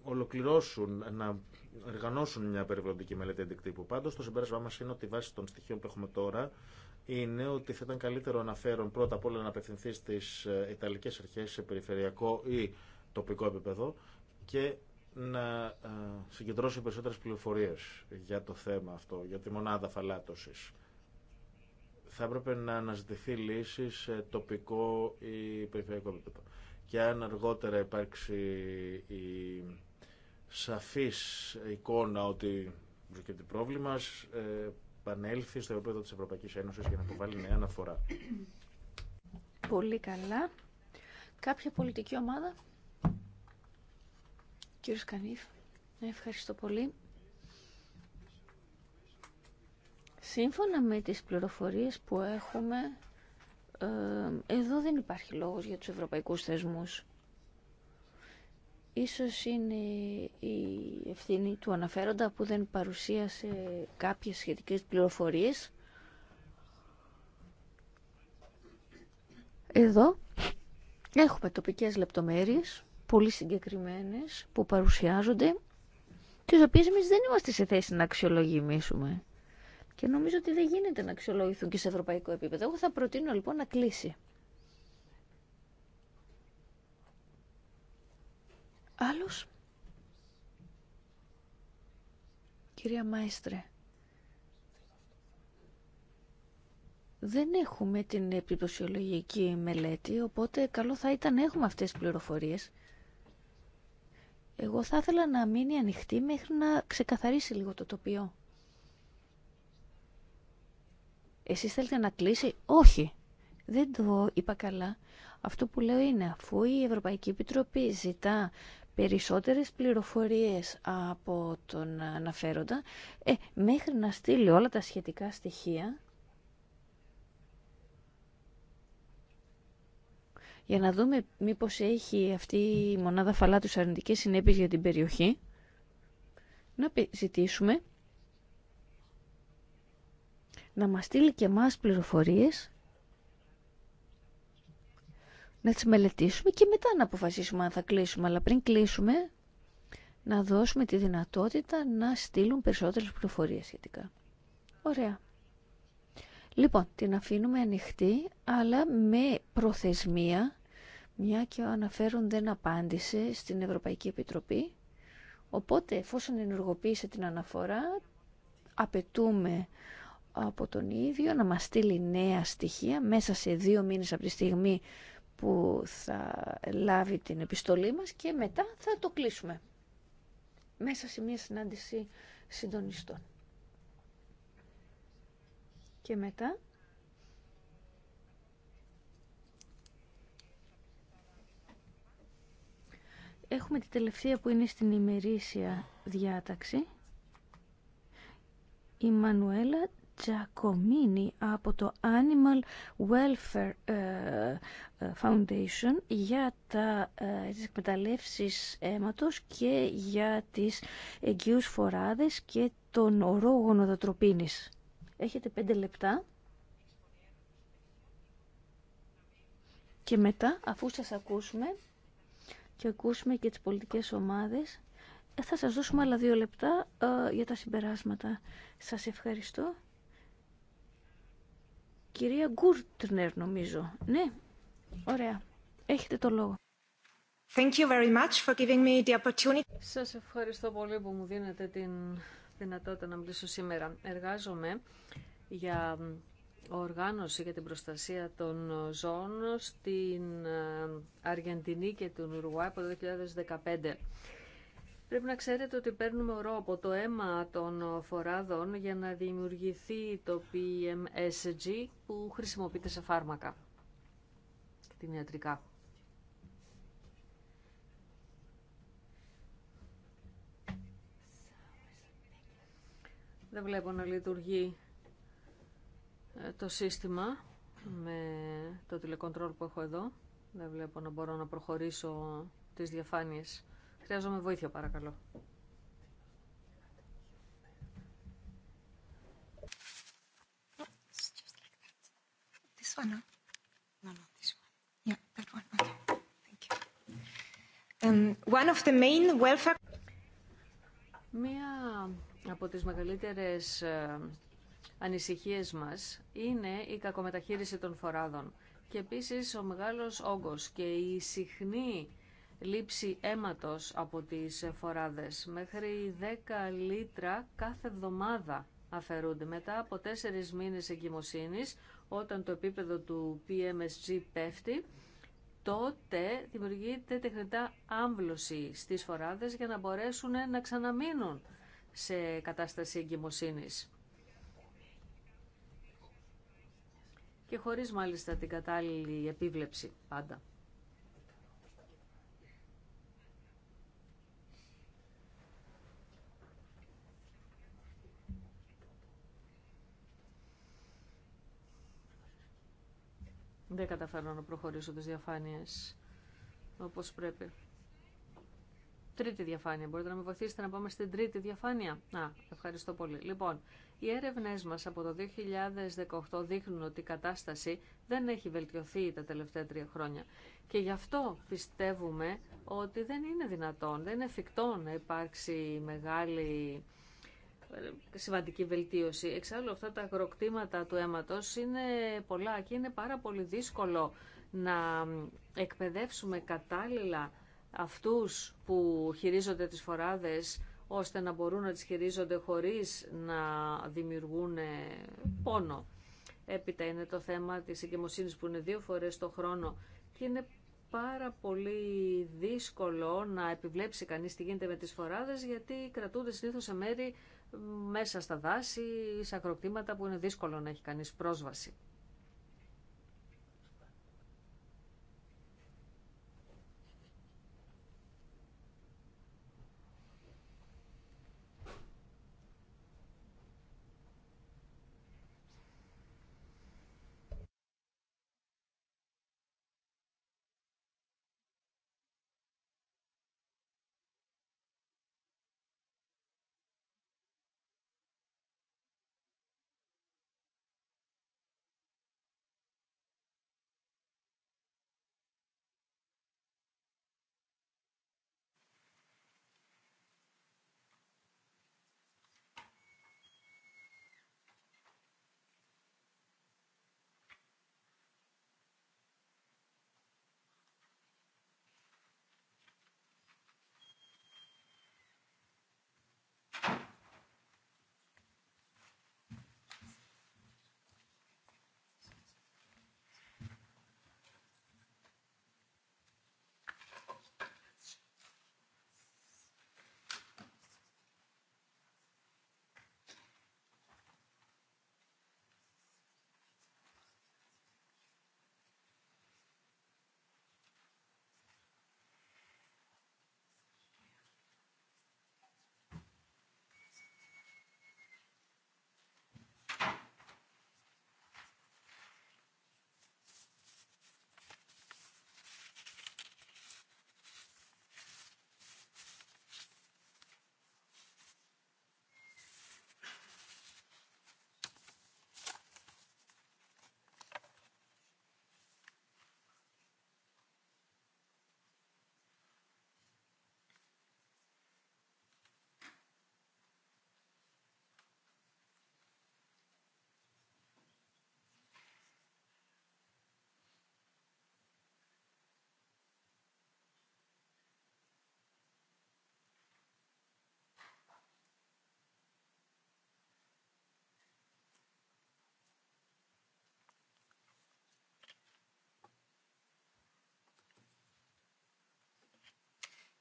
ολοκληρώσουν, να οργανώσουν μια περιβαλλοντική μελέτη αντικτύπου. Πάντως το συμπέρασμά μας είναι ότι βάσει των στοιχείων που έχουμε τώρα είναι ότι θα ήταν καλύτερο να φέρουν πρώτα απ' όλα να απευθυνθεί στις ε, Ιταλικές αρχές σε περιφερειακό ή τοπικό επίπεδο και να ε, συγκεντρώσει περισσότερες πληροφορίες για το θέμα αυτό, για τη μονάδα φαλάτωσης. Θα έπρεπε να αναζητηθεί λύση σε τοπικό ή περιφερειακό επίπεδο. Και αν αργότερα υπάρξει η σαφής εικόνα ότι βρίσκεται πρόβλημα, επανέλθει στο επίπεδο της Ευρωπαϊκής Ένωσης για να υποβάλει νέα αναφορά. Πολύ καλά. Κάποια πολιτική ομάδα Κύριος Κανίφ, ναι, ευχαριστώ πολύ. Σύμφωνα με τις πληροφορίες που έχουμε, ε, εδώ δεν υπάρχει λόγος για τους ευρωπαϊκούς θεσμούς. Ίσως είναι η ευθύνη του αναφέροντα που δεν παρουσίασε κάποιες σχετικές πληροφορίες. Εδώ έχουμε τοπικές λεπτομέρειες πολύ συγκεκριμένες που παρουσιάζονται, τις οποίες εμείς δεν είμαστε σε θέση να αξιολογήσουμε Και νομίζω ότι δεν γίνεται να αξιολογηθούν και σε ευρωπαϊκό επίπεδο. Εγώ θα προτείνω λοιπόν να κλείσει. Άλλος. Κυρία Μάιστρε. Δεν έχουμε την επιπτωσιολογική μελέτη, οπότε καλό θα ήταν να έχουμε αυτές τις πληροφορίες. Εγώ θα ήθελα να μείνει ανοιχτή μέχρι να ξεκαθαρίσει λίγο το τοπίο. Εσείς θέλετε να κλείσει. Όχι. Δεν το είπα καλά. Αυτό που λέω είναι αφού η Ευρωπαϊκή Επιτροπή ζητά περισσότερες πληροφορίες από τον αναφέροντα, ε, μέχρι να στείλει όλα τα σχετικά στοιχεία, για να δούμε μήπως έχει αυτή η μονάδα φαλάτους αρνητικές συνέπειες για την περιοχή, να ζητήσουμε να μας στείλει και εμάς πληροφορίες, να τις μελετήσουμε και μετά να αποφασίσουμε αν θα κλείσουμε. Αλλά πριν κλείσουμε, να δώσουμε τη δυνατότητα να στείλουν περισσότερες πληροφορίες σχετικά. Ωραία. Λοιπόν, την αφήνουμε ανοιχτή, αλλά με προθεσμία μια και ο αναφέρον δεν απάντησε στην Ευρωπαϊκή Επιτροπή. Οπότε, εφόσον ενεργοποίησε την αναφορά, απαιτούμε από τον ίδιο να μας στείλει νέα στοιχεία μέσα σε δύο μήνες από τη στιγμή που θα λάβει την επιστολή μας και μετά θα το κλείσουμε μέσα σε μια συνάντηση συντονιστών. Και μετά έχουμε τη τελευταία που είναι στην ημερήσια διάταξη. Η Μανουέλα Τζακομίνη από το Animal Welfare ε, ε, Foundation για τα, ε, τις εκμεταλλεύσεις αίματος και για τις εγγύους φοράδες και τον ορό γονοδοτροπίνης. Έχετε πέντε λεπτά. Και μετά, αφού σας ακούσουμε, και ακούσουμε και τις πολιτικές ομάδες. Ε, θα σας δώσουμε άλλα δύο λεπτά ε, για τα συμπεράσματα. Σας ευχαριστώ. Κυρία Γκούρτνερ, νομίζω. Ναι, ωραία. Έχετε το λόγο. Thank Σας ευχαριστώ πολύ που μου δίνετε την δυνατότητα να μιλήσω σήμερα. Εργάζομαι για οργάνωση για την προστασία των ζώων στην ε, Αργεντινή και τον Ουρουάη από το 2015. Πρέπει να ξέρετε ότι παίρνουμε ορό από το αίμα των φοράδων για να δημιουργηθεί το PMSG που χρησιμοποιείται σε φάρμακα και την ιατρικά. Δεν βλέπω να λειτουργεί το σύστημα με το τηλεκοντρόλ που έχω εδώ. Δεν βλέπω να μπορώ να προχωρήσω τις διαφάνειες. Χρειάζομαι βοήθεια παρακαλώ. Μία από τις μεγαλύτερες ε, ανησυχίες μας είναι η κακομεταχείριση των φοράδων και επίσης ο μεγάλος όγκος και η συχνή λήψη αίματος από τις φοράδες. Μέχρι 10 λίτρα κάθε εβδομάδα αφαιρούνται. Μετά από 4 μήνες εγκυμοσύνης, όταν το επίπεδο του PMSG πέφτει, τότε δημιουργείται τεχνητά άμβλωση στις φοράδες για να μπορέσουν να ξαναμείνουν σε κατάσταση εγκυμοσύνης. και χωρίς μάλιστα την κατάλληλη επίβλεψη πάντα. Δεν καταφέρνω να προχωρήσω τις διαφάνειες όπως πρέπει. Τρίτη διαφάνεια. Μπορείτε να με βοηθήσετε να πάμε στην τρίτη διαφάνεια. Α, ευχαριστώ πολύ. Λοιπόν, οι έρευνές μας από το 2018 δείχνουν ότι η κατάσταση δεν έχει βελτιωθεί τα τελευταία τρία χρόνια. Και γι' αυτό πιστεύουμε ότι δεν είναι δυνατόν, δεν είναι εφικτό να υπάρξει μεγάλη ε, σημαντική βελτίωση. Εξάλλου αυτά τα αγροκτήματα του αίματος είναι πολλά και είναι πάρα πολύ δύσκολο να εκπαιδεύσουμε κατάλληλα αυτούς που χειρίζονται τις φοράδες ώστε να μπορούν να τις χειρίζονται χωρίς να δημιουργούν πόνο. Έπειτα είναι το θέμα της εγκαιμοσύνης που είναι δύο φορές το χρόνο και είναι πάρα πολύ δύσκολο να επιβλέψει κανείς τι γίνεται με τις φοράδες γιατί κρατούνται συνήθως σε μέρη μέσα στα δάση ή σε ακροκτήματα που είναι δύσκολο να έχει κανείς πρόσβαση.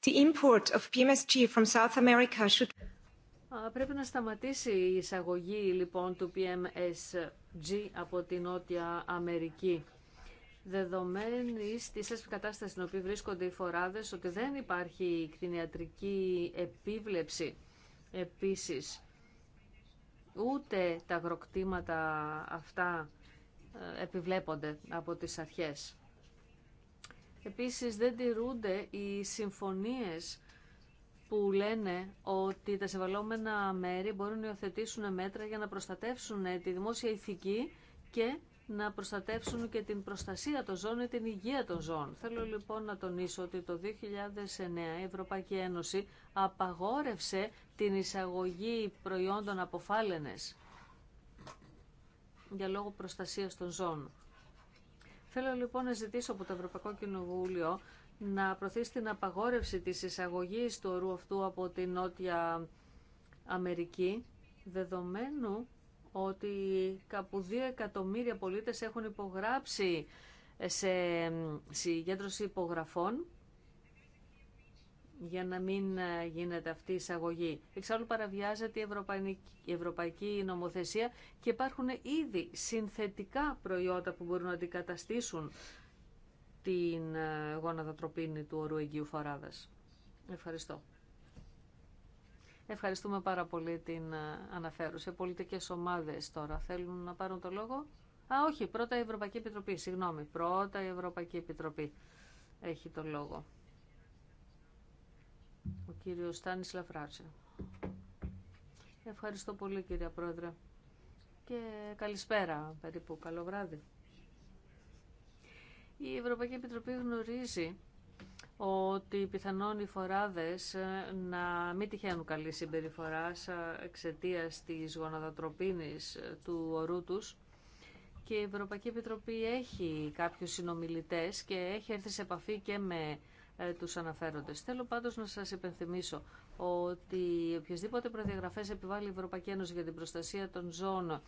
The import of PMSG from South America should... Πρέπει να σταματήσει η εισαγωγή λοιπόν του PMSG από την Νότια Αμερική. Δεδομένη τη της κατάσταση στην οποία βρίσκονται οι φοράδε, ότι δεν υπάρχει κτηνιατρική επίβλεψη επίσης ούτε τα αγροκτήματα αυτά ε, επιβλέπονται από τις αρχές. Επίσης δεν τηρούνται οι συμφωνίες που λένε ότι τα συμβαλόμενα μέρη μπορούν να υιοθετήσουν μέτρα για να προστατεύσουν ε, τη δημόσια ηθική και να προστατεύσουν και την προστασία των ζώων ή την υγεία των ζώων. Θέλω λοιπόν να τονίσω ότι το 2009 η Ευρωπαϊκή Ένωση απαγόρευσε την εισαγωγή προϊόντων από για λόγω προστασίας των ζών. Θέλω λοιπόν να ζητήσω από το Ευρωπαϊκό Κοινοβούλιο να προωθήσει την απαγόρευση της εισαγωγής του ορού αυτού από τη Νότια Αμερική, δεδομένου ότι κάπου 2 εκατομμύρια πολίτες έχουν υπογράψει σε συγκέντρωση υπογραφών για να μην ε, γίνεται αυτή η εισαγωγή. Εξάλλου παραβιάζεται η ευρωπαϊκή, νομοθεσία και υπάρχουν ήδη συνθετικά προϊόντα που μπορούν να αντικαταστήσουν την ε, γόνατα τροπίνη του ορού εγγύου φοράδας. Ευχαριστώ. Ευχαριστούμε πάρα πολύ την ε, αναφέρουσα. Πολιτικές ομάδες τώρα θέλουν να πάρουν το λόγο. Α, όχι, πρώτα η Ευρωπαϊκή Επιτροπή, συγγνώμη. Πρώτα η Ευρωπαϊκή Επιτροπή έχει το λόγο. Ο κύριος Στάνης Λαφράτσε. Ευχαριστώ πολύ κύριε Πρόεδρε. Και καλησπέρα περίπου. Καλό βράδυ. Η Ευρωπαϊκή Επιτροπή γνωρίζει ότι πιθανόν οι φοράδες ε, να μην τυχαίνουν καλή συμπεριφορά εξαιτία της γοναδοτροπίνης ε, του ορού τους και η Ευρωπαϊκή Επιτροπή έχει κάποιους συνομιλητές και έχει έρθει σε επαφή και με ε, τους αναφέροντες. Θέλω πάντως να σας υπενθυμίσω ότι οποιασδήποτε προδιαγραφές επιβάλλει η Ευρωπαϊκή Ένωση για την προστασία των ζώων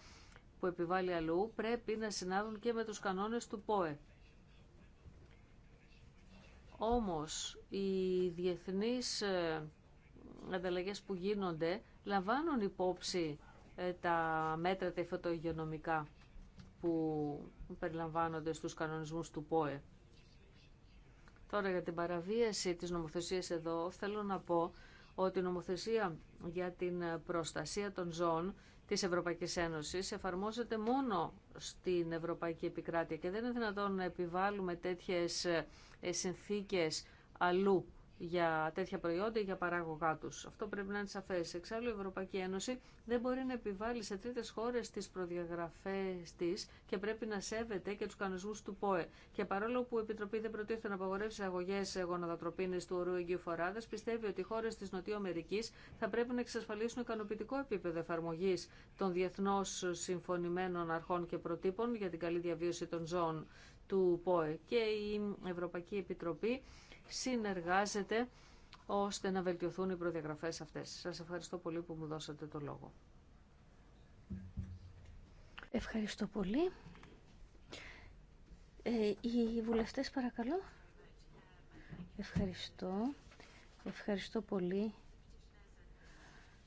που επιβάλλει αλλού πρέπει να συνάδουν και με τους κανόνες του ΠΟΕ. Όμως οι διεθνείς ε, ανταλλαγές που γίνονται λαμβάνουν υπόψη ε, τα μέτρα τα υφωτογειονομικά που περιλαμβάνονται στους κανονισμούς του ΠΟΕ. Τώρα για την παραβίαση της νομοθεσίας εδώ θέλω να πω ότι η νομοθεσία για την προστασία των ζώων της Ευρωπαϊκής Ένωσης εφαρμόζεται μόνο στην Ευρωπαϊκή Επικράτεια και δεν είναι δυνατόν να επιβάλλουμε τέτοιες ε, συνθήκες αλλού για τέτοια προϊόντα ή για παράγωγά τους. Αυτό πρέπει να είναι σαφές. Εξάλλου η Ευρωπαϊκή του. δεν μπορεί να ειναι σαφε εξαλλου η ευρωπαικη ενωση δεν μπορει να επιβαλλει σε τρίτε χώρε τι προδιαγραφέ τη και πρέπει να σέβεται και του κανονισμού του ΠΟΕ. Και παρόλο που η Επιτροπή δεν προτίθεται να απαγορεύσει αγωγέ γονοδατροπίνε του ορού εγγύου πιστεύει ότι οι χώρες της Νοτιοαμερική θα πρέπει να εξασφαλίσουν ικανοποιητικό επίπεδο εφαρμογή των διεθνώ συμφωνημένων αρχών και προτύπων για την καλή διαβίωση των ζώων του ΠΟΕ. Και η Ευρωπαϊκή Επιτροπή συνεργάζεται ώστε να βελτιωθούν οι προδιαγραφές αυτές. Σας ευχαριστώ πολύ που μου δώσατε το λόγο. Ευχαριστώ πολύ. Ε, οι βουλευτές παρακαλώ. Ευχαριστώ. Ευχαριστώ πολύ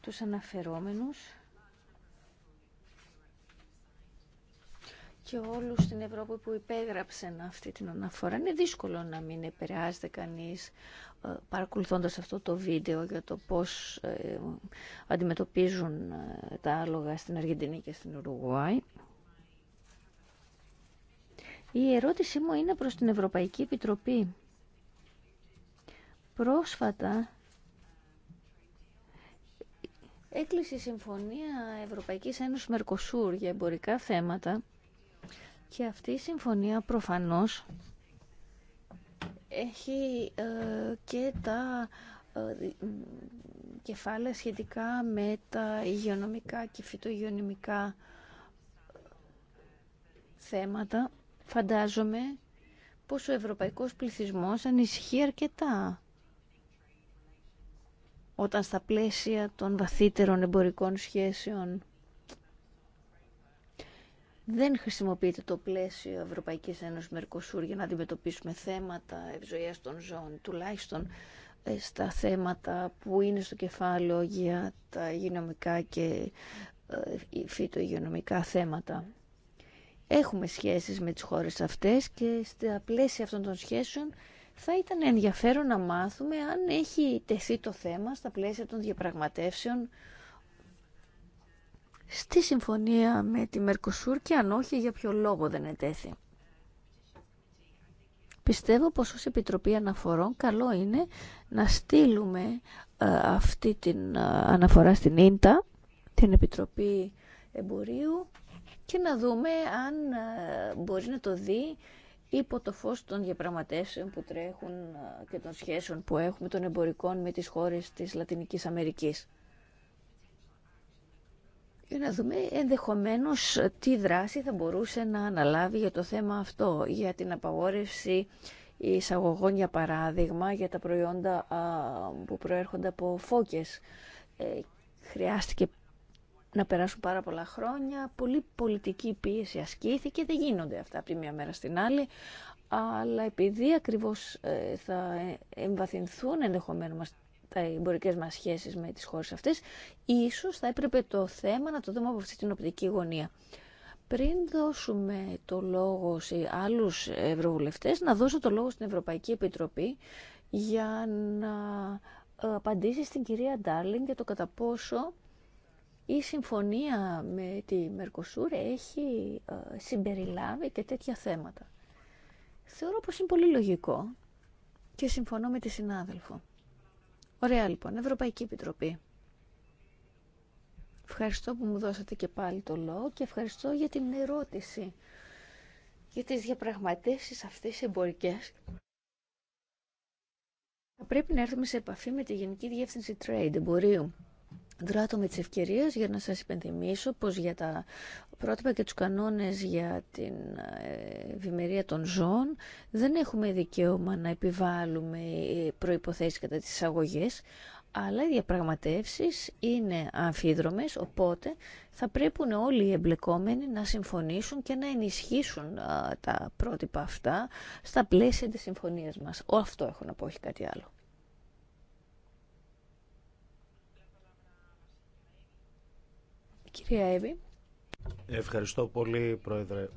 τους αναφερόμενους. και όλους στην Ευρώπη που υπέγραψαν αυτή την αναφορά. Είναι δύσκολο να μην επηρεάζεται κανείς ε, παρακολουθώντας αυτό το βίντεο για το πώς ε, αντιμετωπίζουν ε, τα άλογα στην Αργεντινή και στην Ουρουγουάη. Η ερώτησή μου είναι προς την Ευρωπαϊκή Επιτροπή. Πρόσφατα έκλεισε η Συμφωνία Ευρωπαϊκής Ένωσης Μερκοσούρ για εμπορικά θέματα και αυτή η συμφωνία προφανώς έχει ε, και τα ε, κεφάλαια σχετικά με τα υγειονομικά και φυτογειονομικά ε, θέματα. Φαντάζομαι πως ο ευρωπαϊκός πληθυσμός ανησυχεί αρκετά όταν στα πλαίσια των βαθύτερων εμπορικών σχέσεων δεν χρησιμοποιείται το πλαίσιο Ευρωπαϊκής Ένωση Μερκοσούρ για να αντιμετωπίσουμε θέματα ευζοία των ζώων, τουλάχιστον ε, στα θέματα που είναι στο κεφάλαιο για τα υγειονομικά και ε, φυτοϊγειονομικά θέματα. Έχουμε σχέσεις με τις χώρες αυτές και στα πλαίσια αυτών των σχέσεων θα ήταν ενδιαφέρον να μάθουμε αν έχει τεθεί το θέμα στα πλαίσια των διαπραγματεύσεων στη συμφωνία με τη Μερκοσούρ και αν όχι για ποιο λόγο δεν ετέθη. Πιστεύω πως ως Επιτροπή Αναφορών καλό είναι να στείλουμε ε, αυτή την ε, αναφορά στην Ίντα, την Επιτροπή Εμπορίου και να δούμε αν ε, μπορεί να το δει υπό το φως των διαπραγματεύσεων που τρέχουν και των σχέσεων που έχουμε των εμπορικών με τις χώρες της Λατινικής Αμερικής για να δούμε ενδεχομένως τι δράση θα μπορούσε να αναλάβει για το θέμα αυτό, για την απαγόρευση εισαγωγών για παράδειγμα για τα προϊόντα που προέρχονται από φώκες. Ε, χρειάστηκε να περάσουν πάρα πολλά χρόνια, πολύ πολιτική πίεση ασκήθηκε, δεν γίνονται αυτά από τη μία μέρα στην άλλη, αλλά επειδή ακριβώς ε, θα ε, εμβαθυνθούν ενδεχομένως τα εμπορικέ μα σχέσει με τι χώρε αυτέ, ίσω θα έπρεπε το θέμα να το δούμε από αυτή την οπτική γωνία. Πριν δώσουμε το λόγο σε άλλους ευρωβουλευτές, να δώσω το λόγο στην Ευρωπαϊκή Επιτροπή για να ε, απαντήσει στην κυρία Ντάρλινγκ για το κατά πόσο η συμφωνία με τη Μερκοσούρ έχει ε, συμπεριλάβει και τέτοια θέματα. Θεωρώ πως είναι πολύ λογικό και συμφωνώ με τη συνάδελφο. Ωραία λοιπόν, Ευρωπαϊκή Επιτροπή. Ευχαριστώ που μου δώσατε και πάλι το λόγο και ευχαριστώ για την ερώτηση για τις διαπραγματεύσεις αυτές εμπορικές. Θα πρέπει να έρθουμε σε επαφή με τη Γενική Διεύθυνση Trade Εμπορίου Δράτω με τις ευκαιρίες για να σας υπενθυμίσω πως για τα πρότυπα και τους κανόνες για την ε, ευημερία των ζώων δεν έχουμε δικαίωμα να επιβάλλουμε ε, προϋποθέσεις κατά τις εισαγωγές, αλλά οι διαπραγματεύσεις είναι αμφίδρομες, οπότε θα πρέπει όλοι οι εμπλεκόμενοι να συμφωνήσουν και να ενισχύσουν τα πρότυπα αυτά στα πλαίσια της συμφωνίας μας. Αυτό έχω να πω, όχι κάτι άλλο. Κυρία Εύη. Ευχαριστώ πολύ, Πρόεδρε.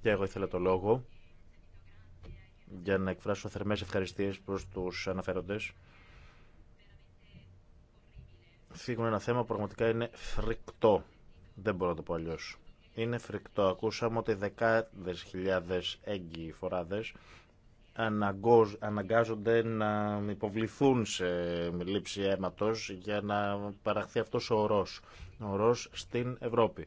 Και εγώ ήθελα το λόγο για να εκφράσω θερμές ευχαριστίες προς τους αναφέροντες. Φύγουν ένα θέμα που πραγματικά είναι φρικτό. Δεν μπορώ να το πω αλλιώ. Είναι φρικτό. Ακούσαμε ότι δεκάδες χιλιάδες έγκυοι φοράδες αναγκάζονται να υποβληθούν σε λήψη αίματος για να παραχθεί αυτός ο ορός, ο στην Ευρώπη.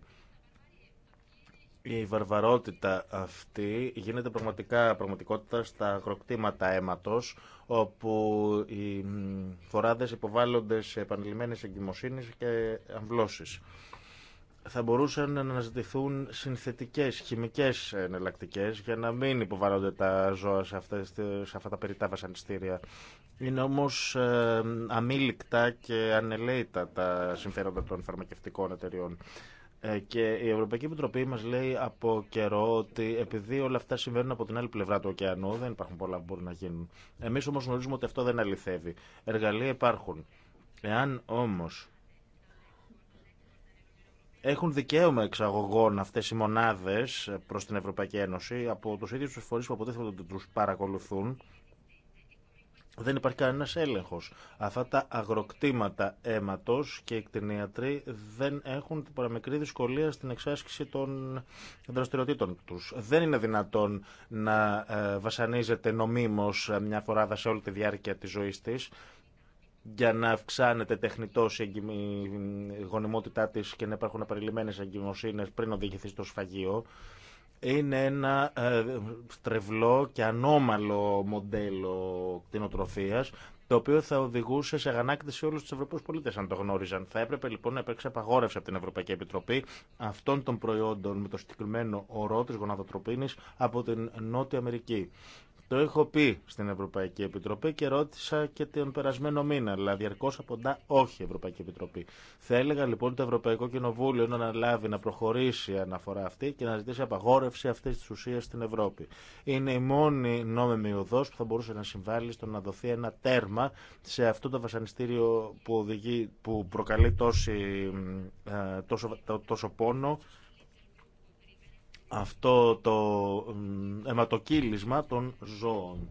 Η βαρβαρότητα αυτή γίνεται πραγματικά πραγματικότητα στα αγροκτήματα αίματος, όπου οι φοράδες υποβάλλονται σε επανειλημμένες εγκυμοσύνες και αμβλώσεις θα μπορούσαν να αναζητηθούν συνθετικές, χημικές εναλλακτικέ για να μην υποβάλλονται τα ζώα σε, αυτές, σε αυτά τα περιτά βασανιστήρια. Είναι όμως ε, αμήλικτα και ανελαίητα τα συμφέροντα των φαρμακευτικών εταιριών. Ε, και η Ευρωπαϊκή Επιτροπή μας λέει από καιρό ότι επειδή όλα αυτά συμβαίνουν από την άλλη πλευρά του ωκεανού, δεν υπάρχουν πολλά που μπορούν να γίνουν. Εμείς όμως γνωρίζουμε ότι αυτό δεν αληθεύει. Εργαλεία υπάρχουν. Εάν όμως έχουν δικαίωμα εξαγωγών αυτέ οι μονάδε προ την Ευρωπαϊκή Ένωση από του ίδιου του φορεί που αποτίθεται ότι του παρακολουθούν. Δεν υπάρχει κανένα έλεγχο. Αυτά τα αγροκτήματα αίματο και κτηνίατροι δεν έχουν την παραμικρή δυσκολία στην εξάσκηση των δραστηριοτήτων του. Δεν είναι δυνατόν να ε, βασανίζεται νομίμω ε, μια φοράδα σε όλη τη διάρκεια τη ζωή τη για να αυξάνεται τεχνητό η γονιμότητά τη και να υπάρχουν απεριλημμένες εγκυμοσύνε πριν οδηγηθεί στο σφαγείο είναι ένα ε, στρεβλό και ανώμαλο μοντέλο κτηνοτροφία, το οποίο θα οδηγούσε σε αγανάκτηση όλου του Ευρωπαίου πολίτε, αν το γνώριζαν. Θα έπρεπε λοιπόν να υπάρξει απαγόρευση από την Ευρωπαϊκή Επιτροπή αυτών των προϊόντων με το συγκεκριμένο ορό τη γοναδοτροπίνη από την Νότια Αμερική. Το έχω πει στην Ευρωπαϊκή Επιτροπή και ρώτησα και τον περασμένο μήνα, αλλά διαρκώ αποντά όχι η Ευρωπαϊκή Επιτροπή. Θα έλεγα λοιπόν το Ευρωπαϊκό Κοινοβούλιο να αναλάβει να προχωρήσει αναφορά αυτή και να ζητήσει απαγόρευση αυτή τη ουσία στην Ευρώπη. Είναι η μόνη νόμιμη οδό που θα μπορούσε να συμβάλλει στο να δοθεί ένα τέρμα σε αυτό το βασανιστήριο που, οδηγεί, που προκαλεί τόση, ε, τόσο πόνο αυτό το αιματοκύλισμα των ζώων.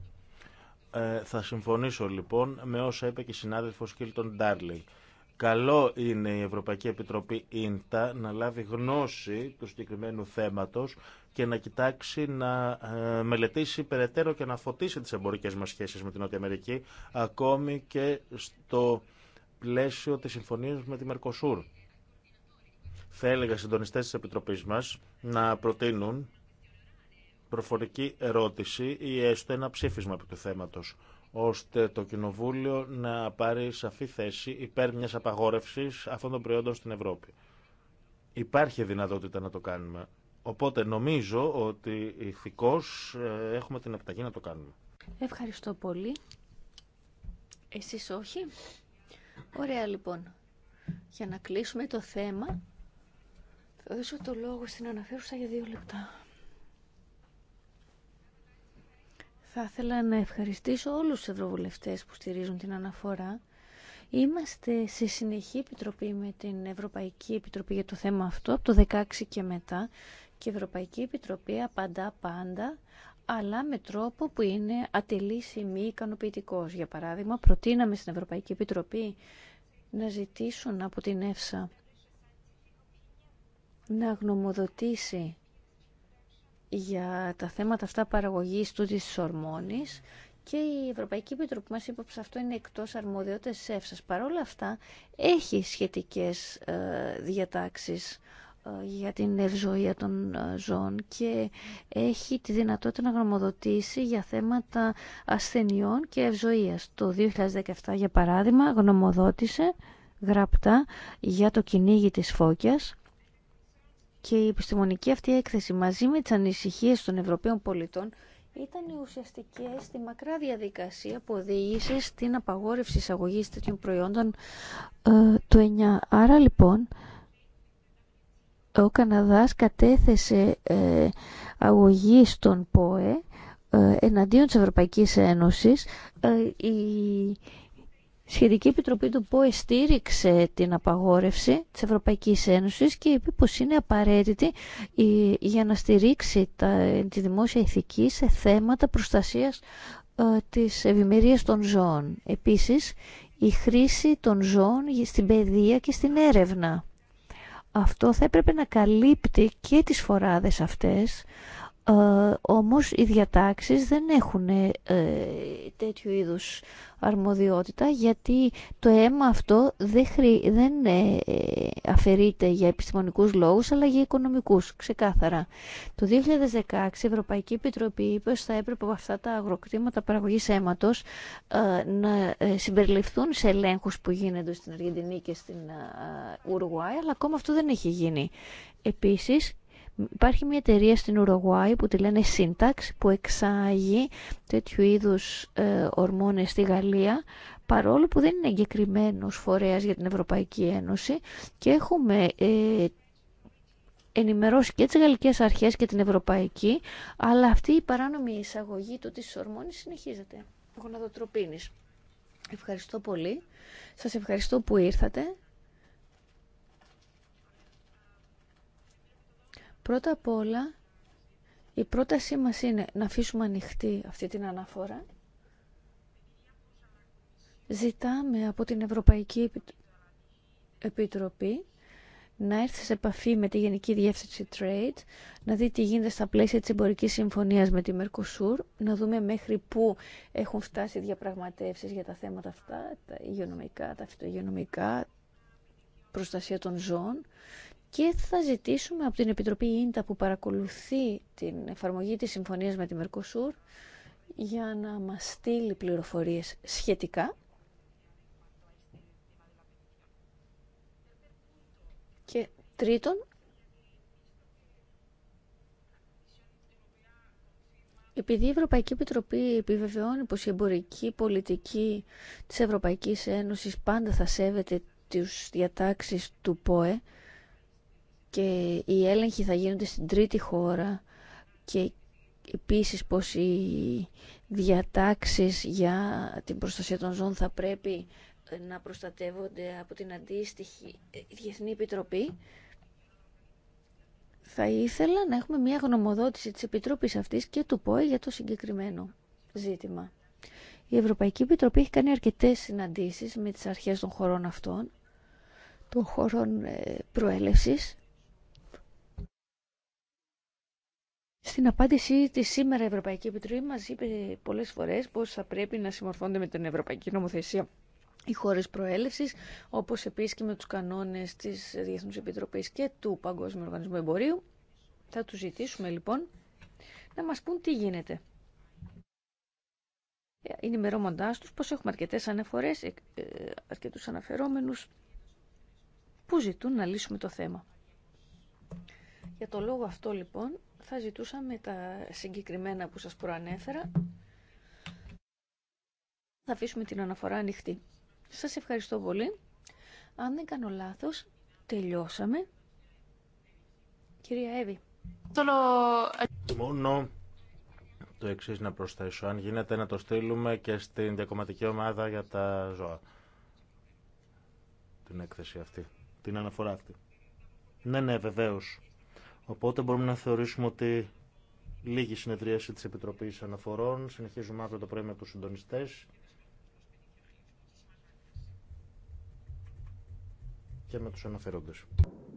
Ε, θα συμφωνήσω λοιπόν με όσα είπε και η συνάδελφος Κίλτον Ντάρλι. Καλό είναι η Ευρωπαϊκή Επιτροπή ΙΝΤΑ να λάβει γνώση του συγκεκριμένου θέματος και να κοιτάξει να ε, μελετήσει περαιτέρω και να φωτίσει τις εμπορικές μας σχέσεις με την Νότια Αμερική ακόμη και στο πλαίσιο της συμφωνίας με τη Μερκοσούρ θα έλεγα συντονιστές της Επιτροπής μας να προτείνουν προφορική ερώτηση ή έστω ένα ψήφισμα από του θέματος, ώστε το Κοινοβούλιο να πάρει σαφή θέση υπέρ μιας απαγόρευσης αυτών των προϊόντων στην Ευρώπη. Υπάρχει δυνατότητα να το κάνουμε. Οπότε νομίζω ότι ηθικώς ε, έχουμε την επιταγή να το κάνουμε. Ευχαριστώ πολύ. Εσείς όχι. Ωραία λοιπόν. Για να κλείσουμε το θέμα θα το λόγο στην αναφέρουσα για δύο λεπτά. Θα ήθελα να ευχαριστήσω όλους τους ευρωβουλευτές που στηρίζουν την αναφορά. Είμαστε σε συνεχή επιτροπή με την Ευρωπαϊκή Επιτροπή για το θέμα αυτό, από το 16 και μετά, και η Ευρωπαϊκή Επιτροπή απαντά πάντα, αλλά με τρόπο που είναι ατελής ή μη ικανοποιητικός. Για παράδειγμα, προτείναμε στην Ευρωπαϊκή Επιτροπή να ζητήσουν από την ΕΦΣΑ να γνωμοδοτήσει για τα θέματα αυτά παραγωγής του της ορμόνης και η Ευρωπαϊκή Επιτροπή μας είπε αυτό είναι εκτός αρμοδιότητας της ΕΦΣΑΣ. Παρ' όλα αυτά έχει σχετικές ε, διατάξεις ε, για την ευζοία των ζών ε, ζώων και έχει τη δυνατότητα να γνωμοδοτήσει για θέματα ασθενειών και ευζοίας. Το 2017, για παράδειγμα, γνωμοδότησε γραπτά για το κυνήγι της φώκιας και η επιστημονική αυτή έκθεση μαζί με τις ανησυχίες των Ευρωπαίων πολιτών ήταν ουσιαστικέ στη μακρά διαδικασία που οδήγησε στην απαγόρευση εισαγωγή τέτοιων προϊόντων ε, του 9. Άρα λοιπόν ο Καναδάς κατέθεσε ε, αγωγή στον ΠΟΕ ε, εναντίον της Ευρωπαϊκής Ένωσης ε, η Σχετική Επιτροπή του ΠΟΕ στήριξε την απαγόρευση της Ευρωπαϊκής Ένωσης και είπε πως είναι απαραίτητη για να στηρίξει τη δημόσια ηθική σε θέματα προστασίας ε, της ευημερίας των ζώων. Επίσης, η χρήση των ζώων στην παιδεία και στην έρευνα. Αυτό θα έπρεπε να καλύπτει και τις φοράδες αυτές ε, όμως οι διατάξεις δεν έχουν ε, τέτοιου είδους αρμοδιότητα γιατί το αίμα αυτό δεν, δεν ε, αφαιρείται για επιστημονικούς λόγους αλλά για οικονομικούς, ξεκάθαρα. Το 2016 η Ευρωπαϊκή Επιτροπή είπε ότι θα έπρεπε από αυτά τα αγροκτήματα παραγωγής αίματος ε, να ε, συμπεριληφθούν σε ελέγχους που γίνονται στην Αργεντινή και στην Ουρουάη αλλά ακόμα αυτό δεν έχει γίνει. Επίσης Υπάρχει μια εταιρεία στην Ουρογουάη που τη λένε Syntax που εξάγει τέτοιου είδους ε, ορμόνες στη Γαλλία παρόλο που δεν είναι εγκεκριμένος φορέας για την Ευρωπαϊκή Ένωση και έχουμε ε, ενημερώσει και τις γαλλικές αρχές και την ευρωπαϊκή αλλά αυτή η παράνομη εισαγωγή του της ορμόνης συνεχίζεται. Ευχαριστώ πολύ. Σας ευχαριστώ που ήρθατε. Πρώτα απ' όλα, η πρότασή μας είναι να αφήσουμε ανοιχτή αυτή την αναφορά. Ζητάμε από την Ευρωπαϊκή Επιτροπή να έρθει σε επαφή με τη Γενική Διεύθυνση Trade, να δει τι γίνεται στα πλαίσια της Εμπορική συμφωνίας με τη Mercosur, να δούμε μέχρι πού έχουν φτάσει οι διαπραγματεύσεις για τα θέματα αυτά, τα υγειονομικά, τα φυτογειονομικά, προστασία των ζώων και θα ζητήσουμε από την Επιτροπή Ίντα που παρακολουθεί την εφαρμογή της συμφωνίας με τη Μερκοσούρ για να μας στείλει πληροφορίες σχετικά και τρίτον Επειδή η Ευρωπαϊκή Επιτροπή επιβεβαιώνει πως η εμπορική πολιτική της Ευρωπαϊκής Ένωσης πάντα θα σέβεται τις διατάξεις του ΠΟΕ, και οι έλεγχοι θα γίνονται στην τρίτη χώρα και επίσης πως οι διατάξεις για την προστασία των ζών θα πρέπει ε, να προστατεύονται από την αντίστοιχη ε, Διεθνή Επιτροπή. Θα ήθελα να έχουμε μια γνωμοδότηση της Επιτροπής αυτής και του ΠΟΕ για το συγκεκριμένο ζήτημα. Η Ευρωπαϊκή Επιτροπή έχει κάνει αρκετές συναντήσεις με τις αρχές των χωρών αυτών, των χωρών ε, προέλευσης Στην απάντησή τη σήμερα η Ευρωπαϊκή Επιτροπή μα είπε πολλές φορές πως θα πρέπει να συμμορφώνονται με την Ευρωπαϊκή Νομοθεσία οι χώρες προέλευσης, όπως επίση και με τους κανόνες τη Διεθνού Επιτροπής και του Παγκόσμιου Οργανισμού Εμπορίου. Θα του ζητήσουμε λοιπόν να μας πούν τι γίνεται. ενημερώνοντά του πώ έχουμε αρκετέ αναφορές, ε, αρκετού αναφερόμενου που ζητούν να λύσουμε το θέμα. Για το λόγο αυτό λοιπόν θα ζητούσαμε τα συγκεκριμένα που σας προανέφερα. Θα αφήσουμε την αναφορά ανοιχτή. Σας ευχαριστώ πολύ. Αν δεν κάνω λάθος, τελειώσαμε. Κυρία Εύη. Μόνο το εξή να προσθέσω. Αν γίνεται να το στείλουμε και στην διακομματική ομάδα για τα ζώα. Την έκθεση αυτή. Την αναφορά αυτή. Ναι, ναι, βεβαίως. Οπότε μπορούμε να θεωρήσουμε ότι λίγη συνεδρίαση της Επιτροπής Αναφορών. Συνεχίζουμε αύριο το πρωί με τους συντονιστές. και με τους αναφέροντες.